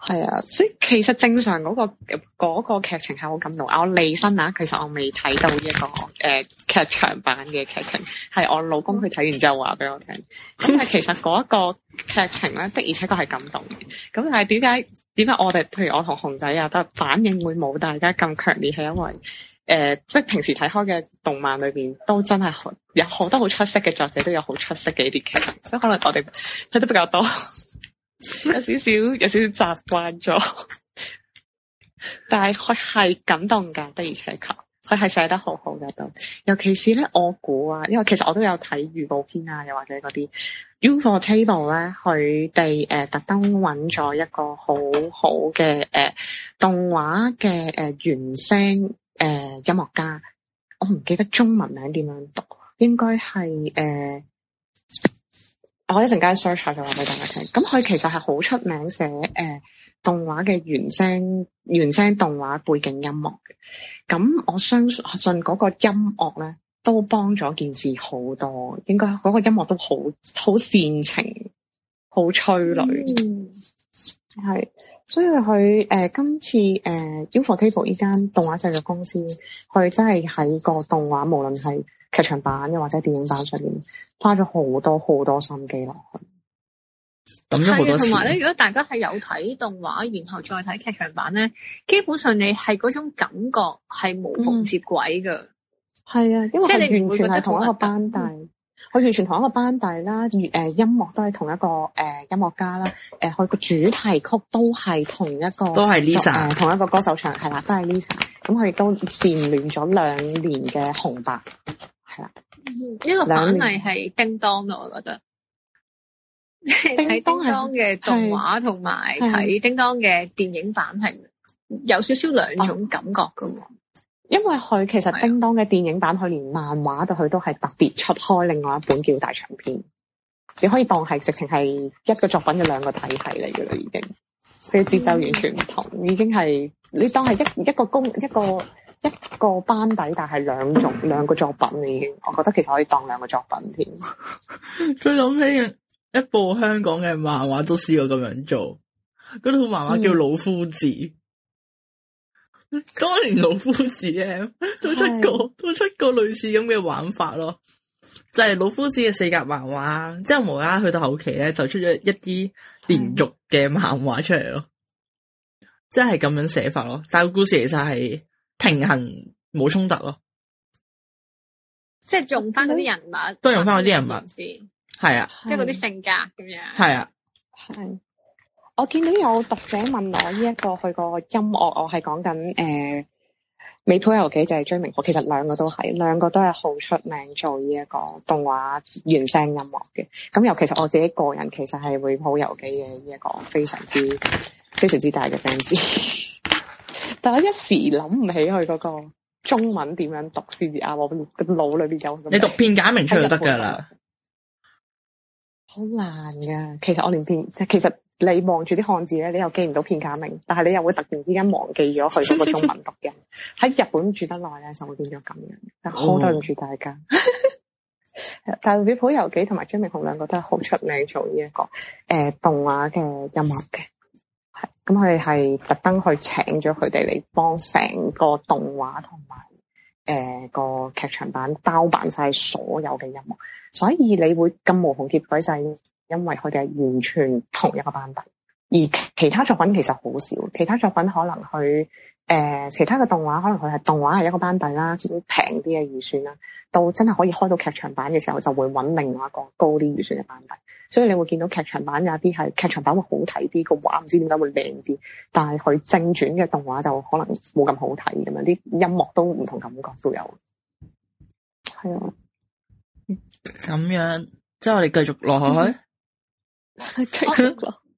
係啊，所以其實正常嗰個嗰個劇情係好感動。我離身啊，其實我未睇到一個誒劇、呃、場版嘅劇情，係我老公去睇完之後話俾我聽。咁但係其實嗰一個劇情咧，的而且確係感動嘅。咁但係點解？點解我哋，譬如我同熊仔啊，都反應會冇大家咁強烈？係因為誒，即、呃、係、就是、平時睇開嘅動漫裏邊，都真係有好多好出色嘅作者，都有好出色嘅一啲劇情。所以可能我哋睇得比較多。 有少少，有少少習慣咗，但係佢係感動噶，的而且確，佢係寫得好好噶，都。尤其是咧，我估啊，因為其實我都有睇預告片啊，又或者嗰啲 ufotable 咧，佢哋誒特登揾咗一個好好嘅誒動畫嘅誒原聲誒、呃、音樂家，我唔記得中文名點樣讀，應該係誒。呃我一陣間 search 下，佢話俾大家聽。咁佢其實係好出名寫誒、呃、動畫嘅原聲、原聲動畫背景音樂嘅。咁我相信嗰個音樂咧，都幫咗件事好多。應該嗰個音樂都好好煽情、好催淚。嗯，係。所以佢誒、呃、今次誒、呃、UFO Table 呢間動畫製作公司，佢真係喺個動畫，無論係劇場版又或者電影版上面。花咗好多好多心機落去，係，同埋咧，如
果大家係有睇動畫，然後再睇劇場版咧，基本上你係嗰種感覺係冇縫接軌噶
係、嗯、啊，因為係完全係同一個班底，佢、嗯、完全同一個班底啦，誒音樂都係同一個誒音樂家啦，誒佢個主題曲都係同一個，都係 Lisa，同一個歌手唱係啦，都係 Lisa，咁佢亦都蟬聯咗兩年嘅紅白
係啦。
呢、嗯、個反例係叮當嘅。我覺得睇叮當嘅 動畫同埋睇叮當嘅電影版係
有少少兩種感覺噶，哦嗯。因為佢其實叮當嘅電影版，佢連漫畫到佢都係特別出開另外一本叫大長篇。你可以當係直情係一個作品嘅兩個體系嚟噶啦，已經佢嘅節奏完全唔同，嗯，已經係你當係一一個公一個。一個一個一個班底，但係兩種兩個作品已經，我覺得其實可以當兩個作品添。
再 諗起一部香港嘅漫畫都試過咁樣做，嗰套漫畫叫《老夫子》，嗯、當年《老夫子》咧都出過，都出過類似咁嘅玩法咯。就係、是《老夫子》嘅四格漫畫，之後無啦啦去到後期咧，就出咗一啲連續嘅漫畫出嚟咯，即係咁樣寫法咯。但係個故事其實係。平衡冇衝突咯、
哦，即係用翻嗰啲人物，都、嗯、用翻嗰啲人物，係啊，即
係嗰啲
性格咁樣，係啊，係、
啊啊。我見到有讀者問我呢一個佢個音樂，我係講緊誒美普遊記就係追名。我其實兩個都係，兩個都係好出名做呢一個動畫原聲音樂嘅。咁尤其實我自己個人，其實係美普遊記嘅呢一個非常之非常之大嘅 fans。但我一時諗唔起佢嗰個中文點樣讀，先至啱我的腦、這個腦裏邊有。你讀片假名出嚟，就得噶啦。好難噶，其實我連片，其實你望住啲漢字咧，你又記唔到片假名，但係你又會突然之間忘記咗佢嗰個中文讀嘅。喺 日本住得耐咧，就會變咗咁樣。但好對唔住大家。Oh. 但係《表譜遊記》同埋張明紅兩個都係好出名做呢、這、一個誒、呃、動畫嘅音樂嘅。咁佢哋係特登去請咗佢哋嚟幫成個動畫同埋誒個劇場版包辦晒所有嘅音樂，所以你會咁無縫接軌晒，因為佢哋係完全同一個版本。而其他作品其實好少，其他作品可能佢。誒、呃，其他嘅動畫可能佢係動畫係一個班底啦，少平啲嘅預算啦，到真係可以開到劇場版嘅時候，就會搵另外一個高啲預算嘅班底。所以你會見到劇場版有啲係劇場版會好睇啲，個畫唔知點解會靚啲，但係佢正傳嘅動畫就可能冇咁好睇咁樣，啲音樂都唔同感覺都有。
係啊，咁樣即係我哋繼續落去， 下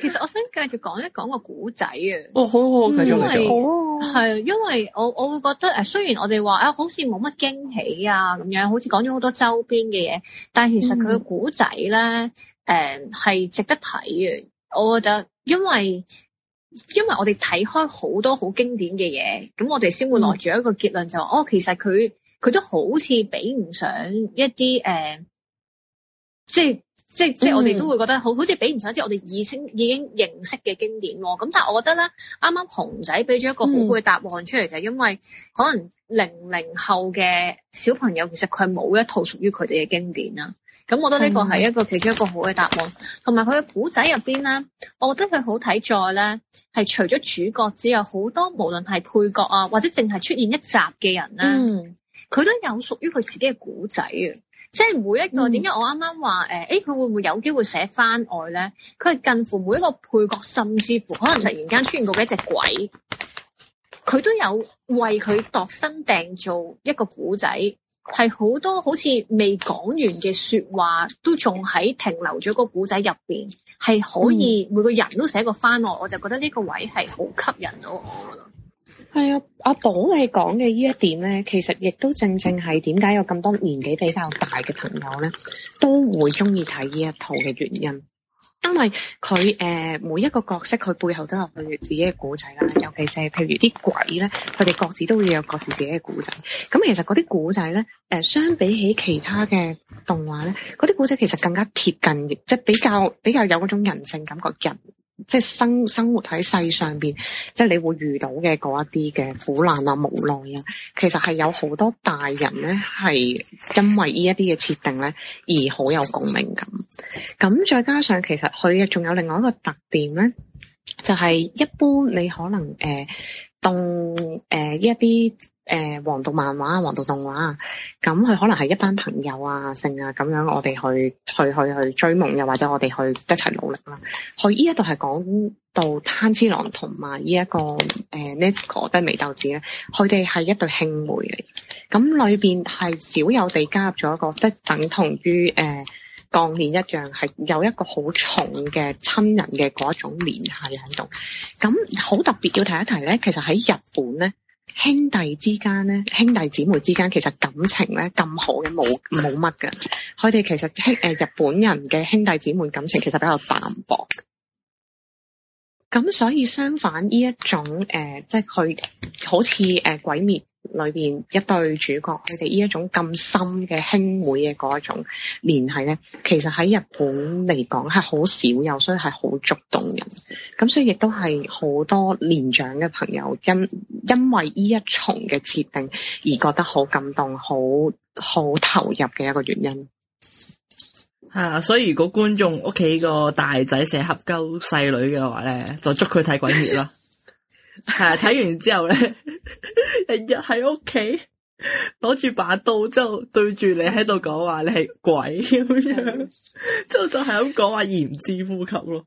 其實我想繼續講一講個古仔啊！哦，
好好，繼續好。哦。
係，因為我我會覺得誒，雖然我哋話啊，好似冇乜驚喜啊咁樣，好似講咗好多周邊嘅嘢，但係其實佢嘅古仔咧，誒、嗯、係、嗯、值得睇嘅。我覺得因，因為因為我哋睇開好多好經典嘅嘢，咁我哋先會攞住一個結論，就、嗯、哦，其實佢佢都好似比唔上一啲誒、呃，即係。即係即係，我哋都會覺得好好似俾唔上啲我哋已經認識嘅經典喎。咁、嗯、但係我覺得咧，啱啱熊仔俾咗一個好嘅答案出嚟、嗯，就係、是、因為可能零零後嘅小朋友其實佢冇一套屬於佢哋嘅經典啦。咁我覺得呢個係一個其中一個好嘅答案。同埋佢嘅古仔入邊咧，我覺得佢好睇在咧係除咗主角之外，好多無論係配角啊，或者淨係出現一集嘅人啦，佢、嗯、都有屬於佢自己嘅古仔啊。即係每一個點解我啱啱話誒、誒、欸，佢會唔會有機會寫番外咧？佢係近乎每一個配角，甚至乎可能突然間出現過嘅一隻鬼，佢都有為佢度身訂造一個故仔，係好多好似未講完嘅説話都仲喺停留咗個故仔入邊，係可以每個人都寫個番外，我就覺得呢個位係好吸引到我。
係啊，阿寶你講嘅呢一點咧，其實亦都正正係點解有咁多年紀比較大嘅朋友咧，都會中意睇呢一套嘅原因。因為佢誒、呃，每一個角色佢背後都有佢自己嘅故仔啦，尤其是係譬如啲鬼咧，佢哋各自都會有各自自己嘅故仔。咁其實嗰啲故仔咧，誒、呃，相比起其他嘅動畫咧，嗰啲故仔其實更加貼近，即、就、係、是、比較比較有嗰種人性感覺人。即係生生活喺世上邊，即、就、係、是、你會遇到嘅嗰一啲嘅苦難啊、無奈啊，其實係有好多大人咧，係因為呢一啲嘅設定咧而好有共鳴感。咁再加上其實佢仲有另外一個特點咧，就係、是、一般你可能誒、呃、動誒呢一啲。呃誒、呃，王道漫畫啊，王道動畫啊，咁佢可能係一班朋友啊，剩啊，咁樣我哋去去去去追夢，又或者我哋去一齊努力啦。佢呢一度係講到炭治郎同埋呢一個誒 Nezuko、呃、這個、即係禰豆子咧，佢哋係一對兄妹嚟，咁裏邊係少有地加入咗一個即係等同於誒鋼鍊一樣，係有一個好重嘅親人嘅嗰一種聯繫喺度。咁好特別要提一提咧，其實喺日本咧。兄弟之間咧，兄弟姊妹之間其實感情咧，咁好嘅，冇冇乜㗎。佢哋其實兄，呃，日本人嘅兄弟姊妹感情其實比較淡薄，咁所以相反呢一種，呃，即係佢好似，呃，鬼滅。裏邊一對主角，佢哋呢一種咁深嘅兄妹嘅嗰一種聯繫咧，其實喺日本嚟講係好少有，所以係好觸動人。咁所以亦都係好多年長嘅朋友因因為呢一重嘅設定而覺得好感動、好好投入嘅一個原因。
係啊，所以如果觀眾屋企個大仔寫合鳩細女嘅話咧，就捉佢睇鬼滅啦。 係睇完之後咧，日日喺屋企攞住把刀，之後對住你喺度講話，你係鬼咁樣，之後就係咁講話言之呼吸咯。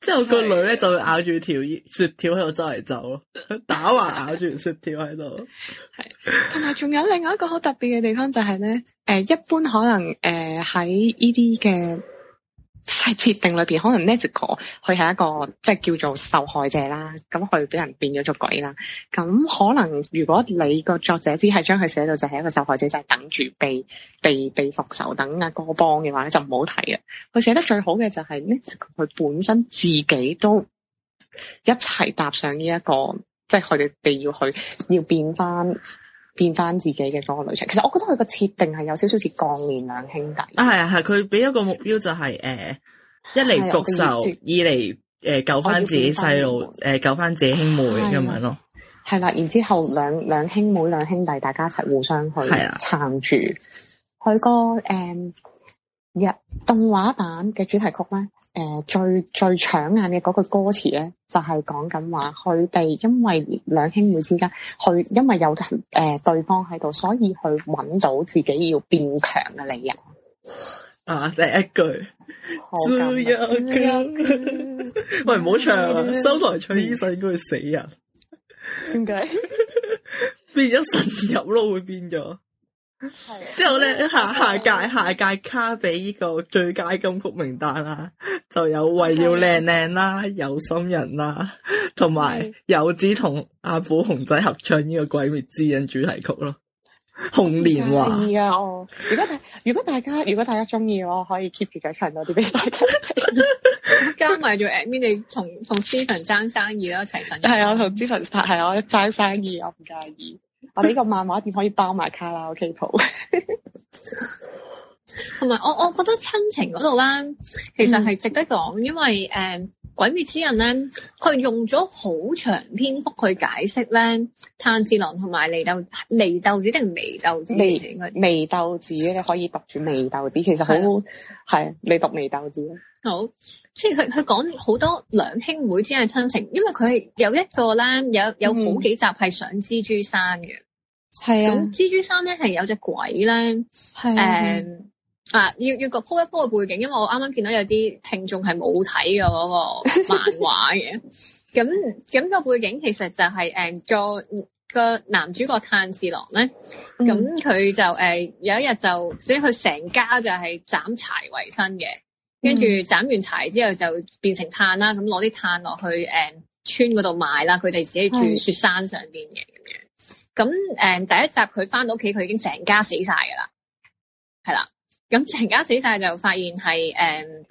之後個女咧就會咬住條雪條喺度周圍走，打橫咬住雪條喺度。係，
同埋仲有另外一個好特別嘅地方就係、是、咧，誒、呃，一般可能誒喺呢啲嘅。呃設定裏面，可能禰豆子佢係一個即係、就是、叫做受害者啦，咁佢俾人變咗做鬼啦。咁可能如果你個作者只係將佢寫到就係一個受害者，就係、是、等住被被被復仇，等阿哥幫嘅話咧，就唔好睇喇。佢寫得最好嘅就係咧，禰豆子佢本身自己都一齊踏上呢、這、一個，即係佢哋要去要變返，變翻自己嘅嗰個旅程，其實我覺得佢個設定係有少少似鋼鍊
兩兄弟。啊，係啊，係佢俾一個目標就係、是，誒、呃，一嚟復仇，二嚟誒救翻自己細路，誒救翻自己兄妹咁樣咯。係啦，然之後
兩兩兄妹兩兄弟大家一齊互相去撐住。佢個誒日動畫版嘅主題曲咧？誒，最最搶眼嘅嗰句歌詞咧，就係講緊話佢哋因為兩兄妹之間，佢因為有誒對方喺度，所以去揾到自己要變強嘅理由。
啊，第一句，
好勁！
喂，唔好唱，收台唱呢首應該會死人。點解？ 變咗神入咯，會變咗。之後咧，下下屆下屆卡畀呢個最佳金曲名單啦，就有為了靚靚啦，有心人啦，同埋有,侑子同阿 Bo 熊仔合唱呢個《鬼滅之刃》主題曲咯，《紅蓮華》。
而哦，如果大家如果大家如果大家中意，我可以 keep 住再唱多啲俾大家。 加埋咗
admin，你同同 Steven 爭生意啦，一
齊順。係啊，同 Steven 係我爭生意，我唔、嗯、介意。 我哋個漫畫店可以包埋卡拉 OK 鋪，同埋
我我覺得親情嗰度咧，其實係值得講，因為誒《鬼滅之刃》咧，佢用咗好長篇幅去解釋咧炭治郎同埋祢豆祢豆子定禰豆子？祢
禰豆子，豆子，豆子你可以讀住禰豆子，其實好係你讀禰豆子
好。即係佢佢講好多兩兄妹之間嘅親情，因為佢係有一個咧，有有好幾集係上蜘蛛山嘅，係、嗯、啊。蜘蛛山咧係有隻鬼咧，誒、嗯、啊、啊，要要個鋪一鋪個背景，因為我啱啱見到有啲聽眾係冇睇嘅嗰個漫畫嘅。咁 咁個背景其實就係誒個個男主角炭治郎咧，
咁佢
就誒、呃、有一日就，所以佢成家就係斬柴為生嘅。跟住斬完柴之後就變成炭啦，咁攞啲炭落去誒、嗯、村嗰度賣啦，佢哋自己住雪山上邊嘅咁樣。咁、嗯、誒第一集佢翻到屋企，佢已經成家死晒噶啦，係啦。咁成家死晒就發現係誒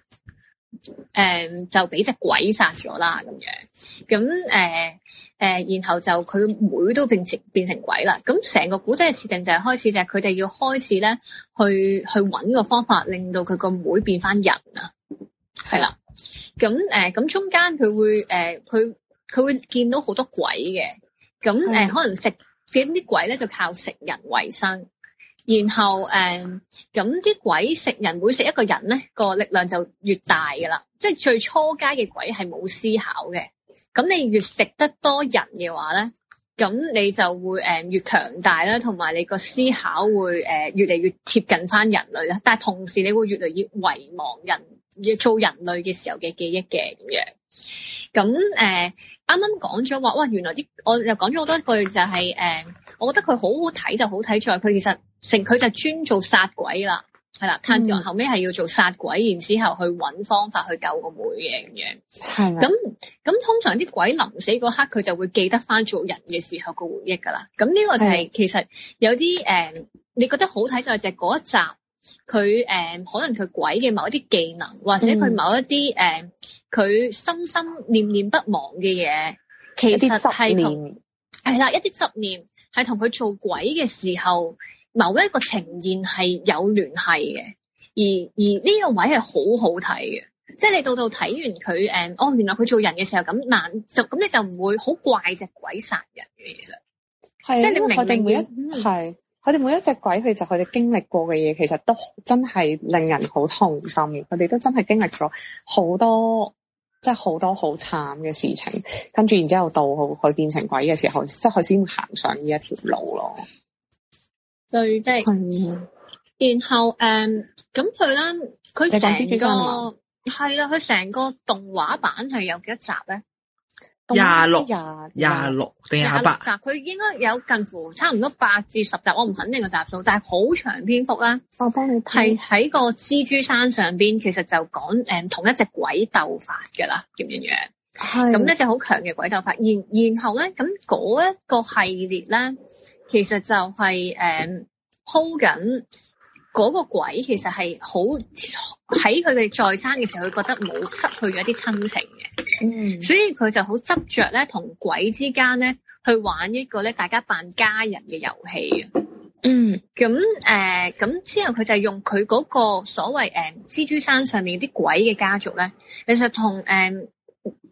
誒就俾隻鬼殺咗啦，咁樣。咁、嗯、誒。嗯誒，然後就佢妹都變成變成鬼啦。咁成個古仔嘅設定就係開始就係佢哋要開始咧去去揾個方法，令到佢個妹變翻人啊。係、嗯、啦，咁誒，咁、呃、中間佢會誒，佢、呃、佢會見到好多鬼嘅。咁誒、嗯呃，可能食咁啲鬼咧就靠食人為生。然後誒，咁、呃、啲鬼食人，每食一個人咧個力量就越大噶啦。即係最初階嘅鬼係冇思考嘅。咁你越食得多人嘅話咧，咁你就會誒越強大啦，同埋你個思考會誒越嚟越貼近翻人類啦。但係同時你會越嚟越遺忘人要做人類嘅時候嘅記憶嘅咁樣。咁誒，啱啱講咗話，哇，原來啲我又講咗好多句，就係、是、誒、呃，我覺得佢好好睇，就好睇在佢其實成佢就，就專做殺鬼啦。係啦，炭治郎後尾係要做殺鬼，嗯、然之後去揾方法去救個妹嘅咁樣。係、嗯。咁咁、嗯、通常啲鬼臨死嗰刻，佢就會記得翻做人嘅時候個回憶噶啦。咁呢個就係、是嗯、其實有啲誒、呃，你覺得好睇就係只嗰一集，佢誒、呃、可能佢鬼嘅某一啲技能，或者佢某一啲誒，佢、嗯呃、心心念念不忘嘅嘢，其實係同係啦一啲執念，係同佢做鬼嘅時候。某一個呈現係有聯繫嘅，而而呢個位係好好睇嘅，即係你到到睇完佢誒，哦原來佢做人嘅時候咁難，就咁你就唔會好怪隻鬼殺人嘅，其實，即係你明，明
佢哋。係、嗯，佢哋每一隻鬼佢就佢哋經歷過嘅嘢，其實都真係令人好痛心嘅。佢哋都真係經歷咗好多，即係好多好慘嘅事情，跟住然之後到佢變成鬼嘅時候，即係佢先行上呢一條路咯。對的,的，
然後誒，咁佢啦，佢成個係啦，佢成個動畫版係有幾多集咧？
廿六、廿廿六定廿八
集，佢應該有近乎差唔多八至十集，我唔肯定個集數，但係好長篇幅啦。我幫你睇係喺個蜘蛛山上邊，其實就講誒、嗯、同一隻鬼鬥法噶啦，點樣樣？係咁一隻好強嘅鬼鬥法，然然後咧，咁嗰一個系列咧。其實就係誒 hold 緊嗰個鬼，其實係好喺佢哋在生嘅時候，佢覺得冇失去咗一啲親情嘅、嗯，所以佢就好執着咧，同鬼之間咧去玩一個咧，大家扮家人嘅遊戲嗯，咁誒、咁、呃、之後佢就用佢嗰個所謂誒、嗯、蜘蛛山上面啲鬼嘅家族咧，其實同誒、嗯、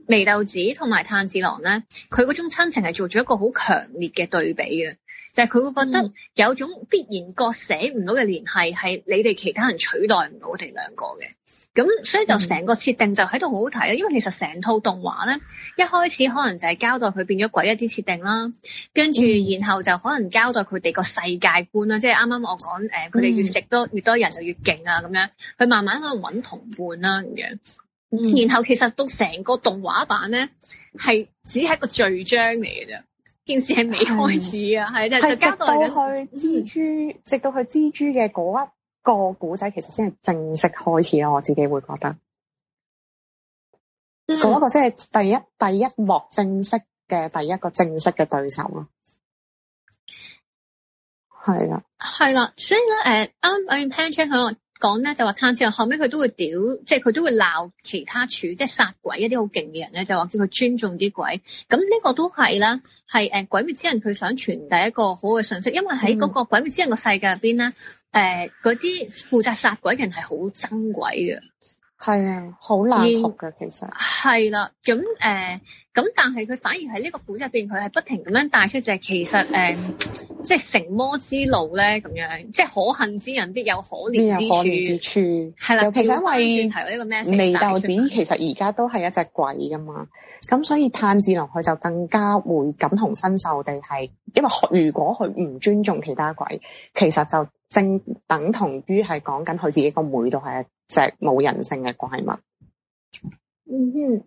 禰豆子同埋炭治郎咧，佢嗰種親情係做咗一個好強烈嘅對比嘅。就係、是、佢會覺得有種必然割捨唔到嘅聯繫，係你哋其他人取代唔到我哋兩個嘅。咁所以就成個設定就喺度好好睇啦。因為其實成套動畫咧，一開始可能就係交代佢變咗鬼一啲設定啦，跟住然後就可能交代佢哋個世界觀啦，即係啱啱我講佢哋越食多越多人就越勁啊，咁樣。佢慢慢可能揾同伴啦咁樣，然後其實都成個動畫版咧係只係一個序章嚟嘅啫。件事係未開始啊，係就就交代去
蜘蛛，嗯、直到去蜘蛛嘅嗰一個古仔，其實先係正式開始咯。我自己會覺得，嗰、嗯、一、嗰個先係第一第一幕正式嘅第一個正式嘅對手咯，係啦，
係啦，所以咧，誒、呃、啱，我要聽 check 佢講咧就話炭治郎後尾佢都會屌，即係佢都會鬧其他柱，即係殺鬼一啲好勁嘅人咧，就話叫佢尊重啲鬼。咁呢個都係啦，係誒鬼滅之刃佢想傳遞一個好嘅信息，因為喺嗰個鬼滅之刃嘅世界入邊咧，誒嗰啲負責殺鬼嘅人係好憎鬼嘅。係
啊，好難學嘅，其實
係啦。咁、嗯、誒、咁、呃、但係佢反而喺呢個本入邊，佢係不停咁樣帶出隻，就其實誒、呃，即係成魔之路咧，咁樣即係可恨之人必有可憐之處。係啦，其，因為其
實話轉題呢
個咩？禰豆子，其
實而家都係一隻鬼噶嘛。咁、嗯、所以炭治郎佢就更加會感同身受地係，因為如果佢唔尊重其他鬼，其實就。正等同於係講緊佢自己個妹，妹，都係一隻冇人性嘅怪物。嗯，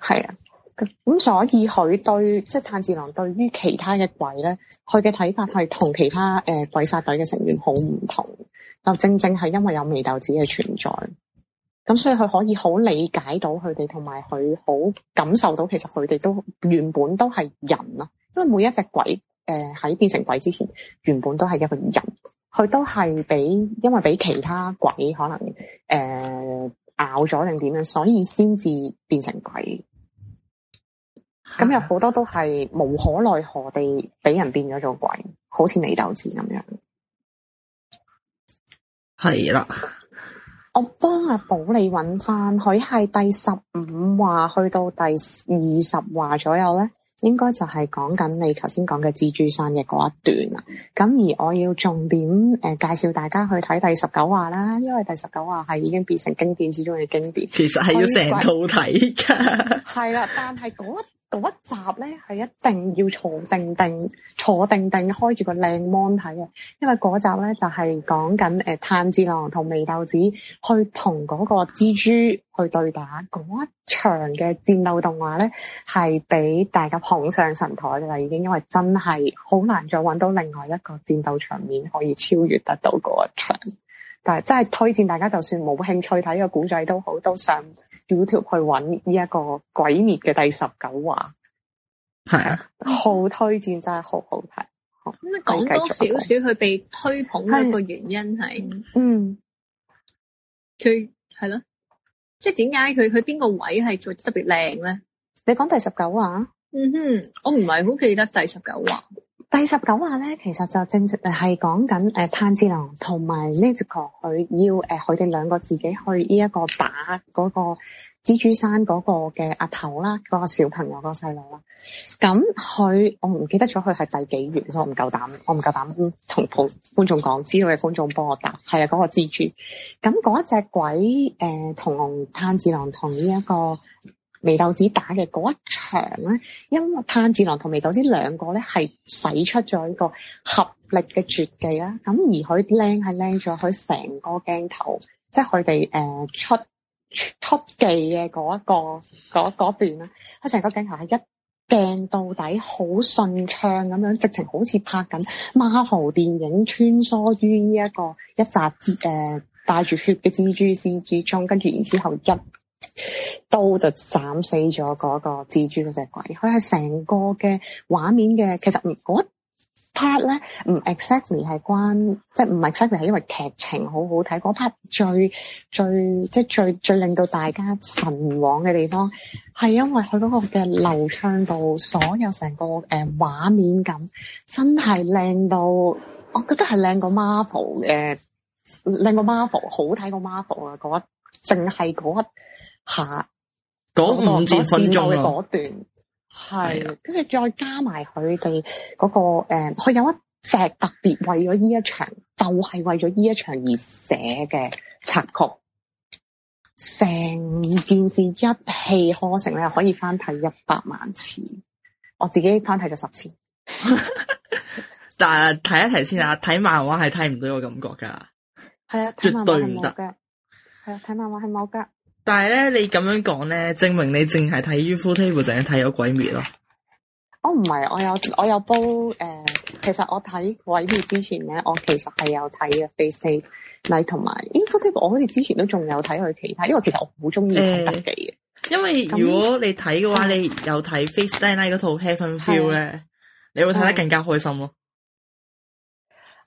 係啊。咁、嗯、所以佢對，即係炭治郎對於其他嘅鬼咧，佢嘅睇法係同其他、呃、鬼殺隊嘅成員好唔同。就正正係因為有禰豆子嘅存在，咁所以佢可以好理解到佢哋，同埋佢好感受到其實佢哋都原本都係人咯。因為每一隻鬼喺、呃、變成鬼之前，原本都係一個人。佢都係俾，因為俾其他鬼可能誒咬咗定點樣，所以先至變成鬼。咁有好多都係無可奈何地俾人變咗做鬼，好似禰豆子咁樣。係啦，我幫阿 Bo 你揾翻，佢係第十五話去到第二十話左右咧。應該就係講緊你頭先講嘅蜘蛛山嘅嗰一段啦，咁而我要重點誒介紹大家去睇第十九話啦，因為第十九話係已經變成經典之中嘅經典，其實係要成套睇噶，係啦， 但係嗰。嗰一集咧，係一定要坐定定、坐定定，開住個靚芒睇嘅，因為嗰集咧就係講緊誒，炭治郎同禰豆子去同嗰個蜘蛛去對打嗰一場嘅戰鬥動畫咧，係俾大家捧上神台㗎啦，已經，因為真係好難再搵到另外一個戰鬥場面可以超越得到嗰一場，但係真係推薦大家，就算冇興趣睇個古仔都好，都想。YouTube 去揾呢一個鬼滅嘅第十九話。係啊，好推薦，真係好好睇。
咁你講多少少佢被推捧嘅一個原因係，嗯，佢係咯，即係點解佢佢邊個位係做得特別靚咧？你講第十九話，嗯哼，我唔係好記得第十九話。
第十九話咧，其實就正直係講緊誒，炭治郎同埋 Nezuko 佢要誒，佢哋兩個自己去呢一個打嗰個蜘蛛山嗰個嘅阿頭啦，嗰、那個小朋友個細路啦。咁佢我唔記得咗，佢係第幾月，所以我唔夠膽，我唔夠膽同普觀眾講，知道嘅觀眾幫我答。係啊，嗰、那個蜘蛛。咁嗰隻鬼誒、呃，同炭治郎同呢一個。禰豆子打嘅嗰一場咧，因為炭治郎同禰豆子兩個咧係使出咗一個合力嘅絕技啦。咁而佢靚係靚咗，佢成個鏡頭，即係佢哋誒出出技嘅嗰一個嗰嗰段啦，佢成個鏡頭係一鏡到底，好順暢咁樣，直情好似拍緊 Marvel 電影，穿梭於呢一個一隻蜘誒帶住血嘅蜘蛛絲之中，跟住然之後一。刀就斬死咗嗰個蜘蛛嗰隻鬼，佢係成個嘅畫面嘅。其實嗰 part 咧，唔 exactly 係關，即係唔係 exactly 係因為劇情好好睇。嗰 part 最最即係最最令到大家神往嘅地方，係因為佢嗰個嘅流暢度，所有成個誒畫面感真係靚到，我覺得係靚過 Marvel 嘅，靚過 Marvel 好睇過 Marvel 啊！嗰一，淨係嗰一。下、
啊、嗰五至分
鐘嘅嗰段係，跟、哎、住再加埋佢哋嗰個誒，佢、嗯、有一隻特別為咗呢一場，就係、是、為咗呢一場而寫嘅插曲。成件事一氣呵成咧，可
以翻睇一百萬次。我
自己翻睇咗十次。
但係睇一睇先啊，睇漫畫係睇唔到呢個感覺噶，係啊，
絕對唔得。係啊，睇漫畫係冇噶。
但係咧，你咁樣講咧，證明你淨係睇《ufotable》，淨係睇有鬼滅咯。
我唔係，我有我有煲誒、呃。其實我睇《鬼滅》之前咧，我其實係有睇《Fate stay night》同埋《ufotable》。我好似之前都仲有睇佢其他，因、這、為、個，其實我好中意睇特技嘅。
因為如果你睇嘅話，你有睇《Fate stay night》嗰套《Heaven's Feel》咧，你會睇得更加開心咯。嗯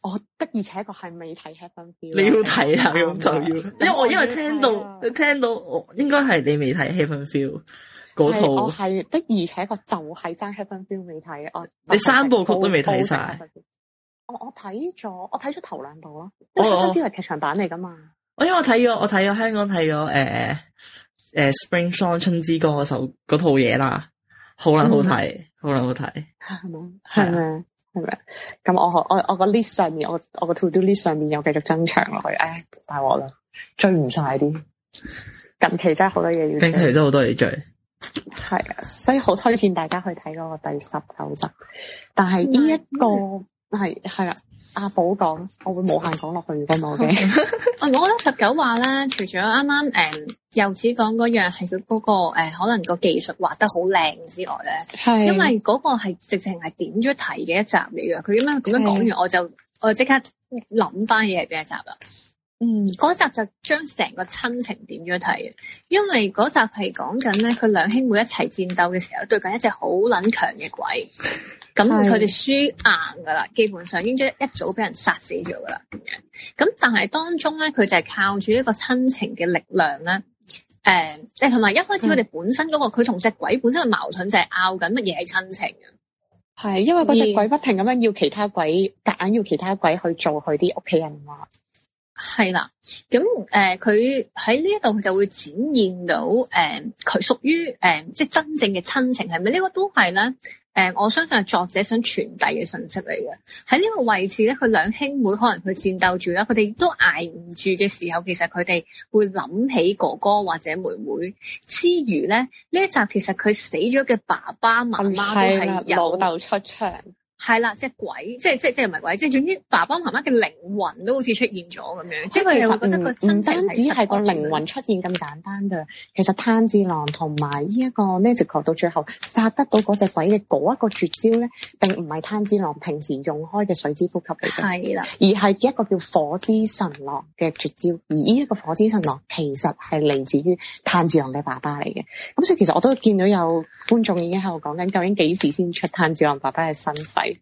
我的而且確係未睇《Heaven Feel》。你要睇啊，咁
就要。 因為我因為聽到 聽到我應該係你未睇《Heaven Feel》嗰套。我係
的而且確就係爭《Heaven Feel》未睇。我
你三部曲都未睇晒。
我睇咗，我睇咗頭兩部咯。哦，都知係劇場版嚟噶嘛？
我因為我睇咗我睇咗香港睇咗誒誒《Spring Song》春之歌嗰首嗰套嘢啦，好啦好睇、嗯，好啦好睇。係 咪？係呀。係咩？
係咪？咁我我我個 list 上面，我我個 to do list 上面又繼續增長落去，誒，大鑊啦，追唔晒啲，近期真係好多嘢要，近期真係好多嘢追，係啊，所以好推薦大家去睇嗰個第十九集，但係呢一個係係啊。嗯阿寶講，我會無限講落去噶我。
我覺得十九話咧，除咗啱啱，誒侑子講嗰樣係佢嗰個誒、呃，可能嗰個技術畫得好靚之外咧，因為嗰個係直情係點咗題嘅一集嚟嘅。佢點樣點樣講完我，我就我即刻諗翻嘢係邊一集啦。嗯，嗰集就將成個親情點咗題，因為嗰集係講緊咧，佢兩兄妹一齊戰鬥嘅時候，對緊一隻好捻強嘅鬼。 咁佢哋輸硬噶啦，基本上已經一早俾人殺死咗噶啦。咁但係當中咧，佢就係靠住一個親情嘅力量咧。誒、呃，同埋一開始佢哋本身嗰、嗰個佢同隻鬼本身嘅矛盾就係拗緊乜嘢係親情啊？
係，因為嗰隻鬼不停咁樣要其他鬼，夾硬要其他鬼去做佢啲屋企人話。係啦，
咁誒，佢喺呢一度佢就會展現到，誒、呃，佢屬於誒，即係真正嘅親情係咪？呢個都係咧。誒、嗯，我相信係作者想傳遞嘅信息嚟嘅。喺呢個位置咧，佢兩兄妹可能佢戰鬥住啦，佢哋都挨唔住嘅時候，其實佢哋會諗起哥哥或者妹妹之餘咧，呢一集其實佢死咗嘅爸爸媽媽都係有。爸爸
出場。
係啦，隻鬼，即係即係即係
唔係鬼，即係總之爸爸媽媽嘅靈魂都好似出現咗咁樣。即係佢實、就係、覺得個親子唔單止係、嗯、個靈魂出現咁簡單㗎。其實炭治郎同埋呢一個 magic 到最後殺得到嗰隻鬼嘅嗰一個絕招咧，並唔係炭治郎平時用開嘅水之呼吸嚟嘅，而係一個叫火之神郎嘅絕招。而呢一個火之神郎其實係嚟自於炭治郎嘅爸爸嚟嘅。咁所以其實我都見到有觀眾已經喺度講緊，究竟幾時先出炭治郎爸爸嘅身世？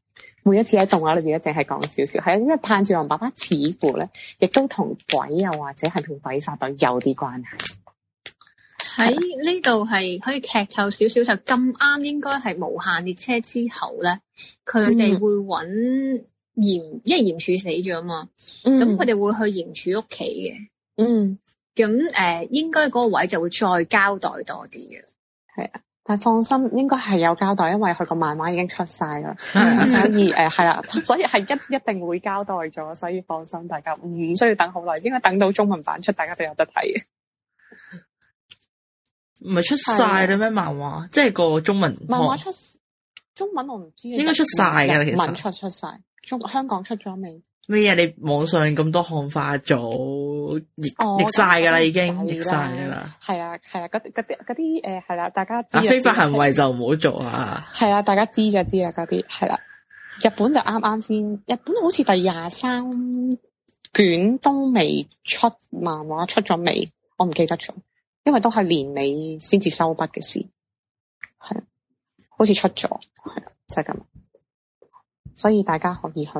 每一次喺動畫裏邊一直係講少少，係因為炭治郎爸爸似乎咧，亦都同鬼又、啊、或者係同鬼殺隊有啲關係。
喺呢度係可以劇透少少，就咁啱，應該係無限列車之後咧，佢哋會揾炎、嗯，因為炎柱死咗嘛，咁佢哋會去炎柱屋企嘅。嗯，咁誒、嗯呃，應該嗰個位置就會再交代多啲嘅。係啊。
放心，應該係有交代，因為佢個漫畫已經出晒啦、啊 呃，所以誒係啦，所以係一一定會交代咗，所以放心，大家唔需要等好耐，應該等到中文版
出，大家都有得睇。唔係出晒啦咩漫畫？即係個中文漫畫出
中文我，我唔知應該出晒啦。其實文出出晒。中香港出咗未？
咩啊？你網上咁多漢化組譯晒噶啦，已經譯晒啦。
係、哦、啊，係啊，嗰啲嗰啲誒，係啦，大家知道知道。非法行
為就唔好做啊！係啊，大
家知就知啊，嗰啲係啦。日本就啱啱先，日本好似第廿三卷都未出漫畫，出咗未？我唔記得咗，因為都係年尾先至收筆嘅事。係，好似出咗，係啊，就係、是、咁。所以大家可以去，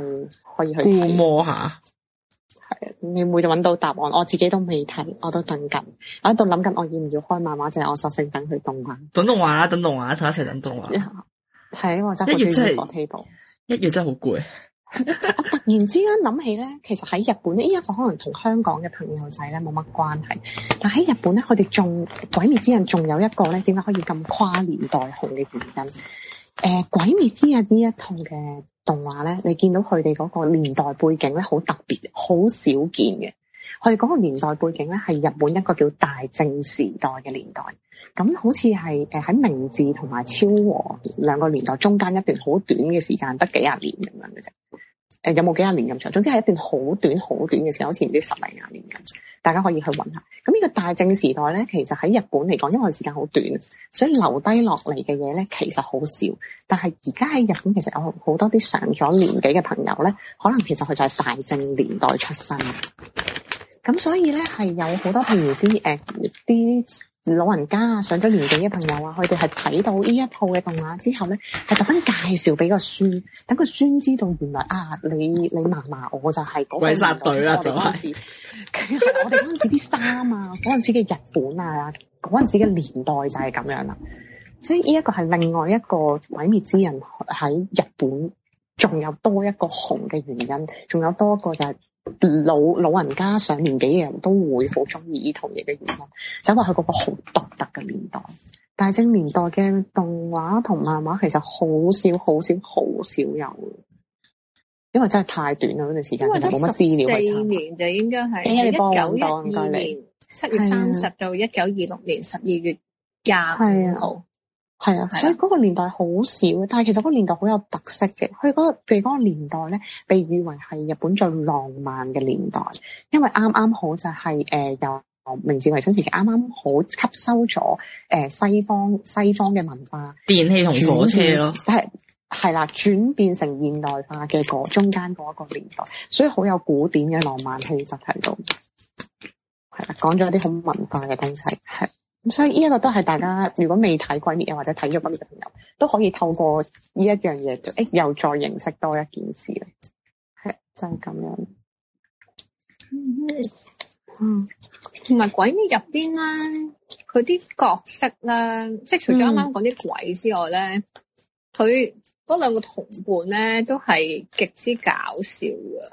可
以去摸一下，係啊，
你會揾到答案我自己都未睇，我都等緊，我喺度諗緊，我要唔要開漫畫？即係我索性等佢動畫。
等動畫，等動畫，同一齊等動畫。係，我真係一月、就是、真係好攰。
我突然之間諗起咧，其實喺日本呢，一個可能同香港嘅朋友仔咧冇乜關係，但喺日本咧，佢哋仲鬼滅之刃仲有一個咧，點解可以咁跨年代紅嘅原因？誒、呃，鬼滅之刃呢一套嘅動畫咧，你見到佢哋嗰個年代背景咧，好特別，好少見嘅。佢哋嗰個年代背景咧，係日本一個叫大正時代嘅年代。咁好似係誒喺明治同埋昭和兩個年代中間一段好短嘅時間，得幾廿年咁樣嘅啫。誒，有冇幾廿年咁長？總之係一段好短、好短嘅時間，好似唔知十零廿年咁。大家可以去揾下，咁呢個大正時代咧，其實喺日本嚟講，因為時間好短，所以留低落嚟嘅嘢咧，其實好少。但係而家喺日本，其實有好多啲上咗年紀嘅朋友咧，可能其實佢就係大正年代出生嘅。咁所以咧，係有好多譬如啲誒啲。呃老人家啊，上咗年紀嘅朋友啊，佢哋係睇到呢一套嘅動畫之後咧，係特登介紹俾個孫，等個孫知道原來啊，你你嫲嫲我就係、是那個、鬼殺隊啦，就係、是、我哋嗰陣時啲衫啊，嗰 陣時嘅日本啊，嗰陣時嘅年代就係咁樣啦。所以呢一個係另外一個鬼滅之刃喺日本仲有多一個紅嘅原因，仲有多一個就是。老老人家上年紀嘅人都會好中意呢套嘢嘅原因，就話佢嗰個好獨特嘅年代。大正年代嘅動畫同漫畫其實好少、好少、好少有，因為真係太短啦嗰段時間，冇乜資料去查。年就應該
係一九一二年七月三十、啊、到一九二六年十
二月廿五號係啊，所以嗰個年代好少，但係其實嗰個年代好有特色嘅。佢嗰譬如嗰個年代咧，被譽為係日本最浪漫嘅年代，因為啱啱好就係、是、誒、呃、由明治維新時期啱啱好吸收咗誒、呃、西方西方嘅文化，電器同火車咯，但係係啦，轉變成現代化嘅嗰、那個、中間嗰一個年代，所以好有古典嘅浪漫氣質喺度、啊，係啦，講咗啲好文化嘅東西，係、啊。咁所以呢一個都係大家如果未睇鬼滅又或者睇咗鬼滅嘅朋友都可以透過呢一樣嘢，就誒又再認識多一件事啦，係就係、是、咁樣。嗯、同、
嗯、埋鬼滅入邊咧，佢啲角色咧，即係除咗啱啱講啲鬼之外咧，佢嗰兩個同伴咧都係極之搞
笑嘅，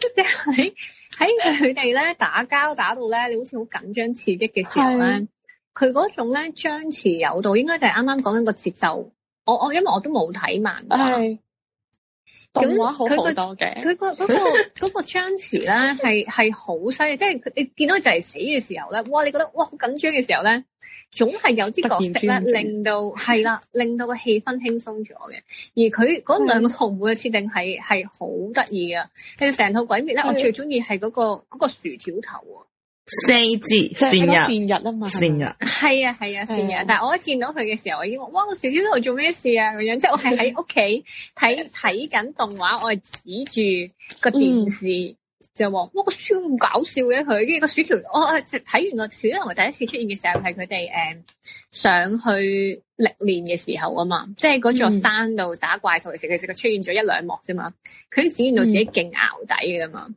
即
係喺喺佢哋咧打交打到咧，你好似好緊張刺激嘅時候咧。佢嗰種咧張弛有度，應該就係啱啱講緊個節奏。我我因為我都冇睇漫畫，係、嗯、
動畫好多嘅、那個。佢 嗰個
嗰個張弛呢係係好犀利，即係你見到佢就係死嘅時候呢，哇！你覺得哇好緊張嘅時候呢，總係有啲角色呢令到係啦，令到個氣氛輕鬆咗嘅。而佢嗰兩個同伴嘅設定係係好得意㗎。其實成套鬼滅呢，我最中意係嗰個嗰、那個薯條頭喎。
四字善逸啊、就是、嘛，善逸
係啊係啊善逸，啊啊、日但係我一見到佢嘅時候，我已經哇薯條頭喺度做咩事啊咁樣，即 係我係喺屋企睇睇緊動畫，我係指住個電視、嗯、就話，哇個超咁搞笑嘅、啊、佢，跟住個薯條，我睇完個薯條頭第一次出現嘅時候，係佢哋誒上去歷練嘅時候啊嘛，即係嗰座山度打怪獸嘅時候，其實佢出現咗一兩幕啫嘛，佢展現到自己勁淆底嘅嘛。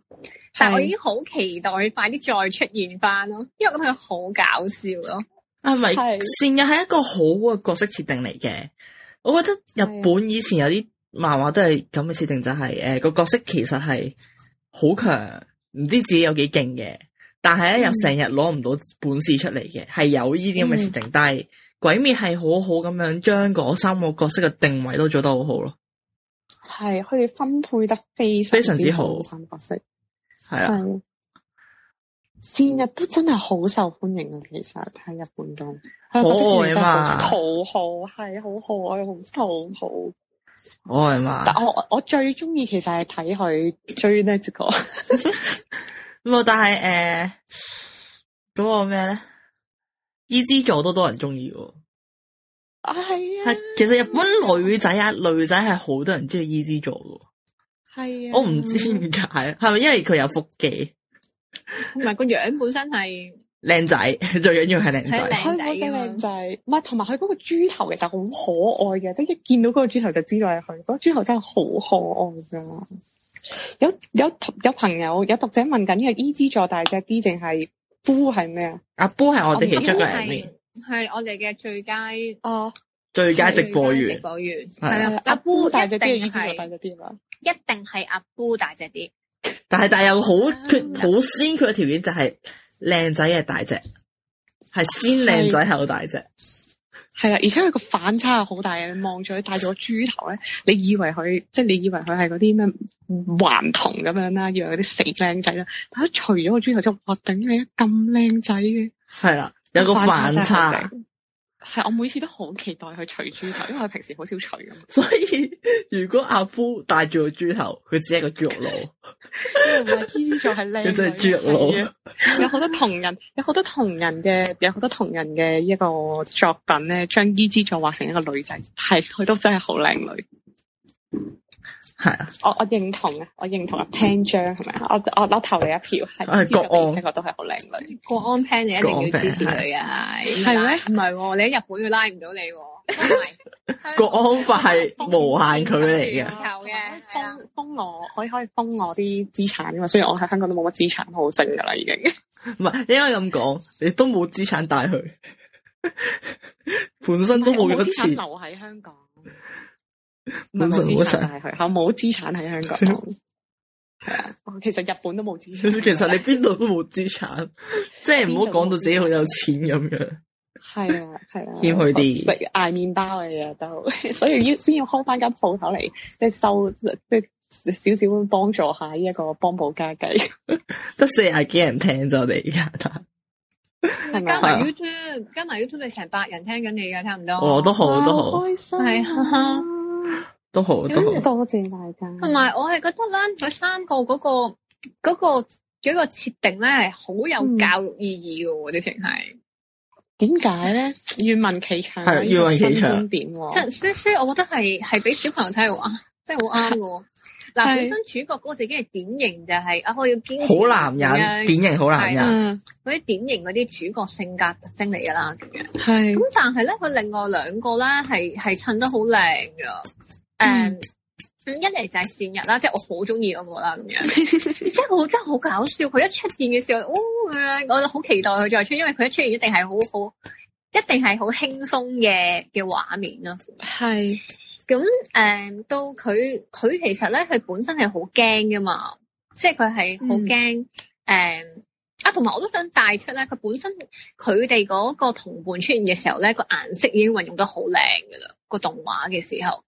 但係我已經好期待快啲再出現翻咯，因為我覺得佢好搞
笑咯。啊，咪係善逸係一個好嘅角色設定嚟嘅。我覺得日本以前有啲漫畫都係咁嘅設定，就係誒個角色其實係好強，唔知自己有幾勁嘅，但係咧又成日攞唔到本事出嚟嘅，係、嗯、有呢啲咁嘅設定。嗯、但鬼滅係鬼滅係好好咁樣將嗰三個角色嘅定位都做得好好咯。
係，佢哋分配得非常之好。三
角色。係、
啊，先、嗯、日都真係好受歡迎啊！其實喺日本都好可愛嘛，好好係好可愛，好豪，好可愛嘛。但我我最中意其
實係睇佢追個 但、呃、呢個，咁係但係誒嗰個咩咧？伊之助都多人中意，啊係啊，其實日本女仔啊、嗯，女仔係好多人中意伊之助噶。
係、啊，我唔知點
解，係咪因為佢有腹肌，
同埋個樣本身
係靚仔，最緊要係靚仔，靚仔，靚
仔，唔係，同埋佢嗰個豬頭其實好可愛嘅，即一見到嗰個豬頭就知道係佢，嗰、嗰個豬頭真係好可愛噶。有有有朋友有讀者問緊嘅，伊之助大隻啲淨係 Bo 係咩啊？
阿 Bo 係我哋其中一個人咩？
係我哋嘅最佳哦。
最佳直播員，
直播員係阿姑大隻
啲，一定大隻啲嘛？一定係阿姑大隻啲，
但係、嗯、但係又好佢好先佢條件就係靚仔嘅大隻，係先靚仔後大隻，係啦，而且佢個
反差好大嘅，望住佢帶咗個豬頭咧、嗯，你以為佢即係你以為佢係嗰啲咩頑童咁樣啦，以為啲死靚仔啦，但係除咗個豬頭之後，哇，頂你咁靚仔嘅，係啦，有個反差。反差
係我每次都好期待佢除豬頭，因為佢平時好少除嘅。所以如果阿夫戴住個豬頭，佢只係個豬肉佬。
伊之助就係靚女，真係豬肉佬。 有好多同人，有好多同人嘅，有好多同人嘅一個作品咧，將伊之助畫成一個女仔，係佢都真係好靚女。係啊，我我認同啊，我認同啊，潘章係咪啊？我、嗯、我攞投你一票，係。國安，香港都係好靚
女。國安 Pan，你一定要支持佢嘅吓，係咩？唔係喎，你喺日本都拉唔到你喎，啊 。
國安法係無限距離嘅，封
封我，可以可以封我啲資產啊嘛。雖然我喺香港都冇乜資產好剩噶啦，已經。
唔 係應該咁講，你都冇資產帶去， 本身都冇資產留
喺香港。
冇資產係去，冇資產喺香港。係
啊，其實日本都冇資產。其
實你邊度都冇資產， 即係唔好講到自己好有錢咁樣。係啊，
係啊，謙虛啲，食捱麵包嘅嘢都，所以要先要開翻間鋪頭嚟，即係收即係少少幫助下呢一個幫補家計。
得四廿幾人聽咗我哋而家，加埋
YouTube,、啊、YouTube，加埋 YouTube，你成百人聽緊你噶，差唔多。我、哦、
都好，都好，
啊、開心、啊。
都好，都好，多謝大
家。
同埋，我係覺得咧，佢三個嗰、嗰個嗰、嗰個幾、嗰個設、嗰個、定咧，係好有教育意義嘅喎，直情係。
點解咧？願聞其詳係願聞其
詳點？即係所以，所以，我覺得係係俾小朋友睇嘅話，即係好啱喎。嗱， 本身主角嗰個自己係典型， 就係、是、啊，我要堅好男人，典型好男人嗰啲 典型嗰啲主角性格特徵嚟噶啦，咁樣係。咁 但係咧，佢另外兩個咧，係係襯得好靚嘅。誒、um, 嗯，一嚟就係善逸啦，即係我好中意嗰個啦，咁樣，即係我真係好，好搞笑。佢一出現嘅時候，哦，咁樣，我好期待佢再出現，因為佢一出現一定係好好，一定係好輕鬆嘅嘅畫面咯。係，咁誒，um, 到佢佢其實咧，佢本身係好驚噶嘛，即係佢係好驚誒，嗯 um, 啊，同埋我都想帶出咧，佢本身佢哋嗰個同伴出現嘅時候咧，個顏色已經運用得好
靚噶啦，個動畫嘅時候。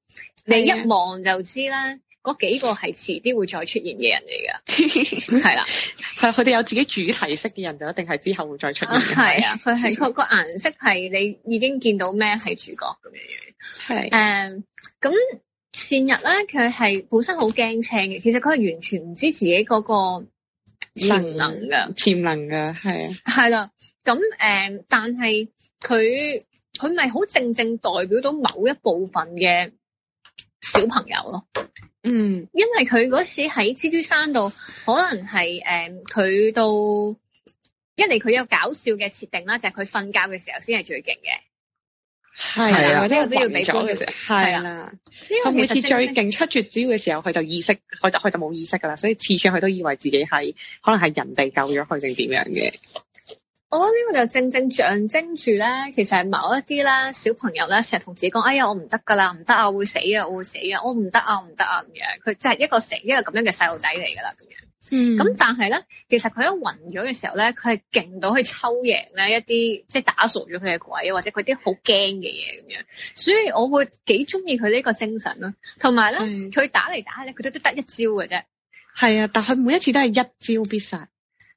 你一
望就知啦，嗰幾個係遲啲會再出現嘅人嚟嘅，
係 啦是的，係佢哋有自己主題式嘅人就一定係之後會再出現，
係啊，佢係 個顏色係你已經見到咩係主角咁樣樣，係誒，咁、uh, 善逸咧佢係本身好驚青嘅，其實佢係完全唔知自己嗰個潛能潛能嘅
潛能嘅係啊，
係啦，咁誒，uh, 但係佢佢咪好正正代表到某一部分嘅。小朋友咯，
嗯，
因為佢嗰時，喺蜘蛛山度，可能係誒佢到一嚟，佢有搞笑嘅設定啦，就係佢瞓覺嘅時候先係最勁嘅，
係啊，呢個都要俾咗嘅，係啊，呢、啊這個每次最勁出絕招嘅時候，佢就意識，佢就佢就冇意識噶啦，所以次次佢都以為自己係可能係人哋救咗佢定點樣嘅。
我覺得呢個就正正象徵住咧，其實係某一啲咧小朋友咧成日同自己講：哎呀，我唔得㗎啦，唔得啊，會死啊，我會死啊，我唔得啊，唔得啊咁樣。佢就係一個成一個咁樣嘅細路仔嚟㗎啦咁樣。
咁、嗯、但
係咧，其實佢一暈咗嘅時候咧，佢係勁到去抽贏咧一啲即係打傻咗佢嘅鬼，或者佢啲好驚嘅嘢咁樣。所以我會幾中意佢呢個精神咯。同埋咧，佢、嗯、打嚟打去咧，佢都都得一招㗎啫。
係啊，但佢每一次都係一招必殺。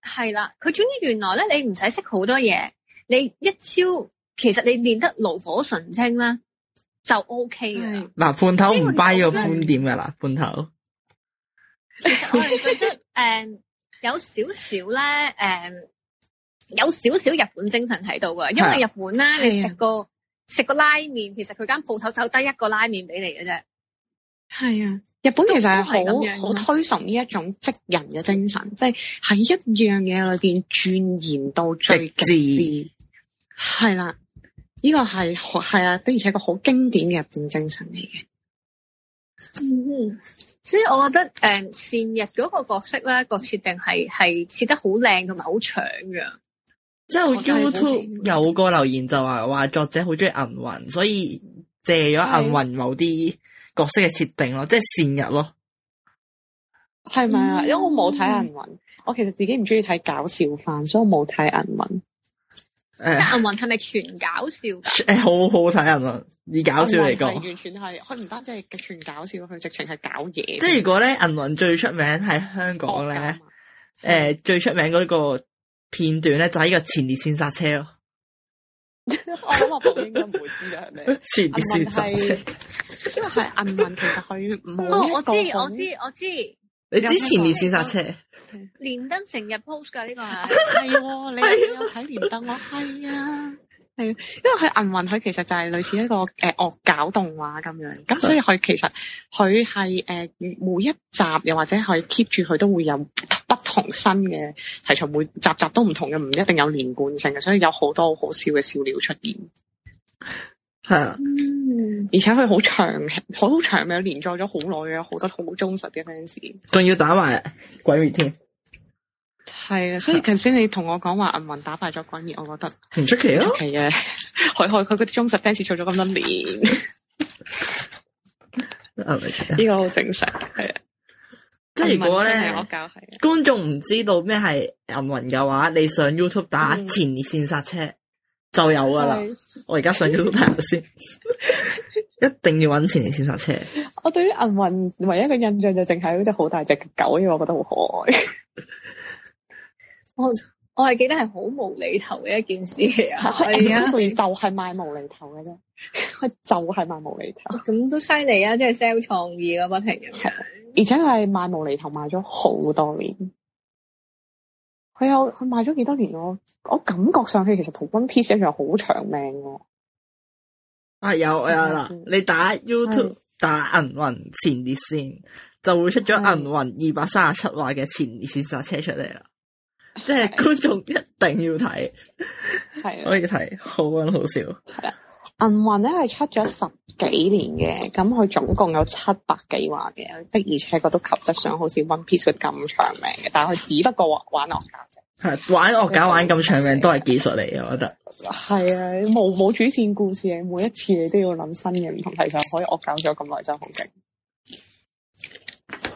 係啦，佢總
之原來咧，你唔使識好多嘢，你一超，其實你練得爐火純青咧，就 O K 嘅。
嗱，罐頭唔 buy 個觀點噶啦，罐頭。
其實我係覺得誒、 嗯，有少少咧，誒、嗯，有少少日本精神喺度噶，因為日本咧，你食個食個拉麵，其實佢間鋪頭就得一個拉麵俾你嘅啫。係
啊。日本其實係好好推崇呢一種職人嘅精神，即係喺一樣嘢裏邊鑽研到最極致，係啦，呢、這個係係啊，的而且個好經典嘅日本精神嚟嘅、嗯。
所以我覺得誒、嗯，善逸嗰個角色咧，那個設定係係設得好靚，同埋好長嘅。
之後 YouTube 有個留言就話話作者好中意銀魂，所以借咗銀魂某啲、啊。角色嘅設定咯，即係線入咯，
係咪啊？因為我冇睇銀魂、嗯，我其實自己唔中意睇搞笑番，所以我冇睇
銀魂。誒，銀
魂係咪全搞笑？誒，
好好睇銀魂，以搞笑嚟講，是
完全係佢唔單止係全搞笑，佢直情係搞嘢。即係如
果咧，銀魂最出名喺香港咧，誒、呃嗯，最出名嗰個片段咧就係、是、呢個前列腺剎車咯。 我諗阿寶應該唔會知嘅係咪？前年先剎車，呢個係銀魂，其實佢唔係我知，
我知，
我知，我知。你之前年先剎車？
哦、 連登成日 post 噶呢、這個係，係、 哦、你有睇
連登？我 係啊，係，因為佢銀魂佢其實就係類似一個誒惡、呃、搞動畫咁樣，咁所以佢其實佢係誒每一集又或者可以 keep 住佢都會有。同新嘅題材每集集都唔同嘅，唔一定有連貫性嘅，所以有好多好好笑嘅笑料出現。係啊，而且佢好長，好長命，連載咗好耐嘅，好多好忠實嘅 fans，
仲要打壞鬼滅添。
係啊，所以頭先你同我講話銀魂打敗咗鬼滅，我覺得
唔出奇啊，出奇嘅，
害害佢嗰啲忠實 fans 做咗咁多年。
呢 個好正常，係啊。即係如果咧，觀眾唔知道咩係銀魂嘅話，你上 YouTube 打前列腺剎車就有噶啦、嗯。我而家上 YouTube 睇下先， 一定要揾前列腺剎車。
我對於銀魂唯一嘅印象就淨係嗰隻好大隻嘅狗，因為我覺得好可愛。 我我係記得係好無厘頭嘅一件事啊！係呀，就係賣無厘頭嘅啫， 就係賣無厘頭。
咁都犀利啊！即係 sell 創意咯，不停嘅
而且係賣無厘頭賣咗好多年，佢有佢賣咗幾多年？我我感覺上去其實同 One Piece 仲好長命喎、
啊。啊有我有啦，你打 YouTube 打銀雲前列線就會出咗銀雲二百三十七話嘅前列線剎車出嚟啦。即係觀眾一定要
睇，係 可以
睇好溫好笑。
銀魂咧係出咗十幾年嘅，咁佢總共有七百幾話嘅，的而且確都及得上好似《One Piece》咁長命嘅。但係佢只不過玩玩惡搞啫，係玩
惡搞玩咁長命都係技術嚟嘅，我覺得
係啊，冇冇主線故事嘅，每一次你都要諗新嘅，唔同題
材可以惡搞咗咁耐，真好
勁。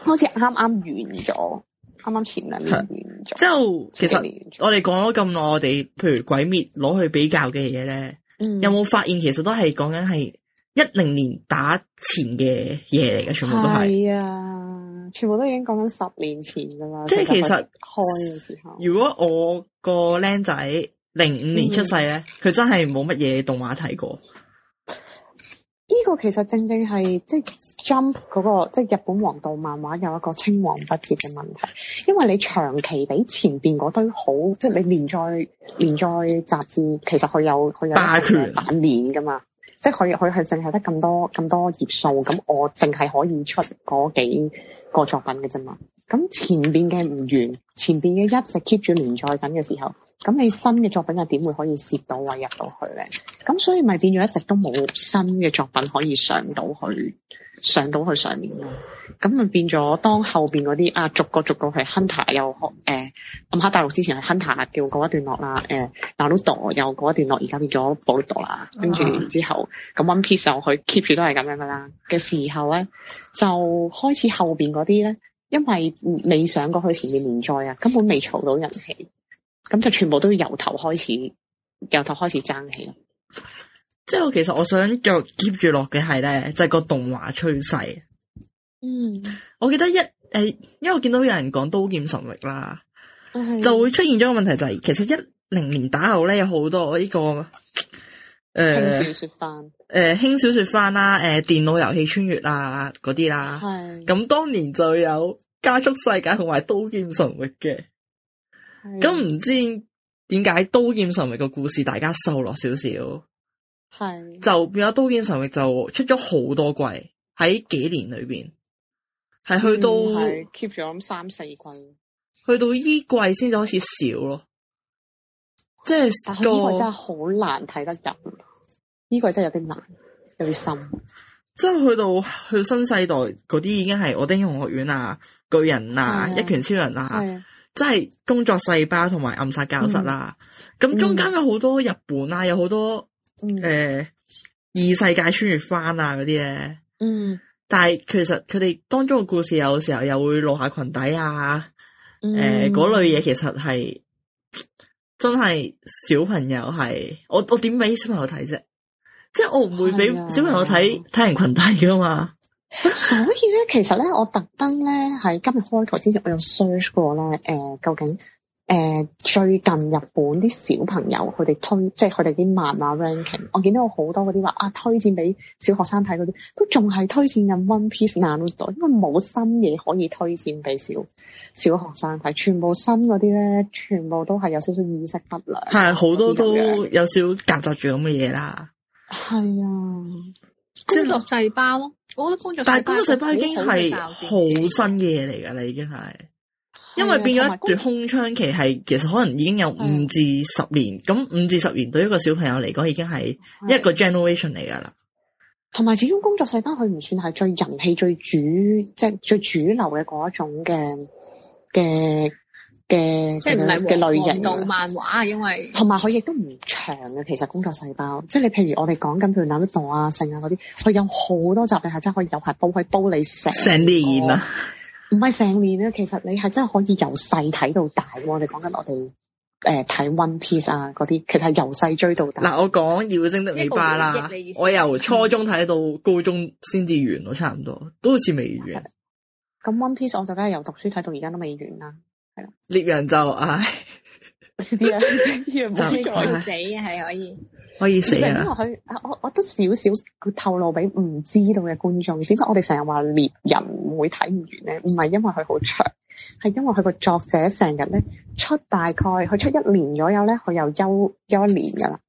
好似啱啱完咗，啱啱前兩年完咗之後，其實
我哋講咗咁耐，我哋譬如鬼滅攞去比較嘅嘢咧。嗯、有冇發現其實都係講緊係一零年打前嘅嘢嚟嘅，全部都係。係
啊，全部都已經講緊十年前噶啦。即係其實
開嘅時候。如果我個僆仔零五年出世咧，佢、嗯、真係冇乜嘢動畫睇過。呢、
呢個其實正正係即係。Jump 嗰、那個即係日本王道漫畫有一個青黃不接嘅問題，因為你長期比前面嗰堆好，即係你連載連載雜誌，其實佢有佢有版面噶嘛，即係佢佢係淨係得咁多咁多頁數，咁我淨係可以出嗰幾個作品嘅啫嘛。咁前面嘅唔完，前面嘅一直 keep 住連載緊嘅時候，咁你新嘅作品又點會可以攝到位入到去咧？咁所以咪變咗一直都冇新嘅作品可以上到去。上到去上面啦，咁就變咗當後面嗰啲啊，逐個逐個去 hunter，又誒暗黑大陸之前係 hunter 叫嗰一段落啦，誒拿魯朵又嗰一段落，而家變咗布魯朵啦，跟住 uh-huh. 之後咁 one piece 就去 keep 住都係咁樣噶啦嘅時候呢，就開始後面嗰啲呢，因為未上過去前面連載啊，根本未湊到人氣，咁就全部都要由頭開始，由頭開始爭起。
之後其實我想接住落嘅係咧，就係個動畫趨勢。嗯，我記得一誒，因為我見到有人講刀劍神域啦，嗯、
就會出
現咗個問題就係、是，其實一零年打後咧有好多呢、這個誒輕、呃、小說翻誒輕小說翻啦，誒電腦遊戲穿越啊嗰啲啦，係咁、嗯、當年就有加速世界同埋刀劍神域嘅。咁、嗯、唔知點解刀劍神域個故事大家受落少少？係就變咗《刀劍神域》，就出咗好多季喺幾年裏邊，係去到
keep 咗三四季，
去到呢季先至開始少咯。
即、就、係、是、但係呢季真係好難睇得入，呢、這、柜、個、
真係有啲難，有啲深。即係去到去到新世代嗰啲，已經係《我的英雄學院》啊，《巨人》啊，《一拳超人》啊，即係、就是、工作細胞同埋暗殺教室啦、啊。咁中間有好多日本啊，有好多。誒、嗯呃，異世界穿越翻啊嗰啲咧，嗯，但係其實佢哋當中嘅故事有時候又會落下裙底啊，誒、嗯，嗰、呃、類嘢其實係真係小朋友係，我我點俾小朋友睇啫，嗯？即係我唔會俾小朋友睇睇人裙底噶嘛。所以咧，其實咧，我特登咧喺今
日開台之前，我有 search 過咧，誒、呃，究竟。誒，最近日本啲小朋友佢哋推，即係佢哋啲漫畫 ranking，我見到好多嗰啲話啊，推薦俾小學生睇嗰啲，都仲係推薦緊 One Piece Naruto，因為冇新嘢，可以推薦俾小小學生睇，全部新嗰啲咧，全部都係有少少意識不良，
係好多都，都有少夾雜住咁嘅嘢啦，
係啊，工作細胞咯、嗯，我覺得工作細但係工作細胞已經係
好新嘅嘢嚟噶啦，你已經係。因為變咗一段空窗期係，其實可能已經有五至十年，咁五至十年對一個小朋友嚟講已經係一個 generation 嚟噶啦。
同埋始終工作細胞佢唔算係最人氣、最主即係最主流嘅嗰一種嘅嘅嘅，即係唔係嘅類型。王道
漫畫，因為
同埋佢亦都唔長嘅。其實工作細胞，即係你譬如我哋講緊譬如諗一檔啊、性啊嗰啲，佢有好多集嘅，係真係可以有排煲，可以煲你成成年啦。唔係成年呢，其實你係真係可以由細睇到大。你我哋講緊我哋誒睇 One Piece
啊，嗰啲其實係由細追到大。嗱，我講要升得尾巴啦，我由初中睇到高中先至完咯，差唔多，都好似未完。
咁 One Piece 我就梗係由讀書睇到而家都未完啦。係
啦，獵人就唉，
獵人獵係死啊，
係可以。可以、啊、因為佢，
我我都少少佢透露俾唔知道嘅觀眾。點解我哋成日話獵人會睇唔完咧？唔係因為佢好長，係因為佢個作者成日咧，出大概佢出一年左右咧，佢又休休一年噶啦。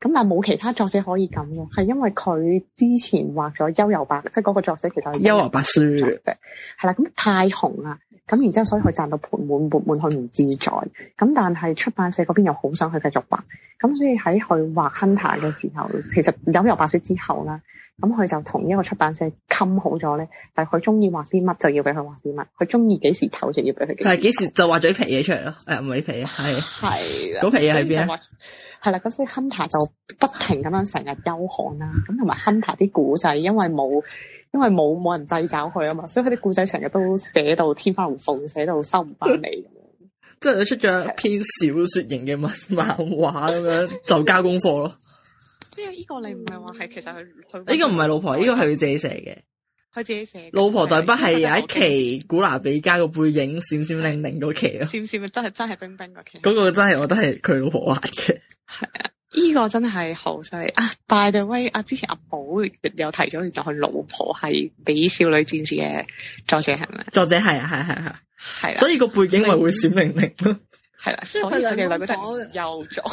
咁但係冇其他作者可以咁嘅。係因為佢之前畫咗《幽遊白》，即係嗰個作者其實《幽遊
白、白書》嘅，
係啦，咁太紅啦。咁然之後所滿滿滿滿滿，所以佢賺到盆滿缽滿，佢唔自在。咁但係出版社嗰邊又好想去繼續畫。咁所以喺佢畫 Hunter 嘅時候，其實有油筆水之後啦，咁佢就同一個出版社冚好咗呢。但係佢鍾意畫啲乜，就要俾佢畫啲乜。佢鍾意
幾時唞，就要俾佢。但係幾時就畫咗一皮嘢出嚟咯？誒唔係皮啊，係。係。嗰皮嘢喺邊？
係啦，咁所以 Hunter 就不停咁樣成日休刊啦。咁同埋 Hunter 啲古仔，因為冇。因為冇冇人掣肘佢啊嘛，所以佢啲故仔成日都寫到天花
龍鳳，寫到收唔翻尾咁樣， 即係出咗一篇小說型嘅漫漫畫咁樣，就交功課咯。
即係呢個你唔係話係，其實佢佢呢個
唔係老婆，呢、嗯這個係佢自己寫嘅，佢
自己寫。
老婆代筆係有一期古娜比加個背影閃閃令令嗰期咯，
閃 閃真係真係冰冰
嗰期，嗰、那個真係我都係佢老婆畫嘅，係啊。
呢、這個真係好犀利啊！by the way，阿、啊、之前阿寶有提咗，就佢老婆係《比少女戰士》嘅作者係咪？
作者係啊，係係係，係所以個背景咪會閃靈靈咯，
係啦、啊，所
以佢兩左右
左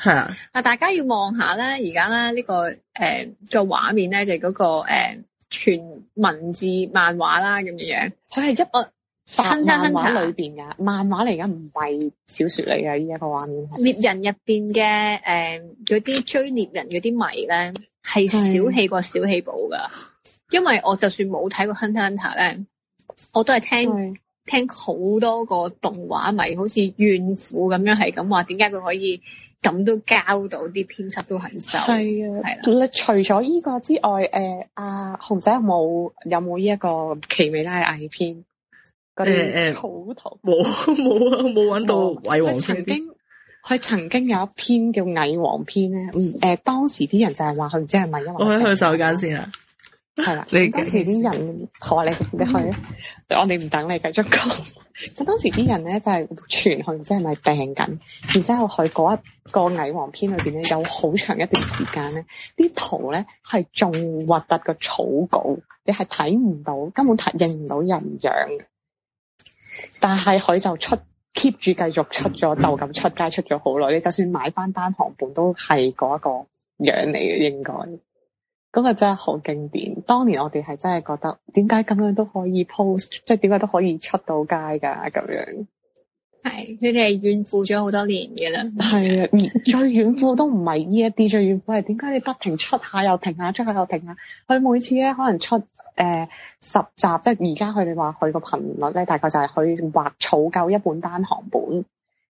係啊！嗱、啊啊，大家要望下咧，而家咧呢個誒、那個畫面咧就嗰個誒全文字漫畫啦咁嘅樣，佢係一個。面《hunter》裏邊噶漫畫嚟噶，
唔係小說嚟噶。這個獵呃、獵呢一個畫面
獵人入邊嘅誒，嗰啲追獵人嗰啲迷咧，係小氣過小氣寶噶。因為我就算冇睇過《hunter, hunter》咧，我都係聽聽好多個動畫迷，好似怨婦咁樣，係咁話點解佢可以咁都交到啲編輯都肯收？係啊，係
啦。除咗依個之外，誒、呃，阿、啊、熊仔有冇有冇呢一個奇美拉嘅蟻篇？
誒，草圖冇，冇、欸、啊，冇 搵到蟻王篇 佢曾經，
佢曾經有一篇叫蟻王篇咧。嗯，誒、嗯、呃，當時啲人就係話佢唔知係咪因為，我
喺佢手間先啦。係、嗯、啦，你當時啲人，我 話你，你去，嗯、
我哋唔等你繼續講。咁 當時啲人咧就係傳佢唔知係咪病緊，然之後佢嗰一個蟻王篇裏邊咧有好長一段時間咧，啲圖咧係仲核突個草稿，你係睇唔到，根本睇認唔到人樣。但係佢就出 keep 住繼續出咗，就咁出街出咗好耐。你就算買翻單行本都係嗰一個
樣嚟嘅，應該。
嗰個真係好經典。當年我哋係真係覺得，點解咁樣都可以 post，即係點解都可以出到街噶咁樣。
係佢哋係怨婦咗好多年
嘅啦，係啊， 最怨婦都唔係呢一啲，最怨婦係點解你不停出下又停下，出下又停下？佢每次咧可能出誒、呃、十集，即係而家佢哋話佢個頻率咧，大概就係佢畫儲夠一本單行本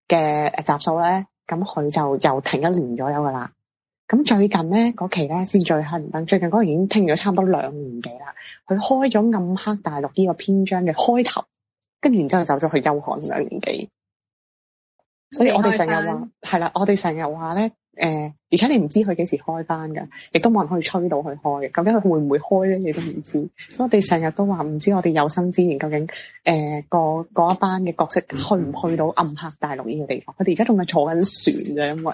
嘅集數咧，咁佢就又停一年左右噶啦。咁最近咧嗰期咧先最黑唔等，最近嗰個已經聽咗差唔多兩年幾啦。佢開咗暗黑大陸呢個篇章嘅開頭，跟住然之後走咗去了休刊兩年幾。所以我哋成日話係啦，我哋成日話咧，誒、呃，而且你唔知佢幾時開班噶，亦都冇人可以吹到佢開，究竟佢會唔會開咧，你都唔知道，所以我哋成日都話唔知道我哋有生之年究竟，誒、呃，個嗰一班嘅角色去唔去到暗黑大陸呢個地方？佢哋而家仲係坐緊船啫，因為。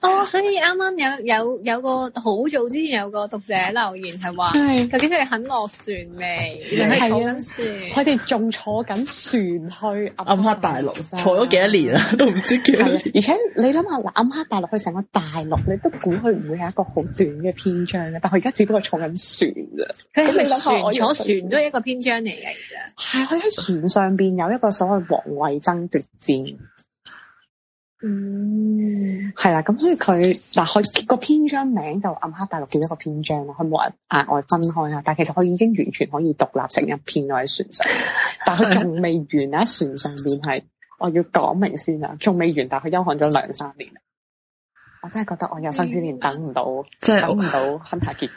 哦、 oh，所以啱啱有有有個好早之前有個讀者留言係話，究竟佢哋肯落船未？係
啊，佢哋仲坐緊船，船去暗黑大陸， 坐
咗幾多年啊，都唔
知幾多年。而且你諗下，暗黑大陸去成個大陸，你都估佢唔會係一個好短嘅篇章嘅。但係而家只不過坐緊船㗎。佢係船坐，坐船都
係一個篇章嚟嘅
啫。係，佢喺船上邊有一個所謂王位爭奪戰。嗯，係 啦，咁、啊、所以佢嗱，佢、個篇章名就暗黑大陸叫一個篇章啦，佢冇人額外分開啊，但係其實佢已經完全可以獨立成一篇咯喺船上，但係佢仲未完喺 船上邊係我要
講明先啊，仲未完，但係佢休刊咗兩三年，
我真係覺得我有生之年 等唔到，即係等唔到分派結局，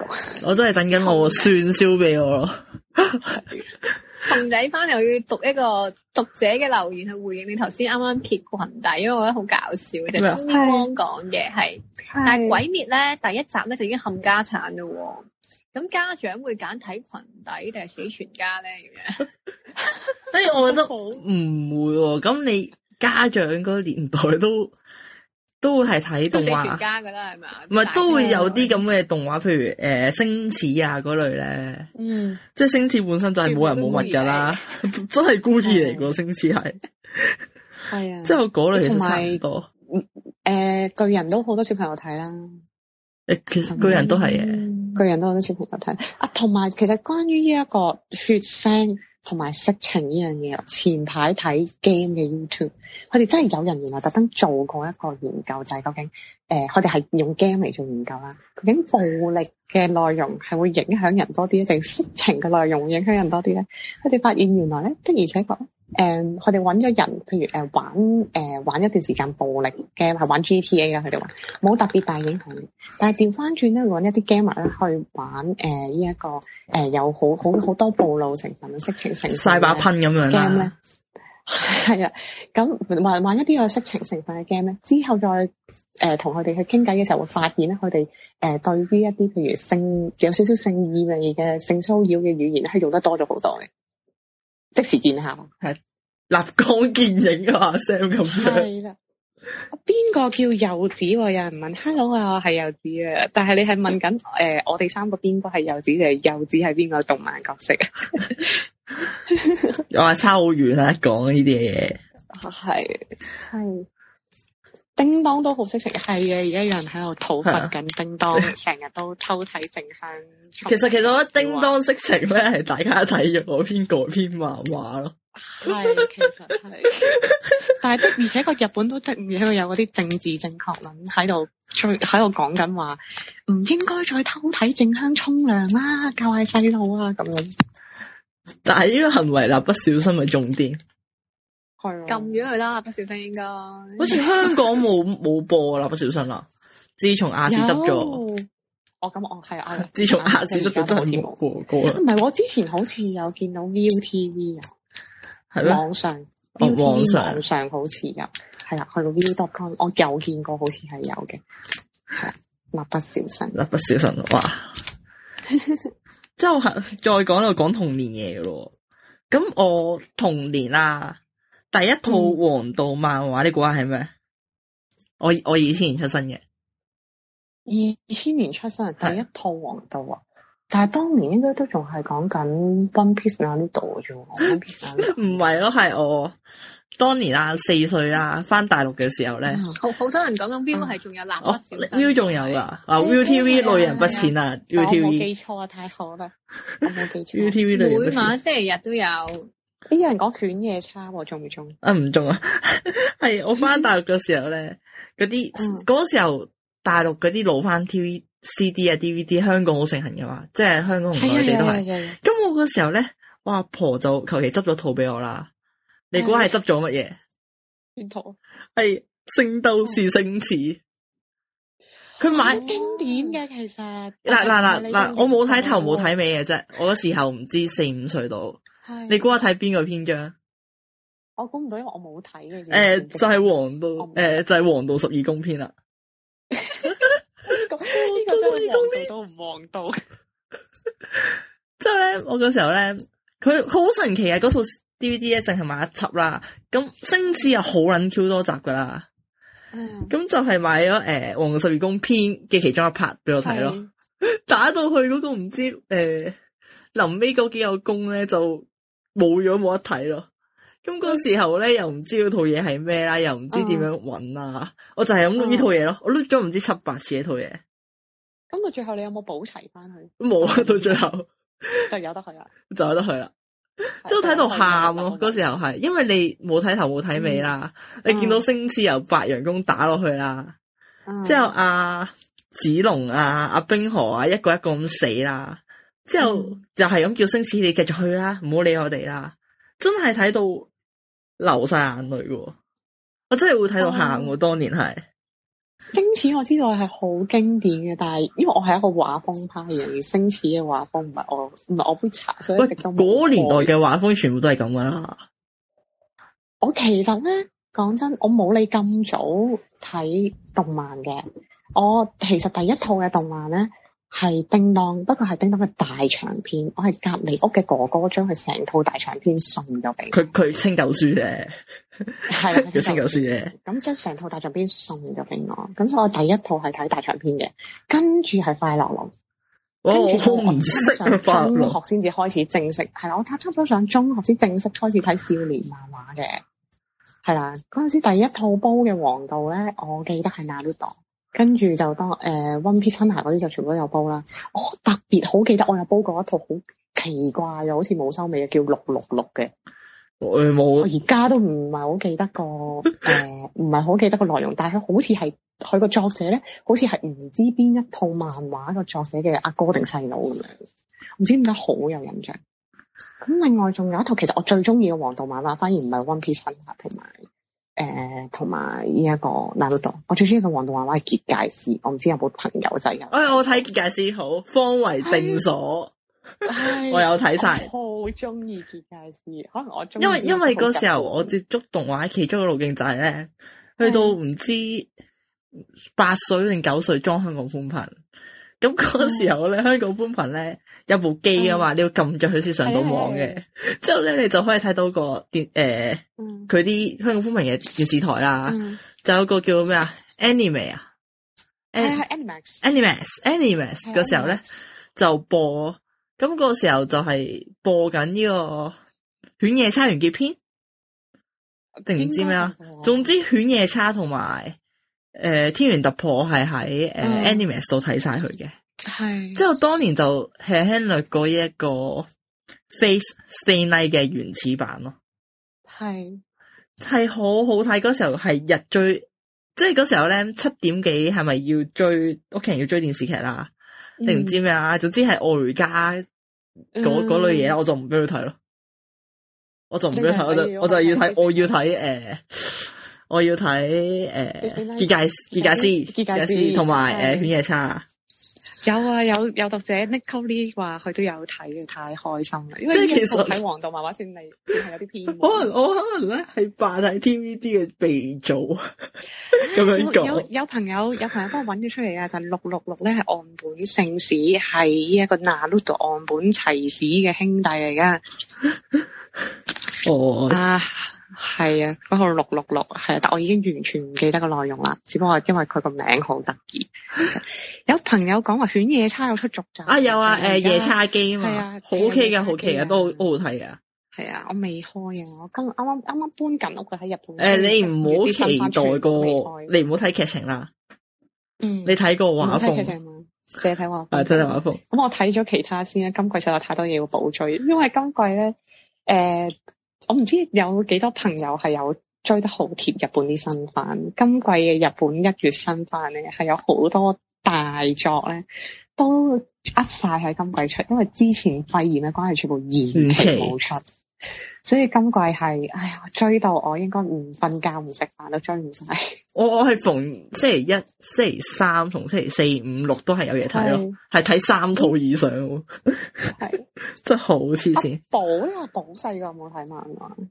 我，
我真係等緊我個孫燒俾我咯。
熊仔翻嚟，我要讀一個讀者嘅留言去回應你頭先啱啱揭裙底，因為我覺得好搞笑，就鍾天光講嘅係， 但係鬼滅咧第一集咧就已經冚家產喎。咁家長會揀睇裙底定係死全家咧？咁樣，
所以我覺得好唔會，咁你家長嗰個年代都。都會係睇動畫
啊，唔係都會有啲
咁嘅動畫，譬如誒、呃、星矢啊嗰類咧，嗯，即係星矢本身就係冇人冇物噶啦，真係孤兒嚟個。 星矢馳係
是，係 啊，即
係嗰類其實差唔多，
誒、呃、巨人都好多小朋友睇啦，
誒其實巨人都係嘅、嗯，
巨人都好多小朋友睇，啊同埋其實關於呢一個血腥。同埋色情呢樣嘢，前排睇 game 嘅 YouTube，佢哋真係有人原來特登做過一個研究，就係、是、究竟，誒、呃，佢哋係用 game 嚟做研究啦。究竟暴力嘅內容係會影響人多啲，定色情嘅內容會影響人多啲咧？佢哋發現原來咧，的而且確。誒、嗯，佢哋揾咗人，譬如誒玩誒、呃、玩一段時間暴力 game，係玩，玩 GTA 啦，佢哋話冇特別大影響。但係調翻轉咧，揾一啲 gamer 咧去玩誒呢一個誒、呃、有好好好多暴露成分嘅色情成分的 game 呢，晒把噴咁樣啦。game 咧係啊，咁、嗯、玩玩一啲有色情成分嘅 game 咧，之後再誒同佢哋去傾偈嘅時候，會發現咧佢哋誒對於一啲譬如性有少少性意味嘅性騷擾嘅語言，係用
得多咗好多嘅。即時見效，係立竿見影啊！聲咁樣係啦，
邊個叫侑子？有人問 ，Hello 啊、 呃，我係侑子啊！但係你係問緊誒，我哋三個邊個係侑子？定係侑子係邊個動漫角色？
我 話 差好遠啦，講呢啲嘢，係係
叮噹都好識食，係嘅。而家有人喺度討伐緊
叮噹，
成日都偷睇靜香。 其實、嗯、編編
編編編其實我叮當色情咧係大家睇嘅嗰篇篇漫畫咯，係其實
係，但係的而且個日本都的嘢，有嗰啲政治正確論喺度，仲喺度講緊話唔應該再偷睇靜香沖涼啦，教壞細路啊咁樣。
但係呢個行為喇，蠟筆小新咪重點
係撳咗佢啦，啊、蠟筆
小新應該。好似香
港冇冇播啦， 蠟筆小新啦，自從亞視執咗。
哦、我咁，我係我自從下次叔條真
好似過過啦。
唔係，我之前好似有見到 Viu TV 啊，
係咯，網
上，oh, 網上好似有，係啦，去到 Viu dot com，我有見過好，好似係有嘅。係蠟筆
小新，蠟筆小新哇！ 即係再講到講童年嘢咯。咁我童年啊，第一套王道漫畫呢個話係咩？我我二千年出生嘅。
二千年出生嘅第一套王道啊！但係當年應該都仲係講緊《
One Piece》呢度啫。《One Piece》唔係咯，係我當年啊啊，四歲啊翻大陸嘅時候咧，好、嗯、
好多人講緊 Will
係仲有蠟筆小 Will 仲有噶啊 Will TV、啊、類人不善啊 Will、啊、TV 記
錯啊太好啦，
我冇記錯 Will TV 每晚星
期日都有啲人講犬夜叉仲唔中
啊唔中啊係、啊、 我翻大陸嘅時候咧嗰啲嗰個時候。 大陸嗰啲老翻 TVCD 啊 DVD，香港好盛行嘅嘛，即係香港同內地都係。咁我嗰時候咧，我阿婆，婆就求、嗯、其執咗套俾我啦。你估下，係執咗乜嘢？
原
套係《聖鬥士星矢》。
佢買經典嘅其實。嗱嗱嗱嗱，我冇睇頭冇睇
尾嘅啫，我嗰時候唔知四五歲度。你估下，睇邊個篇章？
我估唔到，因為我冇睇嘅。誒、欸，就
係、是、黃道，誒、欸，就係黃道十二宮篇啦。真係望都唔望到，即係咧，我嗰時候咧，佢好神奇啊！嗰套 D V D 咧，淨係買一集啦，咁星矢又好撚 Q 多集噶啦，咁就係買咗誒《黃、欸、十二宮篇》嘅其中一 part 俾我睇咯， 打到去嗰個唔知誒臨尾嗰幾個宮咧就冇咗冇得睇咯，咁嗰時候咧又唔知嗰套嘢係咩啦，又唔知點樣搵啊、嗯，我就係咁錄呢套嘢咯，嗯、我錄咗唔知七八次呢套嘢。
咁到最後
你有冇補齊翻去？冇啊！到最後 就由得佢啦， 就由得佢啦。即係睇到喊咯，嗰 時候係，因為你冇睇頭冇睇尾啦、嗯，你見到星矢由白羊宮打落去啦、嗯，之後阿紫龍啊、阿、嗯啊啊、冰河啊，一個一個咁死啦，之後就係咁叫星矢你繼續去啦，唔好理我哋啦。真係睇到流晒眼淚喎。我真係會睇到喊。當年係。
星矢我知道係好經典嘅，但係因為我係一個畫風派嘅，星矢嘅畫風唔係我唔係我杯茶，所以一直都唔。嗰
年代嘅畫風全部都係咁噶啦。
我其實咧講真，我冇你咁早睇動漫嘅。我其實第一套嘅動漫咧係叮當，不過係叮當嘅大長篇。我係隔籬屋嘅哥哥將佢成套大長篇送咗俾
佢。佢清舊書嘅。
係有先有書嘅，咁將成套大長篇送咗俾我，咁所以我第一套係睇大長篇嘅，跟住係快樂龍。
我唔上中學
先至開始正式係啦， 我差差唔多上中學先正式開始睇少年漫畫嘅，係啦。嗰陣時第一套煲嘅王道咧，我記得係 Naruto，跟住就當誒 One Piece 新鞋嗰啲就全部都有煲啦。我特別好記得，我有煲過一套好奇怪又好似冇收尾嘅，叫六六六嘅。我冇，我而家都唔係好記得個誒，唔係好記得個內容，但係佢好似係佢個作者咧，好似係唔知邊一套漫畫個作者嘅阿哥定細佬咁樣，唔知點解好有印象。咁另外仲有一套，其實我最中意嘅王道漫畫，反而唔係 One Piece 同埋誒，同埋呢一個 Naruto。我最中意嘅王道漫畫係結界師，我唔知有冇朋友仔人？
哎，我睇結界師好，方為定所。哎 我有睇晒，好
中意《結界師》。可能我因為因為嗰時候我
接觸動畫，其中嘅路徑就係、是、咧，去到唔知八歲定九歲裝香港寬頻。咁嗰時候咧，香港寬頻咧有部機啊嘛，你要撳著佢先上到網嘅。之後咧，你就可以睇到個電誒，佢、呃、啲、嗯、香港寬頻嘅電視台啦、嗯。就有一個叫咩啊，Anime 啊，係 An 係 Animax，Animax，Animax 嗰時候咧就播。咁、嗰個時候就係播緊呢個犬夜叉完結篇，定唔知咩啦？總之犬夜叉同埋誒天元突破係喺誒 animax 度睇晒佢嘅，係、嗯呃。之後我當年就輕輕略過呢一個 face stay night 嘅原始版咯，係係好好睇。嗰時候係日追、嗯、候是是追，即係嗰時候咧七點幾係咪要追屋企人要追電視劇啦？你唔知咩啊、嗯？總之係我而家嗰嗰類嘢、嗯，我就唔畀佢睇咯。我就唔畀佢睇，我就我就要睇、呃，我要睇誒，我、呃、要睇誒、呃，結界師、結界師、結界師，同埋誒，犬夜叉。
有啊，有有讀者 Nicoli 話佢都有睇嘅，太開心啦！即係其實睇王道
漫畫，算你算係有啲偏門，可能我可能咧係扮喺 TVB 嘅鼻祖，咁、啊、樣講有有，
有朋友有朋友幫我揾咗出嚟啊！就六六六咧係岸本聖史係一個那魯度岸本齊史嘅兄弟嚟噶。哦啊！係啊，嗰套六六六係啊，但我已經完全唔記得個內容啦。只不過因為佢個名好得意， 有朋友講話犬夜叉有出續集啊，有啊，誒、欸，夜叉姬啊嘛，好、啊、OK 嘅，好奇嘅，都好好睇嘅。係啊，我未開啊，我今啱啱啱啱搬緊屋啊，喺日本。誒、欸，你唔好期待
過，你唔好睇劇情啦。嗯，
你睇過畫風，淨係睇畫風，淨係睇畫風。咁、嗯、我睇咗其他先啊，今季實有太多嘢要補追，因為今季咧，誒、呃。我唔知有幾多朋友係有追得好貼日本啲新番，今季嘅日本一月新番咧，係有好多大作咧，都呃晒喺今季出，因為之前肺炎嘅關係，全部延期冇出。嗯嗯所以今季係，哎呀，追到我應該唔瞓覺、唔食飯都追唔晒。
我我係逢星期一、星期三、從星期四、五六都係有嘢睇咯，係睇三套以上的，係 真係好黐線。
Bo 又 Bo 細個冇睇漫畫。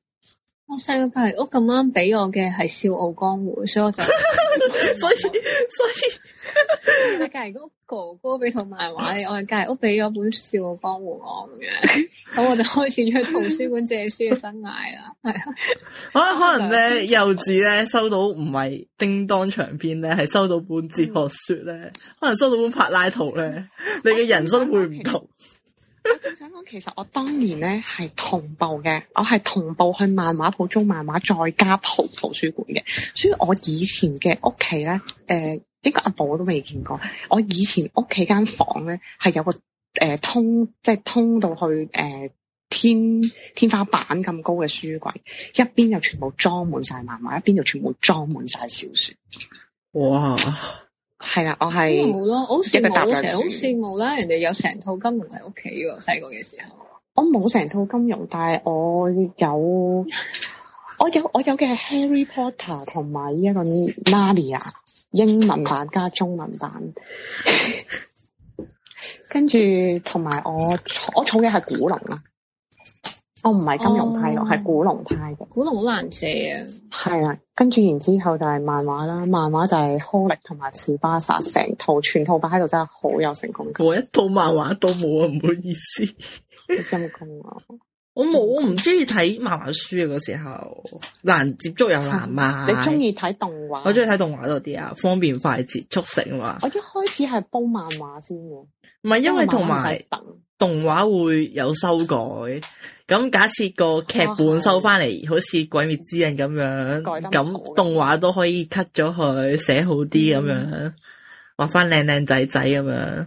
我細個隔籬屋咁啱俾我嘅係笑傲江湖，所以我
就 所以，所以 高高高我 所以
隔籬屋哥哥俾同埋話我隔籬屋俾咗本笑傲江湖我咁樣，咁我就開始去圖書館借書嘅生涯啦。係啊，
可能可能咧， 幼稚咧，收到唔係叮當長篇咧，係收到本哲學書咧， 可能收到本柏拉圖咧， 你嘅人生會唔同。 我正想講，其實我當年咧
係同步嘅，我係同步去漫畫鋪租漫畫，再加鋪圖書館嘅。所以我以前嘅屋企咧，誒、呃，應該阿寶我都未見過。我以前屋企間房咧，係有個誒、呃、通，即係通到去誒、呃、天天花板咁高嘅書櫃，一邊又全部裝滿晒漫畫，一邊就全部裝滿晒小說。哇！係啦，我係，好羨慕，好羨慕啦，
人哋有成套金融喺屋
企嘅，細個嘅時候。我冇成套金融，但係我有，我有我有嘅係《Harry Potter》同埋依一個《Nadia》英文版加中文版， 跟住，同埋我我儲嘅係古龍啦。我唔係金融派，哦、我係古龍派嘅。
古龍好難寫啊。
係啦，跟住然之後就係漫畫啦，漫畫就係 Holic 同埋似巴薩，成套全套擺喺度真係
好有成功感。我一套漫畫都冇啊，唔 好意思。陰 公啊！我冇，我唔中意睇漫畫書啊。嗰時候難接觸又難買。你中
意睇動畫？我中
意睇動畫多啲啊，方便快捷速成嘛。我
一開始係煲漫畫先嘅，唔係因為同埋
動畫會有修改。 咁假設個劇本收翻嚟，好、啊、似《鬼滅之刃》咁樣，咁動畫都可以 cut 咗佢，寫好啲咁、嗯、樣，畫翻靚靚仔仔咁樣。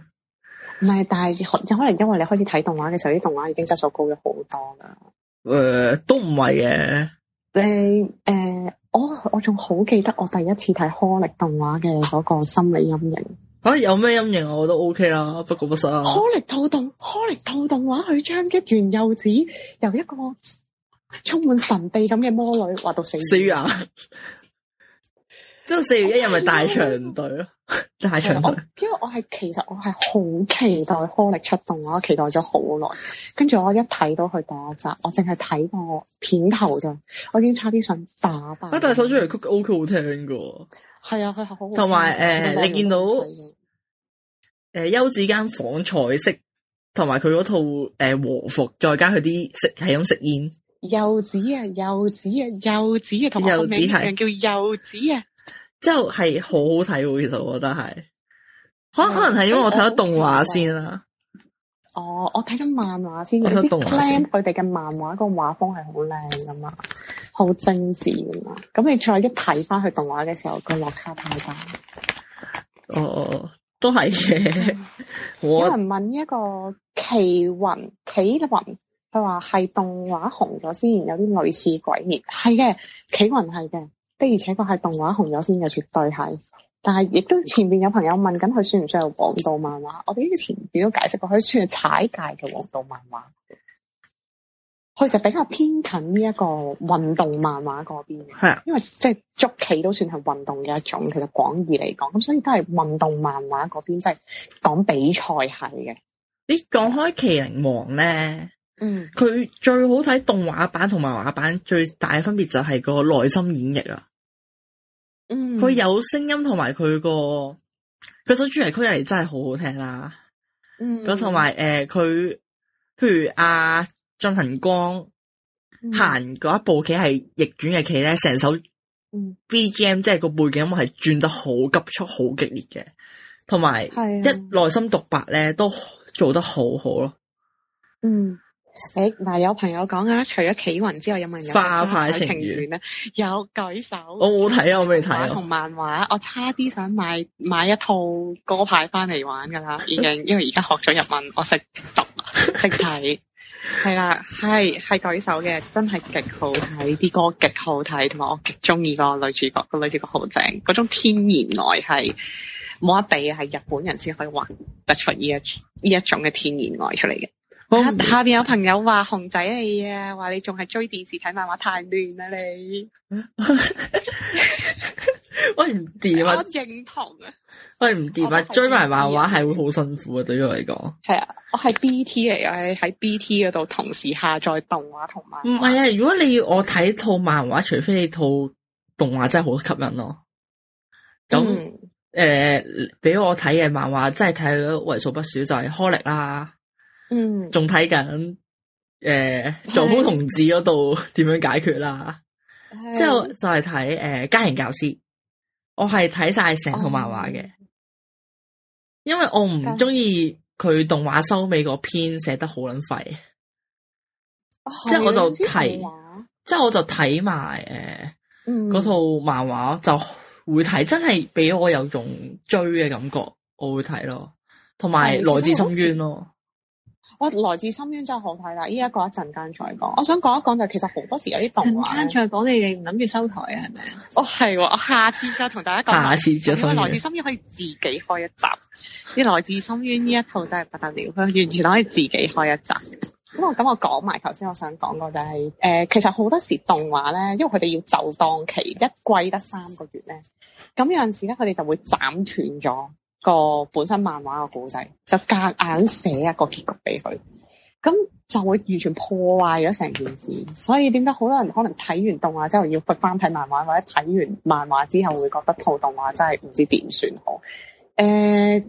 唔係，但係可能因為你開始睇動畫嘅時候，啲動畫已經質素高咗好多啦。誒、
呃，都唔係
嘅。你誒、呃，我我仲好記得我第一次睇柯力動畫嘅嗰個《心理陰影》。
啊！有咩音型，我都 OK 啦，不過不失啊。柯
力套動，柯力套動，話佢將壹原侑子由一個充滿神秘感嘅魔女畫到死。四月啊，
即係四月一日咪大長隊咯，大長隊。
因為我係其實我係好期待柯力出動啊，我期待咗好耐。跟住我一睇到佢第一集，我淨係睇個片頭咋，我已經差啲想打爆。啊。但係首主題
曲 O K 好聽噶。
係啊，佢好。同埋，誒、呃，那個、你見到
誒，呃、侑子間房彩色，同埋佢嗰套誒、呃、和服，再加佢啲食係咁食煙。侑子啊，侑子啊，侑子啊，同埋我名係叫侑子啊，後、就、係、是、好好睇喎！其實我覺得係、嗯，可能可能係因為我睇咗動畫先啦、嗯。
哦，我睇緊漫畫先，CLAMP 佢哋嘅漫畫個畫風係好靚噶嘛。好精緻㗎嘛？咁你再一睇翻佢動畫嘅時候，個落差太大。哦哦哦，都係嘅。有人問一個奇雲奇雲，佢話係動畫紅咗先，有啲類似鬼滅。係嘅，奇雲係嘅，的而且確係動畫紅咗先嘅，絕對係。但係亦都前面有朋友問緊，佢算唔算係王道漫畫？我哋呢個前邊都解釋過，佢算係踩界嘅王道漫畫。佢就比較偏近呢一個運動漫畫嗰邊嘅，係因為即係捉棋都算係運動嘅一種，其實廣義嚟講，咁所以都係運動漫畫嗰邊即係、就是、講比賽係
嘅。你講開《麒麟王》咧，嗯，佢最好睇動畫版同漫畫版最大嘅分別就係個內心演繹啊，嗯，佢有聲音同埋佢個佢首主題曲嚟真係好好聽啦，嗯，
咁同埋
誒佢譬如阿、啊。進行光行嗰一步棋係逆轉嘅棋咧，成、嗯、首 BGM、嗯、即係個背景音樂係轉得好急速、好激烈嘅，同埋一內心獨白咧都做得好好
咯。嗯，誒、欸，嗱，有朋友講啊，除咗《企云》之外，有冇人有,有《花牌情緣》咧？有舉手。我冇睇啊，我未睇、啊。同漫畫，我差啲想買買一套歌牌翻嚟玩噶啦。已 經因為而
家學咗日文，我識讀，
識睇。 係啦，係係舉手嘅，真係極好睇，啲歌極好睇，同埋我極中意個女主角，個女主角好正，嗰種天然呆係冇得比啊，係日本人先可以玩得出呢一，呢一種嘅天然呆出嚟嘅。好，下邊有朋友話 熊仔你啊，話你仲係追電視睇漫畫太亂啦你，
喂唔掂啊，我
認同啊。
喂唔掂啊！追埋漫畫係會好辛苦啊，對於我嚟講。係啊，我係 B T 嚟啊，喺 B T 嗰度同時下載
動畫同漫
畫。唔係啊，如果你要我睇套漫畫，除非你套動畫真係好吸引咯。咁、嗯、誒，俾、呃、我睇嘅漫畫真係睇到為數不少，就係《Holic》啦。嗯。仲睇緊誒《做、呃、好同志》嗰度點樣解決啦？之後就係睇誒《家庭教師》，我係睇晒成套漫畫嘅。嗯因為我唔中意佢動畫收尾嗰篇寫得好撚廢，即係我就睇，即係我就睇埋誒嗰套漫畫、嗯，就會睇真係俾我有種追嘅感覺，我會睇咯，同埋來自深淵咯。
哇！來自深淵真係好睇，啦係依一個一陣間再講。我想講一講就係、是、其實好多時有啲動畫咧，陣間再講你哋唔諗住收台啊，係咪啊？哦，係喎，我下次再同大家講。下次再收。因為來自深淵可以自己開一集。啲 來自深淵呢一套真係不得了，佢完全可以自己開一集。咁 我咁我講埋頭先，我想講過就係、是呃、其實好多時動畫咧，因為佢哋要就檔期，一季得三個月咧，咁有陣時咧佢哋就會斬斷咗。個本身漫畫個故仔，就夾硬寫一個結局俾佢，咁就會完全破壞咗成件事。所以點解好多人可能睇完動畫之後要復翻睇漫畫，或者睇完漫畫之後會覺得套動畫真係唔知點算好？誒、呃，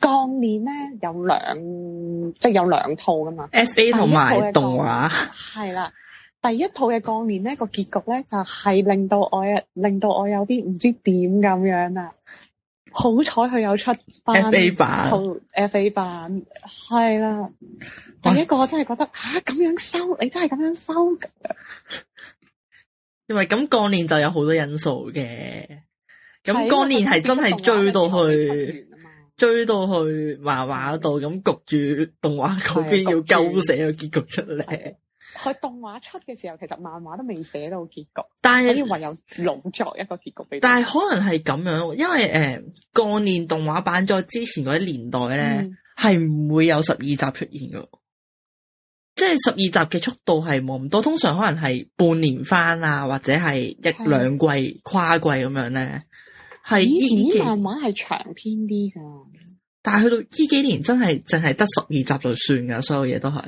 鋼鍊咧有兩，即係有兩套噶嘛？S A 同埋動畫係 啦，第一套嘅鋼鍊咧、那個結局咧就係、是、令到我令到我有啲唔知點咁樣啦。好彩佢有出 F A 版，F A 版係啦。 第一個我真係覺得吓，啊，咁樣收，你真係咁樣收。
因為咁嗰年就有好多因素嘅，
咁嗰年係真係
追到去，追到去漫畫度咁焗住動畫嗰邊要勾寫個結局出嚟。
佢動畫出嘅時候，其實漫畫都未寫到結局，但係你唯有老作一個
結局俾。但係可能係咁樣，因為誒、呃，過年動畫版再之前嗰啲年代咧，係、嗯、唔會有十二集出現噶，即係十二集嘅速度係冇咁多，通常可能係半年翻啊，或者係一兩季跨季咁樣咧，係以前漫
畫係長篇啲噶，
但係去到呢幾年真係淨係得十二集就算噶，所有嘢都係。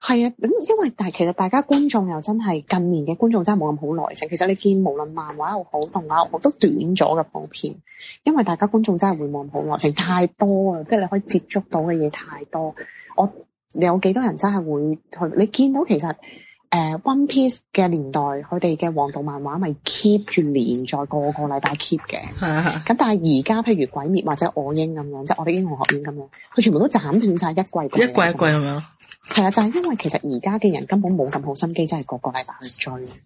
係啊，咁因為但係其實大家觀眾又真係近年嘅觀眾真係冇咁好耐性。其實你見無論漫畫又好動，動畫我都短咗嘅部片。因為大家觀眾真係會冇咁好耐性，太多啊，即係你可以接觸到嘅嘢太多。我你有幾多少人真係會去？你見到其實誒、呃、，One Piece 嘅年代，佢哋嘅王道漫畫咪 keep 住連在個個禮拜 keep 嘅。係啊係。咁但係而家譬如鬼滅或者我英咁樣，即係我的英雄學院咁樣，佢全部都斬斷晒一季一季一季係咪啊？係啊，就係、是、因為其實而家嘅人根本冇咁好心機，真係個個禮拜去追，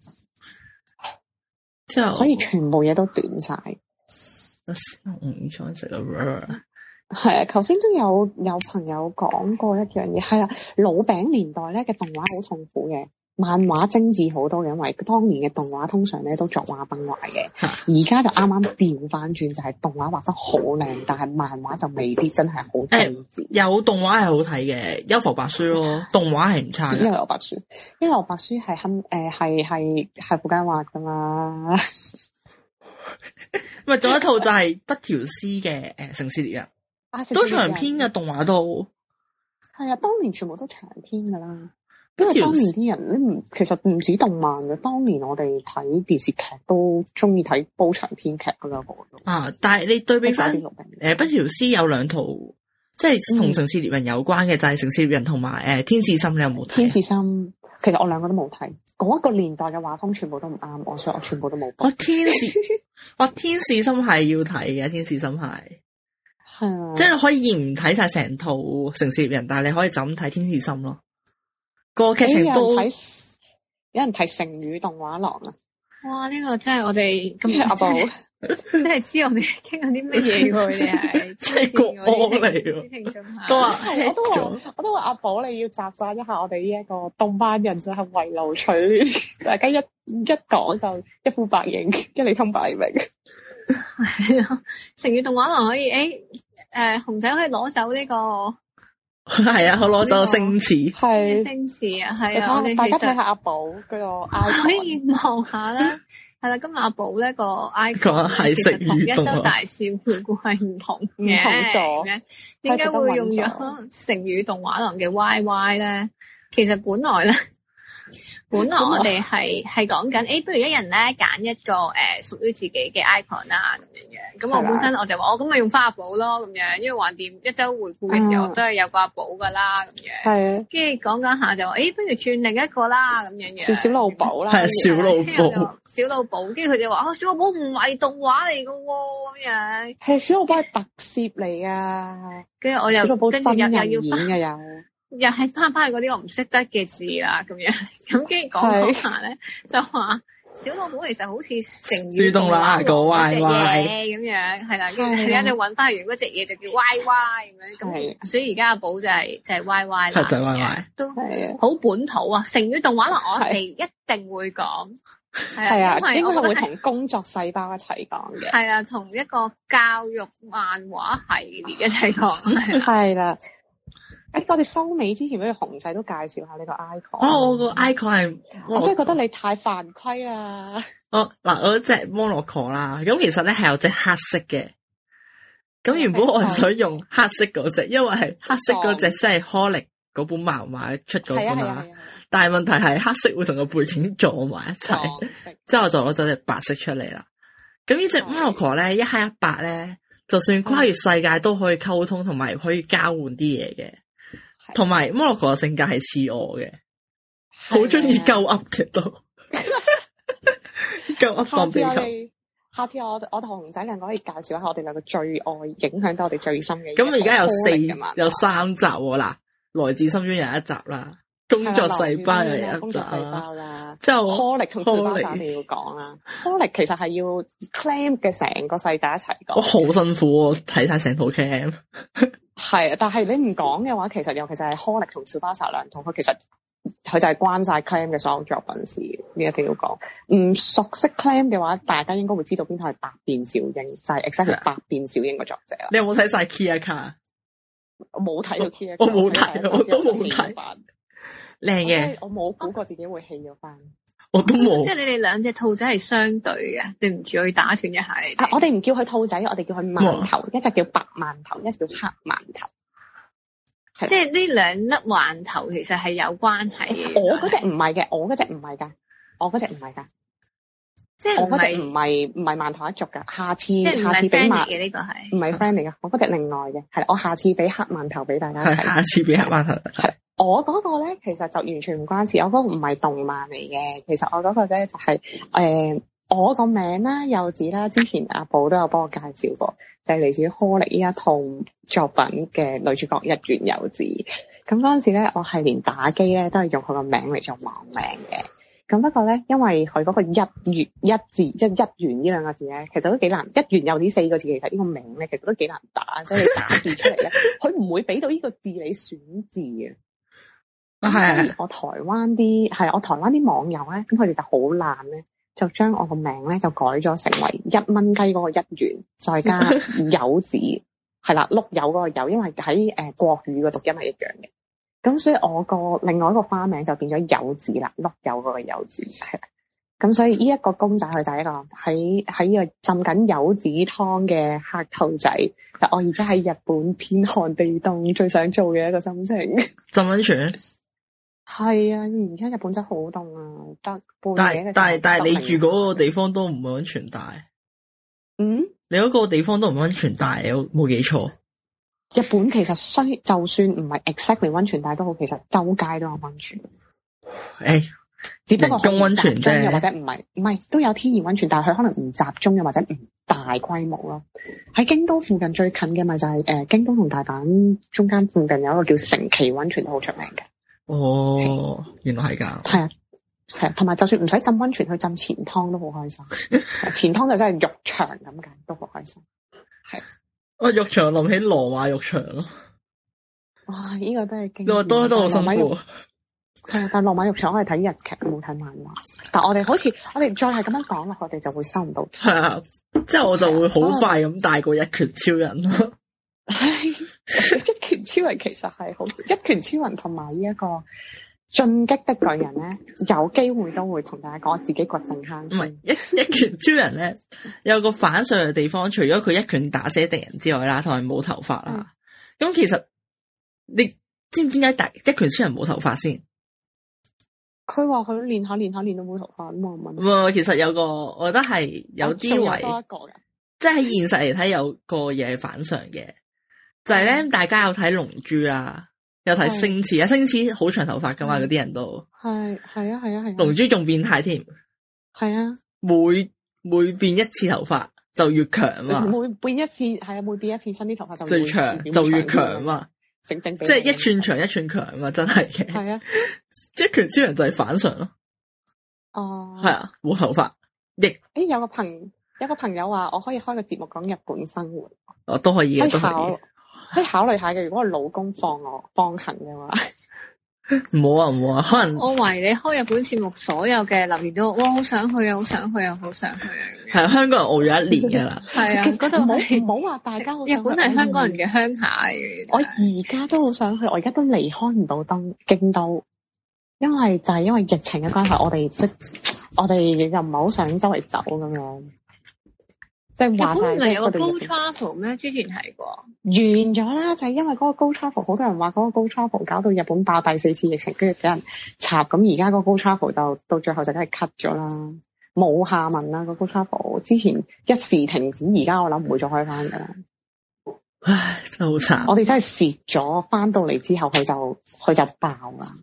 之後所以全部嘢都短晒。
係啊、like，
頭先都有有朋友講過一樣嘢，係啊，老餅年代咧嘅動畫好痛苦嘅。漫畫精緻好多嘅，因為當年嘅動畫通常咧都作畫崩壞嘅，而家就啱啱調返轉，就係動畫畫得好靚，但係漫畫就未必真
係好精緻，欸。有動畫係好睇嘅，《幽遊白書》咯，動畫係唔差嘅。因為《白書》，
因為《白書》係肯誒係係係富堅畫噶嘛。
咪仲有一套就係北條司嘅《誒城市獵人》裏，都長篇嘅，啊、動畫都
係啊，當年全部都長篇噶啦。
因為當年啲
人咧，唔其實唔止動漫嘅，當年我哋睇電視劇都中意睇
煲長篇劇噶啦，我都啊！但係你對比翻誒《北條司》呃、有兩套，即係同《城市獵人》有關嘅、嗯，就係、是《城市獵人》同埋誒《天使心》，你有冇睇？天使心，其實我兩個都冇睇。嗰、那、一個年代嘅畫風全部
都唔啱，我所以我全部都冇
睇。我天使，我天使心係要睇嘅，天使心係，即係你可以唔睇晒成套《城市獵人》，但係你可以就咁睇《天使心》咯。個劇情都有人睇《成語動畫廊》啊！
哇，呢、這個真係我哋咁阿寶，
真係知道我哋傾緊啲乜嘢佢啊！係、 就是、國王嚟都話我都話，我都話阿寶你要習慣一下我哋呢一個動漫人就係圍爐取，大家一一講就一呼百應一你通
百明。係
成語動畫廊可以誒，誒、欸呃、熊仔可以攞走呢、這個。
係 啊，我攞咗星詞，係
星詞啊，係 啊，我哋大家睇下阿
寶嗰
個 icon，可以望下啦。係啦，今日阿寶咧個 icon 係同一周大笑配股係唔同嘅，點、yeah，解會用咗成語動畫廊嘅 YY 咧？ 其實本來咧。本來我哋係係講緊，誒、嗯欸，不如一人咧揀一個誒，屬、呃、於自己嘅 icon 啦，咁樣樣。咁我本身我就話，我咁咪用花寶咯，咁樣，因為橫掂一周回顧嘅時候都係有個阿寶噶啦，咁樣。係、嗯、啊。跟住講緊下就話，誒、欸，不如轉另一個啦，咁樣樣。
轉小老寶啦。係小老寶。
小老寶，跟住佢就話、啊，小老寶唔係動畫嚟噶喎，咁樣。
係小老寶係特攝嚟噶。跟、嗯、住我又跟住又要演嘅又。
又係翻翻嗰啲我唔識得嘅字啦，咁樣咁跟住講講下咧，就話小老虎其實好似成語動畫個歪嘢咁樣，係啦，而家就搵翻完嗰隻嘢就叫歪歪咁樣咁，所以而家阿寶就係就係歪歪啦，就歪、是、歪，歪都係好本土啊！
成語動畫啦我哋一,
一定會講，係啊，因為應該會同
工作細胞一齊講嘅，係
啦，同一個教育漫畫系列一齊講，
係啦。 誒、哎，我哋收尾之前，俾熊仔
都介紹下呢個 icon。哦，我個 icon 係，
我真係覺得你太犯規啦，
哦。我嗱，我隻摩洛哥啦，咁其實咧係有隻黑色嘅，咁原本我係想用黑色嗰隻，okay，因為係黑色嗰隻即係 Holic 嗰本漫畫出咗本啦，啊啊啊。但係問題係黑色會同個背景撞埋一齊，撞撞撞之後我就攞咗隻白色出嚟啦。咁呢隻摩洛哥咧，一黑一白咧，就算跨越世界都可以溝通，同埋可以交換啲嘢嘅。同埋摩洛哥嘅性格係似我嘅，好中意夠 Up 嘅都夠 Up 放邊頭。
下次我下次我同熊仔兩個可以介紹下我哋兩個最愛影響到我哋最深嘅。咁而家有四有
三集啦，來自深淵有一集啦，工作細胞又有一集啦，
之後 Holic 同小巴散你要講啦、啊。Holic 其實係要 CLAMP 嘅成個世界一齊
講，好辛苦睇晒成套 CLAMP
係，但係你唔講嘅話，其實尤其是係柯力同小巴沙兩同佢其實佢就係關晒 CLAMP 嘅所有作品事，你一定要講。唔熟悉 CLAMP 嘅話，大家應該會知道邊套係百變小櫻，就係、是、exactly 百變小櫻嘅作者啦。
你有冇睇晒 Kier 卡？
我冇睇到 Kier，我冇睇，我都冇睇。版。靚嘅，我冇估、 哎、過自己會氣咗翻。啊我都冇，即係你哋
兩隻兔仔係相對嘅，對唔住，去打斷一下。啊，我哋唔叫佢兔仔，我哋叫佢饅頭，一隻叫白饅頭，一隻叫黑饅頭。即係呢兩粒饅頭其實係有關係。我嗰
隻唔係嘅，我嗰隻唔係噶，我嗰隻唔係
噶。即係我嗰隻
唔係唔係饅頭一族噶。下次即下次俾埋嘅呢個係唔係 friend 嚟㗎？不嗯、我隻另外嘅，係我下次俾黑饅頭俾大家睇。下
次俾黑，黑，黑饅頭。
我嗰個咧，其實就完全唔關事。我嗰個唔係動漫嚟嘅，其實我嗰個咧就係、是、誒、呃、我個名啦，侑子啦，之前阿寶都有幫我介紹過，就係、是、嚟自 Holly 呢一套作品嘅女主角壹原侑子。咁嗰陣時咧，我係連打機咧都係用佢個名嚟做網名嘅。咁不過咧，因為佢嗰個一元一字，即、就、係、是、一元呢兩個字咧，其實都幾難。一元有呢四個字，其實呢個名咧，其實都幾難打，所以你打字出嚟咧，佢 唔會俾到呢個字你選字嘅。係 我台灣啲係我台灣啲網友咧，咁佢哋就好爛咧，就將我個名咧就改咗成為一蚊雞嗰個一元，再加柚字，係 啦，碌柚嗰個柚，因為喺、呃、國語嘅讀音係一樣嘅。咁所以我個另外一個花名就變咗柚子啦，碌柚個柚子係。咁所以呢一個公仔佢就係一個喺喺呢個浸緊柚子湯嘅黑兔仔。但係我而家喺日本天寒地凍，最想做嘅一個心情浸溫泉。係 啊，而家日本真好凍啊，得但係但係但係你住
嗰個地方都唔溫泉大 嗯，你嗰個地方都唔溫泉大我冇記錯。日本
其實雖就算唔係 exactly 溫泉，但係都好，其實周街都有溫泉。
誒、hey，只不過集中溫泉即係或者
唔係唔係都有天然溫泉，但係佢可能唔集中又或者唔大規模咯。喺京都附近最近嘅咪就係、是、誒、呃、京都同大阪中間附近有一個叫城崎溫泉都，好出名嘅。
哦，原來係噶。係啊，
係啊，同埋就算唔使浸溫泉，去浸前湯都好開心。 前湯就真係
浴場咁解，都好開心。係。我浴場諗起羅馬浴場咯，
哇！呢、這個經典都係驚，你話都都好辛苦。係， 但羅馬浴場我係睇日劇，冇睇漫畫。但我哋好似我哋再係咁樣講啦，我哋就會收唔到。係啊，
之後我就會好快咁大過一拳超人咯。
一拳超人其實係好，一拳超人同埋呢一個。進擊的巨人咧，有機會都會同大家講自己掘盡坑。唔
係一一拳超人咧，有個反常嘅地方，除咗佢一拳打死敵人之外啦，同埋冇頭髮啦。咁、嗯、其實你知唔知點解大一拳超人冇頭髮先？
佢話佢練下練下練到冇頭髮，咁啊
唔係其實有個我覺得係有啲位，有多一個嘅，即係喺現實嚟睇有個嘢係反常嘅，就係、是、咧、嗯、大家有睇龍珠啊。有睇星矢，星啊，星矢好長頭髮噶嘛？嗰啲人都係
係啊，係啊，係龍珠仲變態添，
係啊，每每變一次頭髮就越強嘛，每
變一次係啊，每變一次新啲頭髮就越長，越長就越強嘛，
成正即係一寸長一寸強嘛，真係嘅係啊，即係一拳超人就係反常咯，
哦係啊，
冇頭髮亦
誒有個朋有個朋友話我可以開個節目講日本生
活，哦都可以，都可以。
可以考慮下嘅，如果我老公放我放行嘅話，
唔好 啊唔好啊，可能我
懷疑你
開日本節目，所有嘅留言都，哇好想去啊，好想去啊，好想去啊！
係啊，香港人熬咗一年噶啦，係啊， 其
實唔好唔好話大家想去，日本係香港人嘅鄉下，
我而家都好想去，我而家都離開唔到東京都，因為就係因為疫情嘅關係，我哋即我哋又唔係好想周圍走咁樣。即係日本唔係有個高
travel 咩？之前係
過完咗啦，就係因為嗰個高 travel，好多人話嗰個高 travel 搞到日本爆第四次疫情，跟住俾人插。咁而家個高 travel 就到最後就梗係 cut 咗啦，冇下文啦。個高 travel 之前一時停止，而家我諗唔會再開翻噶啦。唉，真係好慘。我哋真係蝕咗，翻到嚟之後佢就佢就爆啦。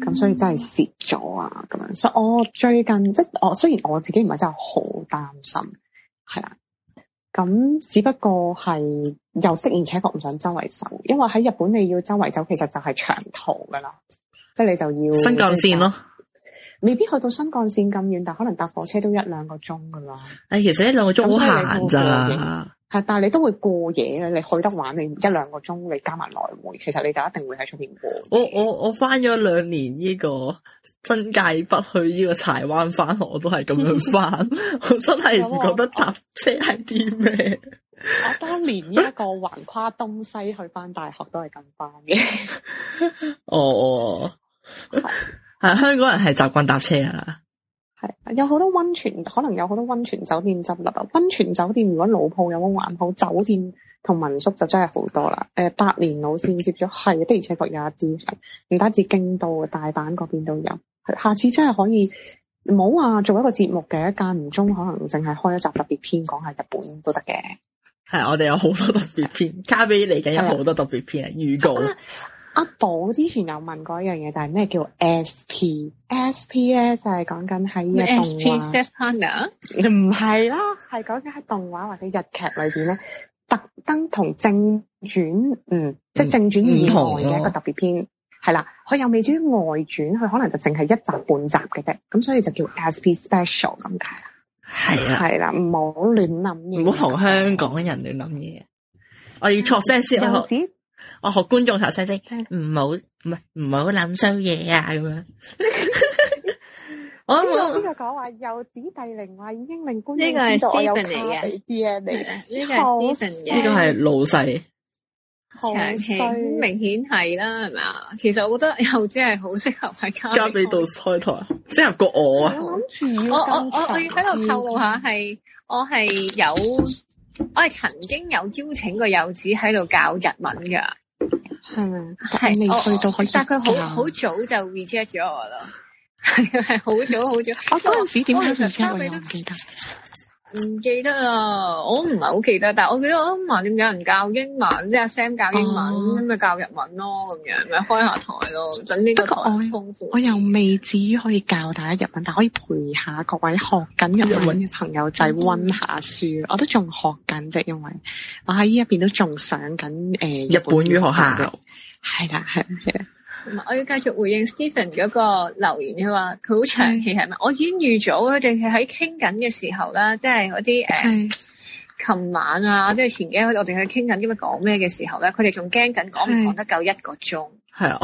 咁、嗯、所以真係蝕咗啊！咁樣，所以我最近即係我雖然我自己唔係真係好擔心，係啦。咁只不過係又的而且確唔想周圍走，因為喺日本你要周圍走，其實就係長途噶啦，即係你就要新幹線咯、啊。未必去到新幹線咁遠，但可能搭火車都一兩個鐘噶
啦。誒，其實一兩個鐘好閒咋。
但係你都會過夜嘅，你去得玩，你一兩個鐘，你加埋來回，其實你就一定會喺出邊過。
我我我翻咗兩年呢個新界北去呢個柴灣翻學，都學 我都係咁樣翻，我真係唔覺得搭車係啲咩？我， 我當年呢一
個橫跨東西去翻大學都係咁翻嘅。
哦，係香港人係習慣搭車啊。
係，有好多溫泉，可能有好多溫泉酒店執笠啊。溫泉酒店如果老鋪有冇環保酒店同民宿就真係好多啦。誒、呃，百年老線，接咗，係 的而且確有一啲，唔單止京都，大阪嗰邊都有。下次真係可以，唔好話做一個節目嘅，間唔中可能淨係開一集特別篇講下日本都得嘅。
係，我哋有好多特別篇，咖啡嚟緊有好多特別篇啊，預告。
阿寶之前有問過一樣嘢，就係、是、咩叫 SP？SP 咧 SP 就係講緊喺動畫，唔係啦，係講緊喺動畫或者日劇裏邊咧， 特登同正傳，嗯，即係正傳以外嘅一個特別篇，係啦、啊，佢又未至於外傳，佢可能就淨係一集半集嘅啫，咁所以就叫 SP Special 咁解啦，
係啊，係啦，唔好亂諗嘢，唔好同香港人亂諗嘢， 我要錯聲先我學觀眾頭細聲，唔好唔係唔好諗衰嘢啊！咁樣，
我呢、這個講、這個、話侑子第零話已經令觀眾知道我有睇 e n 嚟嘅。呢、這個 Stephen，呢、這個係
老細，
長氣，明顯係啦，係咪啊？其實我覺得侑子係好適合係教，交俾
度開台，適合過我啊！
我我我我喺度透露下，
係我係有，我係曾經有邀請過侑子喺度教日文㗎。係咪？係未去到，但係佢好好早就 reject 咗我咯。係係，好早好早。我嗰、哦哦哦那個、陣時點樣 reject 我唔、哦哦嗯、記得。唔記得啦，我唔係好記得，但係我記得啊，橫掂有，有人教英文，即、啊、係 Sam 教英文，咁、oh。咪教日文咯，咁樣咪開一下台咯。
不過
我我又
未至於可以教大家日文，但可以陪下各位學緊日文嘅朋友仔溫下書，我都仲學緊啫，因為我喺呢一邊都仲上緊日，日本語學校。係、啊、啦，係啦。係我要繼續回應
Stephen 嗰個留言，佢話佢好長氣，係咪？我已經預咗佢淨係喺傾緊嘅時候啦。」即係嗰啲誒，琴、嗯、晚啊，即係前幾日我哋去傾緊，因為講咩嘅時候咧，佢哋仲驚緊講唔講得夠一個鐘。嗯
係
啊，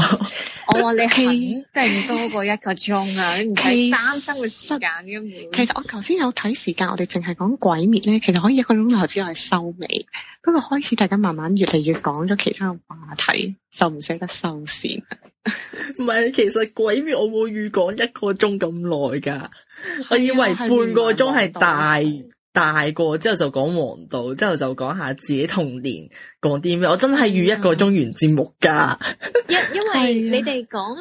我話你係定多過一個鐘啊， 你唔使擔心會失緊。
其實我頭先有睇時間，我哋淨係講鬼滅咧，其實可以一個鐘頭之內收尾。不過開始大家慢慢越嚟越講咗其他嘅話題，就唔捨得收線。
唔 係，其實鬼滅我冇預講一個鐘咁耐噶，我以為半個鐘係大。大個之後就講王道，之後就講下自己童年講啲咩。我真係預一個鐘完節目噶、啊，
因 因為你哋講、啊，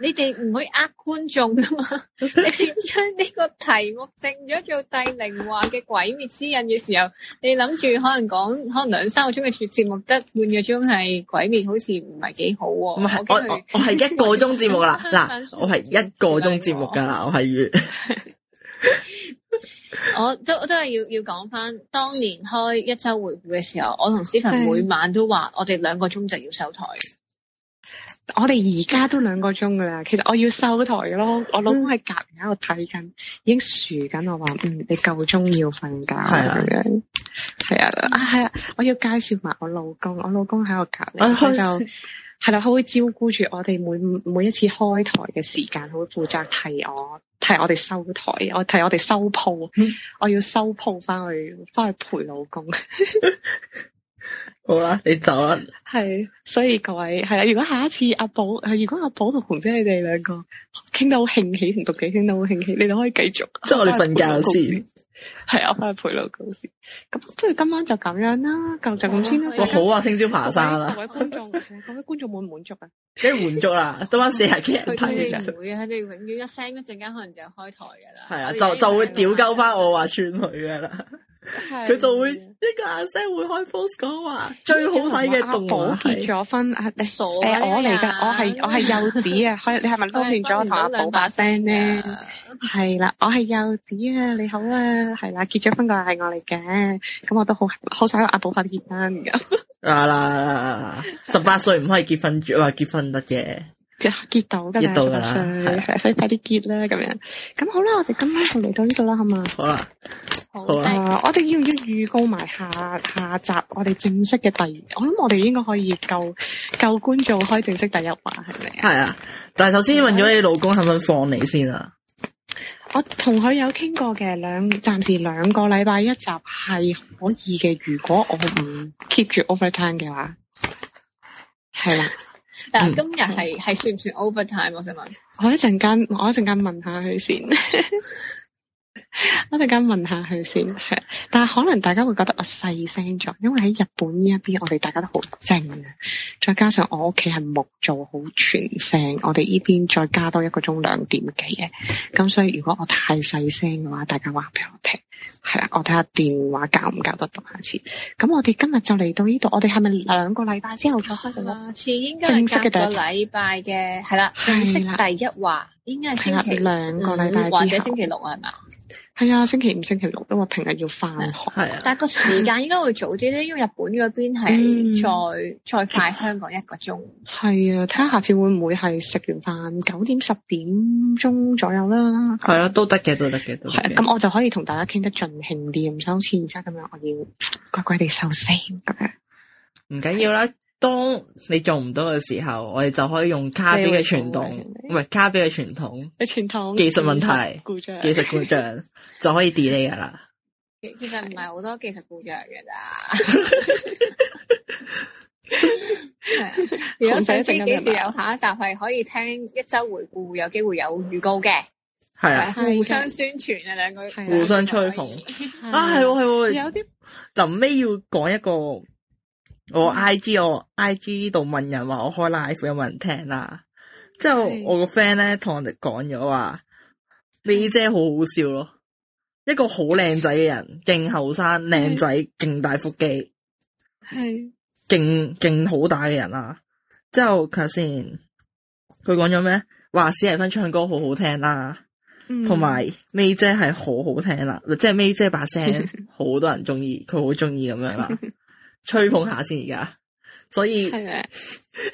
你哋唔可以呃觀眾噶嘛？ 你哋將呢個題目定咗做第0話嘅鬼滅之刃嘅時候，你諗住可能講可能兩三個鐘嘅節節目得半個鐘係鬼滅，好似唔係幾好喎。我 我
我係一個鐘節目啦，嗱，我係一個鐘節目噶啦，我係預。
我都我都係要要講翻當年開一週回顧嘅時候，我同 Stephen 每晚都話我哋兩個鐘就要收台。
我哋而家都兩個鐘噶啦，其實我要收台咯。我老公喺隔籬喺度睇緊，已經數緊我話嗯，你夠鐘要瞓覺啦咁樣。係啊啊係啊，我要介紹埋我老公。我老公喺我隔籬， 佢就。係啦，佢會照顧住我哋每每一次開台嘅時間，佢會負責替我提我哋收台，我替我哋收鋪、嗯，我要收鋪翻去翻去陪老公。
好啦，啊，你走啦。
啊。係，所以各位係啦，如果下一次阿寶，如果阿寶同紅姐你哋兩個傾到好興起同讀姐傾到好興起，你哋可以
繼續。即係我哋瞓覺先。
係、嗯、啊，翻去陪老公先。咁，不如今晚就咁樣啦，就就咁先啦、哦。我好啊，聽朝爬山啦。各位觀眾， 各位觀眾滿唔滿足啊？
梗係滿足啦，今晚四廿幾人睇。佢哋唔會，佢
哋永遠一聲一陣間，可能就開台噶
啦。係啊，就就會屌鳩翻我話串佢噶啦。 佢就會
一個阿聲會開 post 講話最好睇嘅動物結咗婚啊！你我嚟
噶、欸欸，我係我係侑子啊！
你係咪撈亂咗同阿 Bo 把聲咧？係啦，我係侑子啊！你好啊，係、 啊、啦，啦，啦，結咗婚個係我嚟嘅，咁我都好好想阿 Bo 快啲結婚噶
啦！十八歲唔可以結婚，話 結婚得嘅，
結到嘅到啦，所以快啲結啦！咁樣咁好啦，我哋今晚就嚟到呢度啦，好嘛？好啦。好、uh，我哋要唔要，要預告埋下下集？我哋正式嘅第二，我諗我哋應該可以夠夠觀眾，開正式第一話，係咪啊？係啊！
但係首先問咗你老公係咪、okay。放你先啊？
我同佢有傾過嘅，兩暫時兩個禮拜一集係可以嘅。如果我唔 keep 住 over time 嘅話，係啦。但， 今日
係算唔算 over time？我
想
問。我一陣間，我一陣間問下佢先。 我陣間問下佢先，係，但係可能大家會覺得我細聲咗，因為喺日本呢一邊，我哋大家都好靜啊，再加上我屋企係木造好傳聲，我哋呢邊再加多一個鐘兩點幾嘅，咁所以如果我太細聲嘅話，大家話俾我聽，係啦，我睇下電話搞唔搞得到下次。咁我哋今日就嚟到呢度，我哋係咪兩個禮拜之後再開一次？正式嘅第二個
禮拜嘅係
啦，正式第
一話應該係星期兩個禮拜、嗯、或者星期六係嘛？
係啊，星期五、星期六，都話平日要翻學。係、啊。但
係個時間應該會早啲咧， 因為日本嗰邊係再、嗯、再快香港一個鐘。
係啊，睇下下次會唔會係食完飯九點、十點鐘左右啦。
係啊，都得嘅，都得嘅，都、啊。咁我
就可以同大家傾得盡興啲，唔使好似而家咁樣，我要乖乖地收聲咁
樣。唔緊要啦。 當你做唔到嘅時候，我哋就可以用卡俾嘅傳統，唔係卡俾嘅傳統，
傳統技術問題、技術故障 技術故
障就可以 delay 噶啦。
其實唔係好多技術故障噶咋。係、 啊、如果想知幾 時有下一集，係可以聽一週回顧，有機會有預告嘅。
係啊，互相
宣傳啊，兩個互相吹
捧 啊，係喎係喎，有啲臨尾要講一個。我 I G 我 I G 呢度問人話我開 live 有冇人聽啦？之後我個 friend 咧同我哋講咗話，May 姐好好笑咯，一個好靚仔嘅人，勁後生，靚仔，勁大腹肌，
係，
勁勁好打嘅人啦。之後佢先，佢講咗咩？話史蒂芬唱歌好好聽啦，
同埋
May 姐係好好聽啦，即係 May 姐把聲 好多人中意，佢好中意咁樣啦。 吹捧下先，而家，所以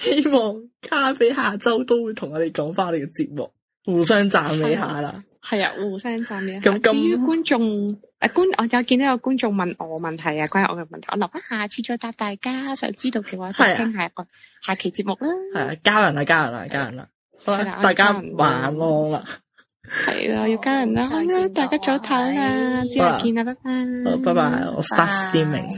希望咖啡下周都會同我哋講翻你嘅節目，互相讚美下啦。
係啊，啊，互相讚美下。咁至於觀眾誒觀，我有見到有觀眾問我問題啊，關於我嘅問題，我留翻下次再答大家。想知道嘅話，再傾、啊、下一個下期節目啦。
係啊，加人啦，加人啦，加人啦。好啦、啊，大家唔玩咯啦。係、哦、啦， 啊、我要加人啦。
好啦，大家早唞啦，
之、哎、後見啦，
拜拜。好，拜拜。我
start streaming。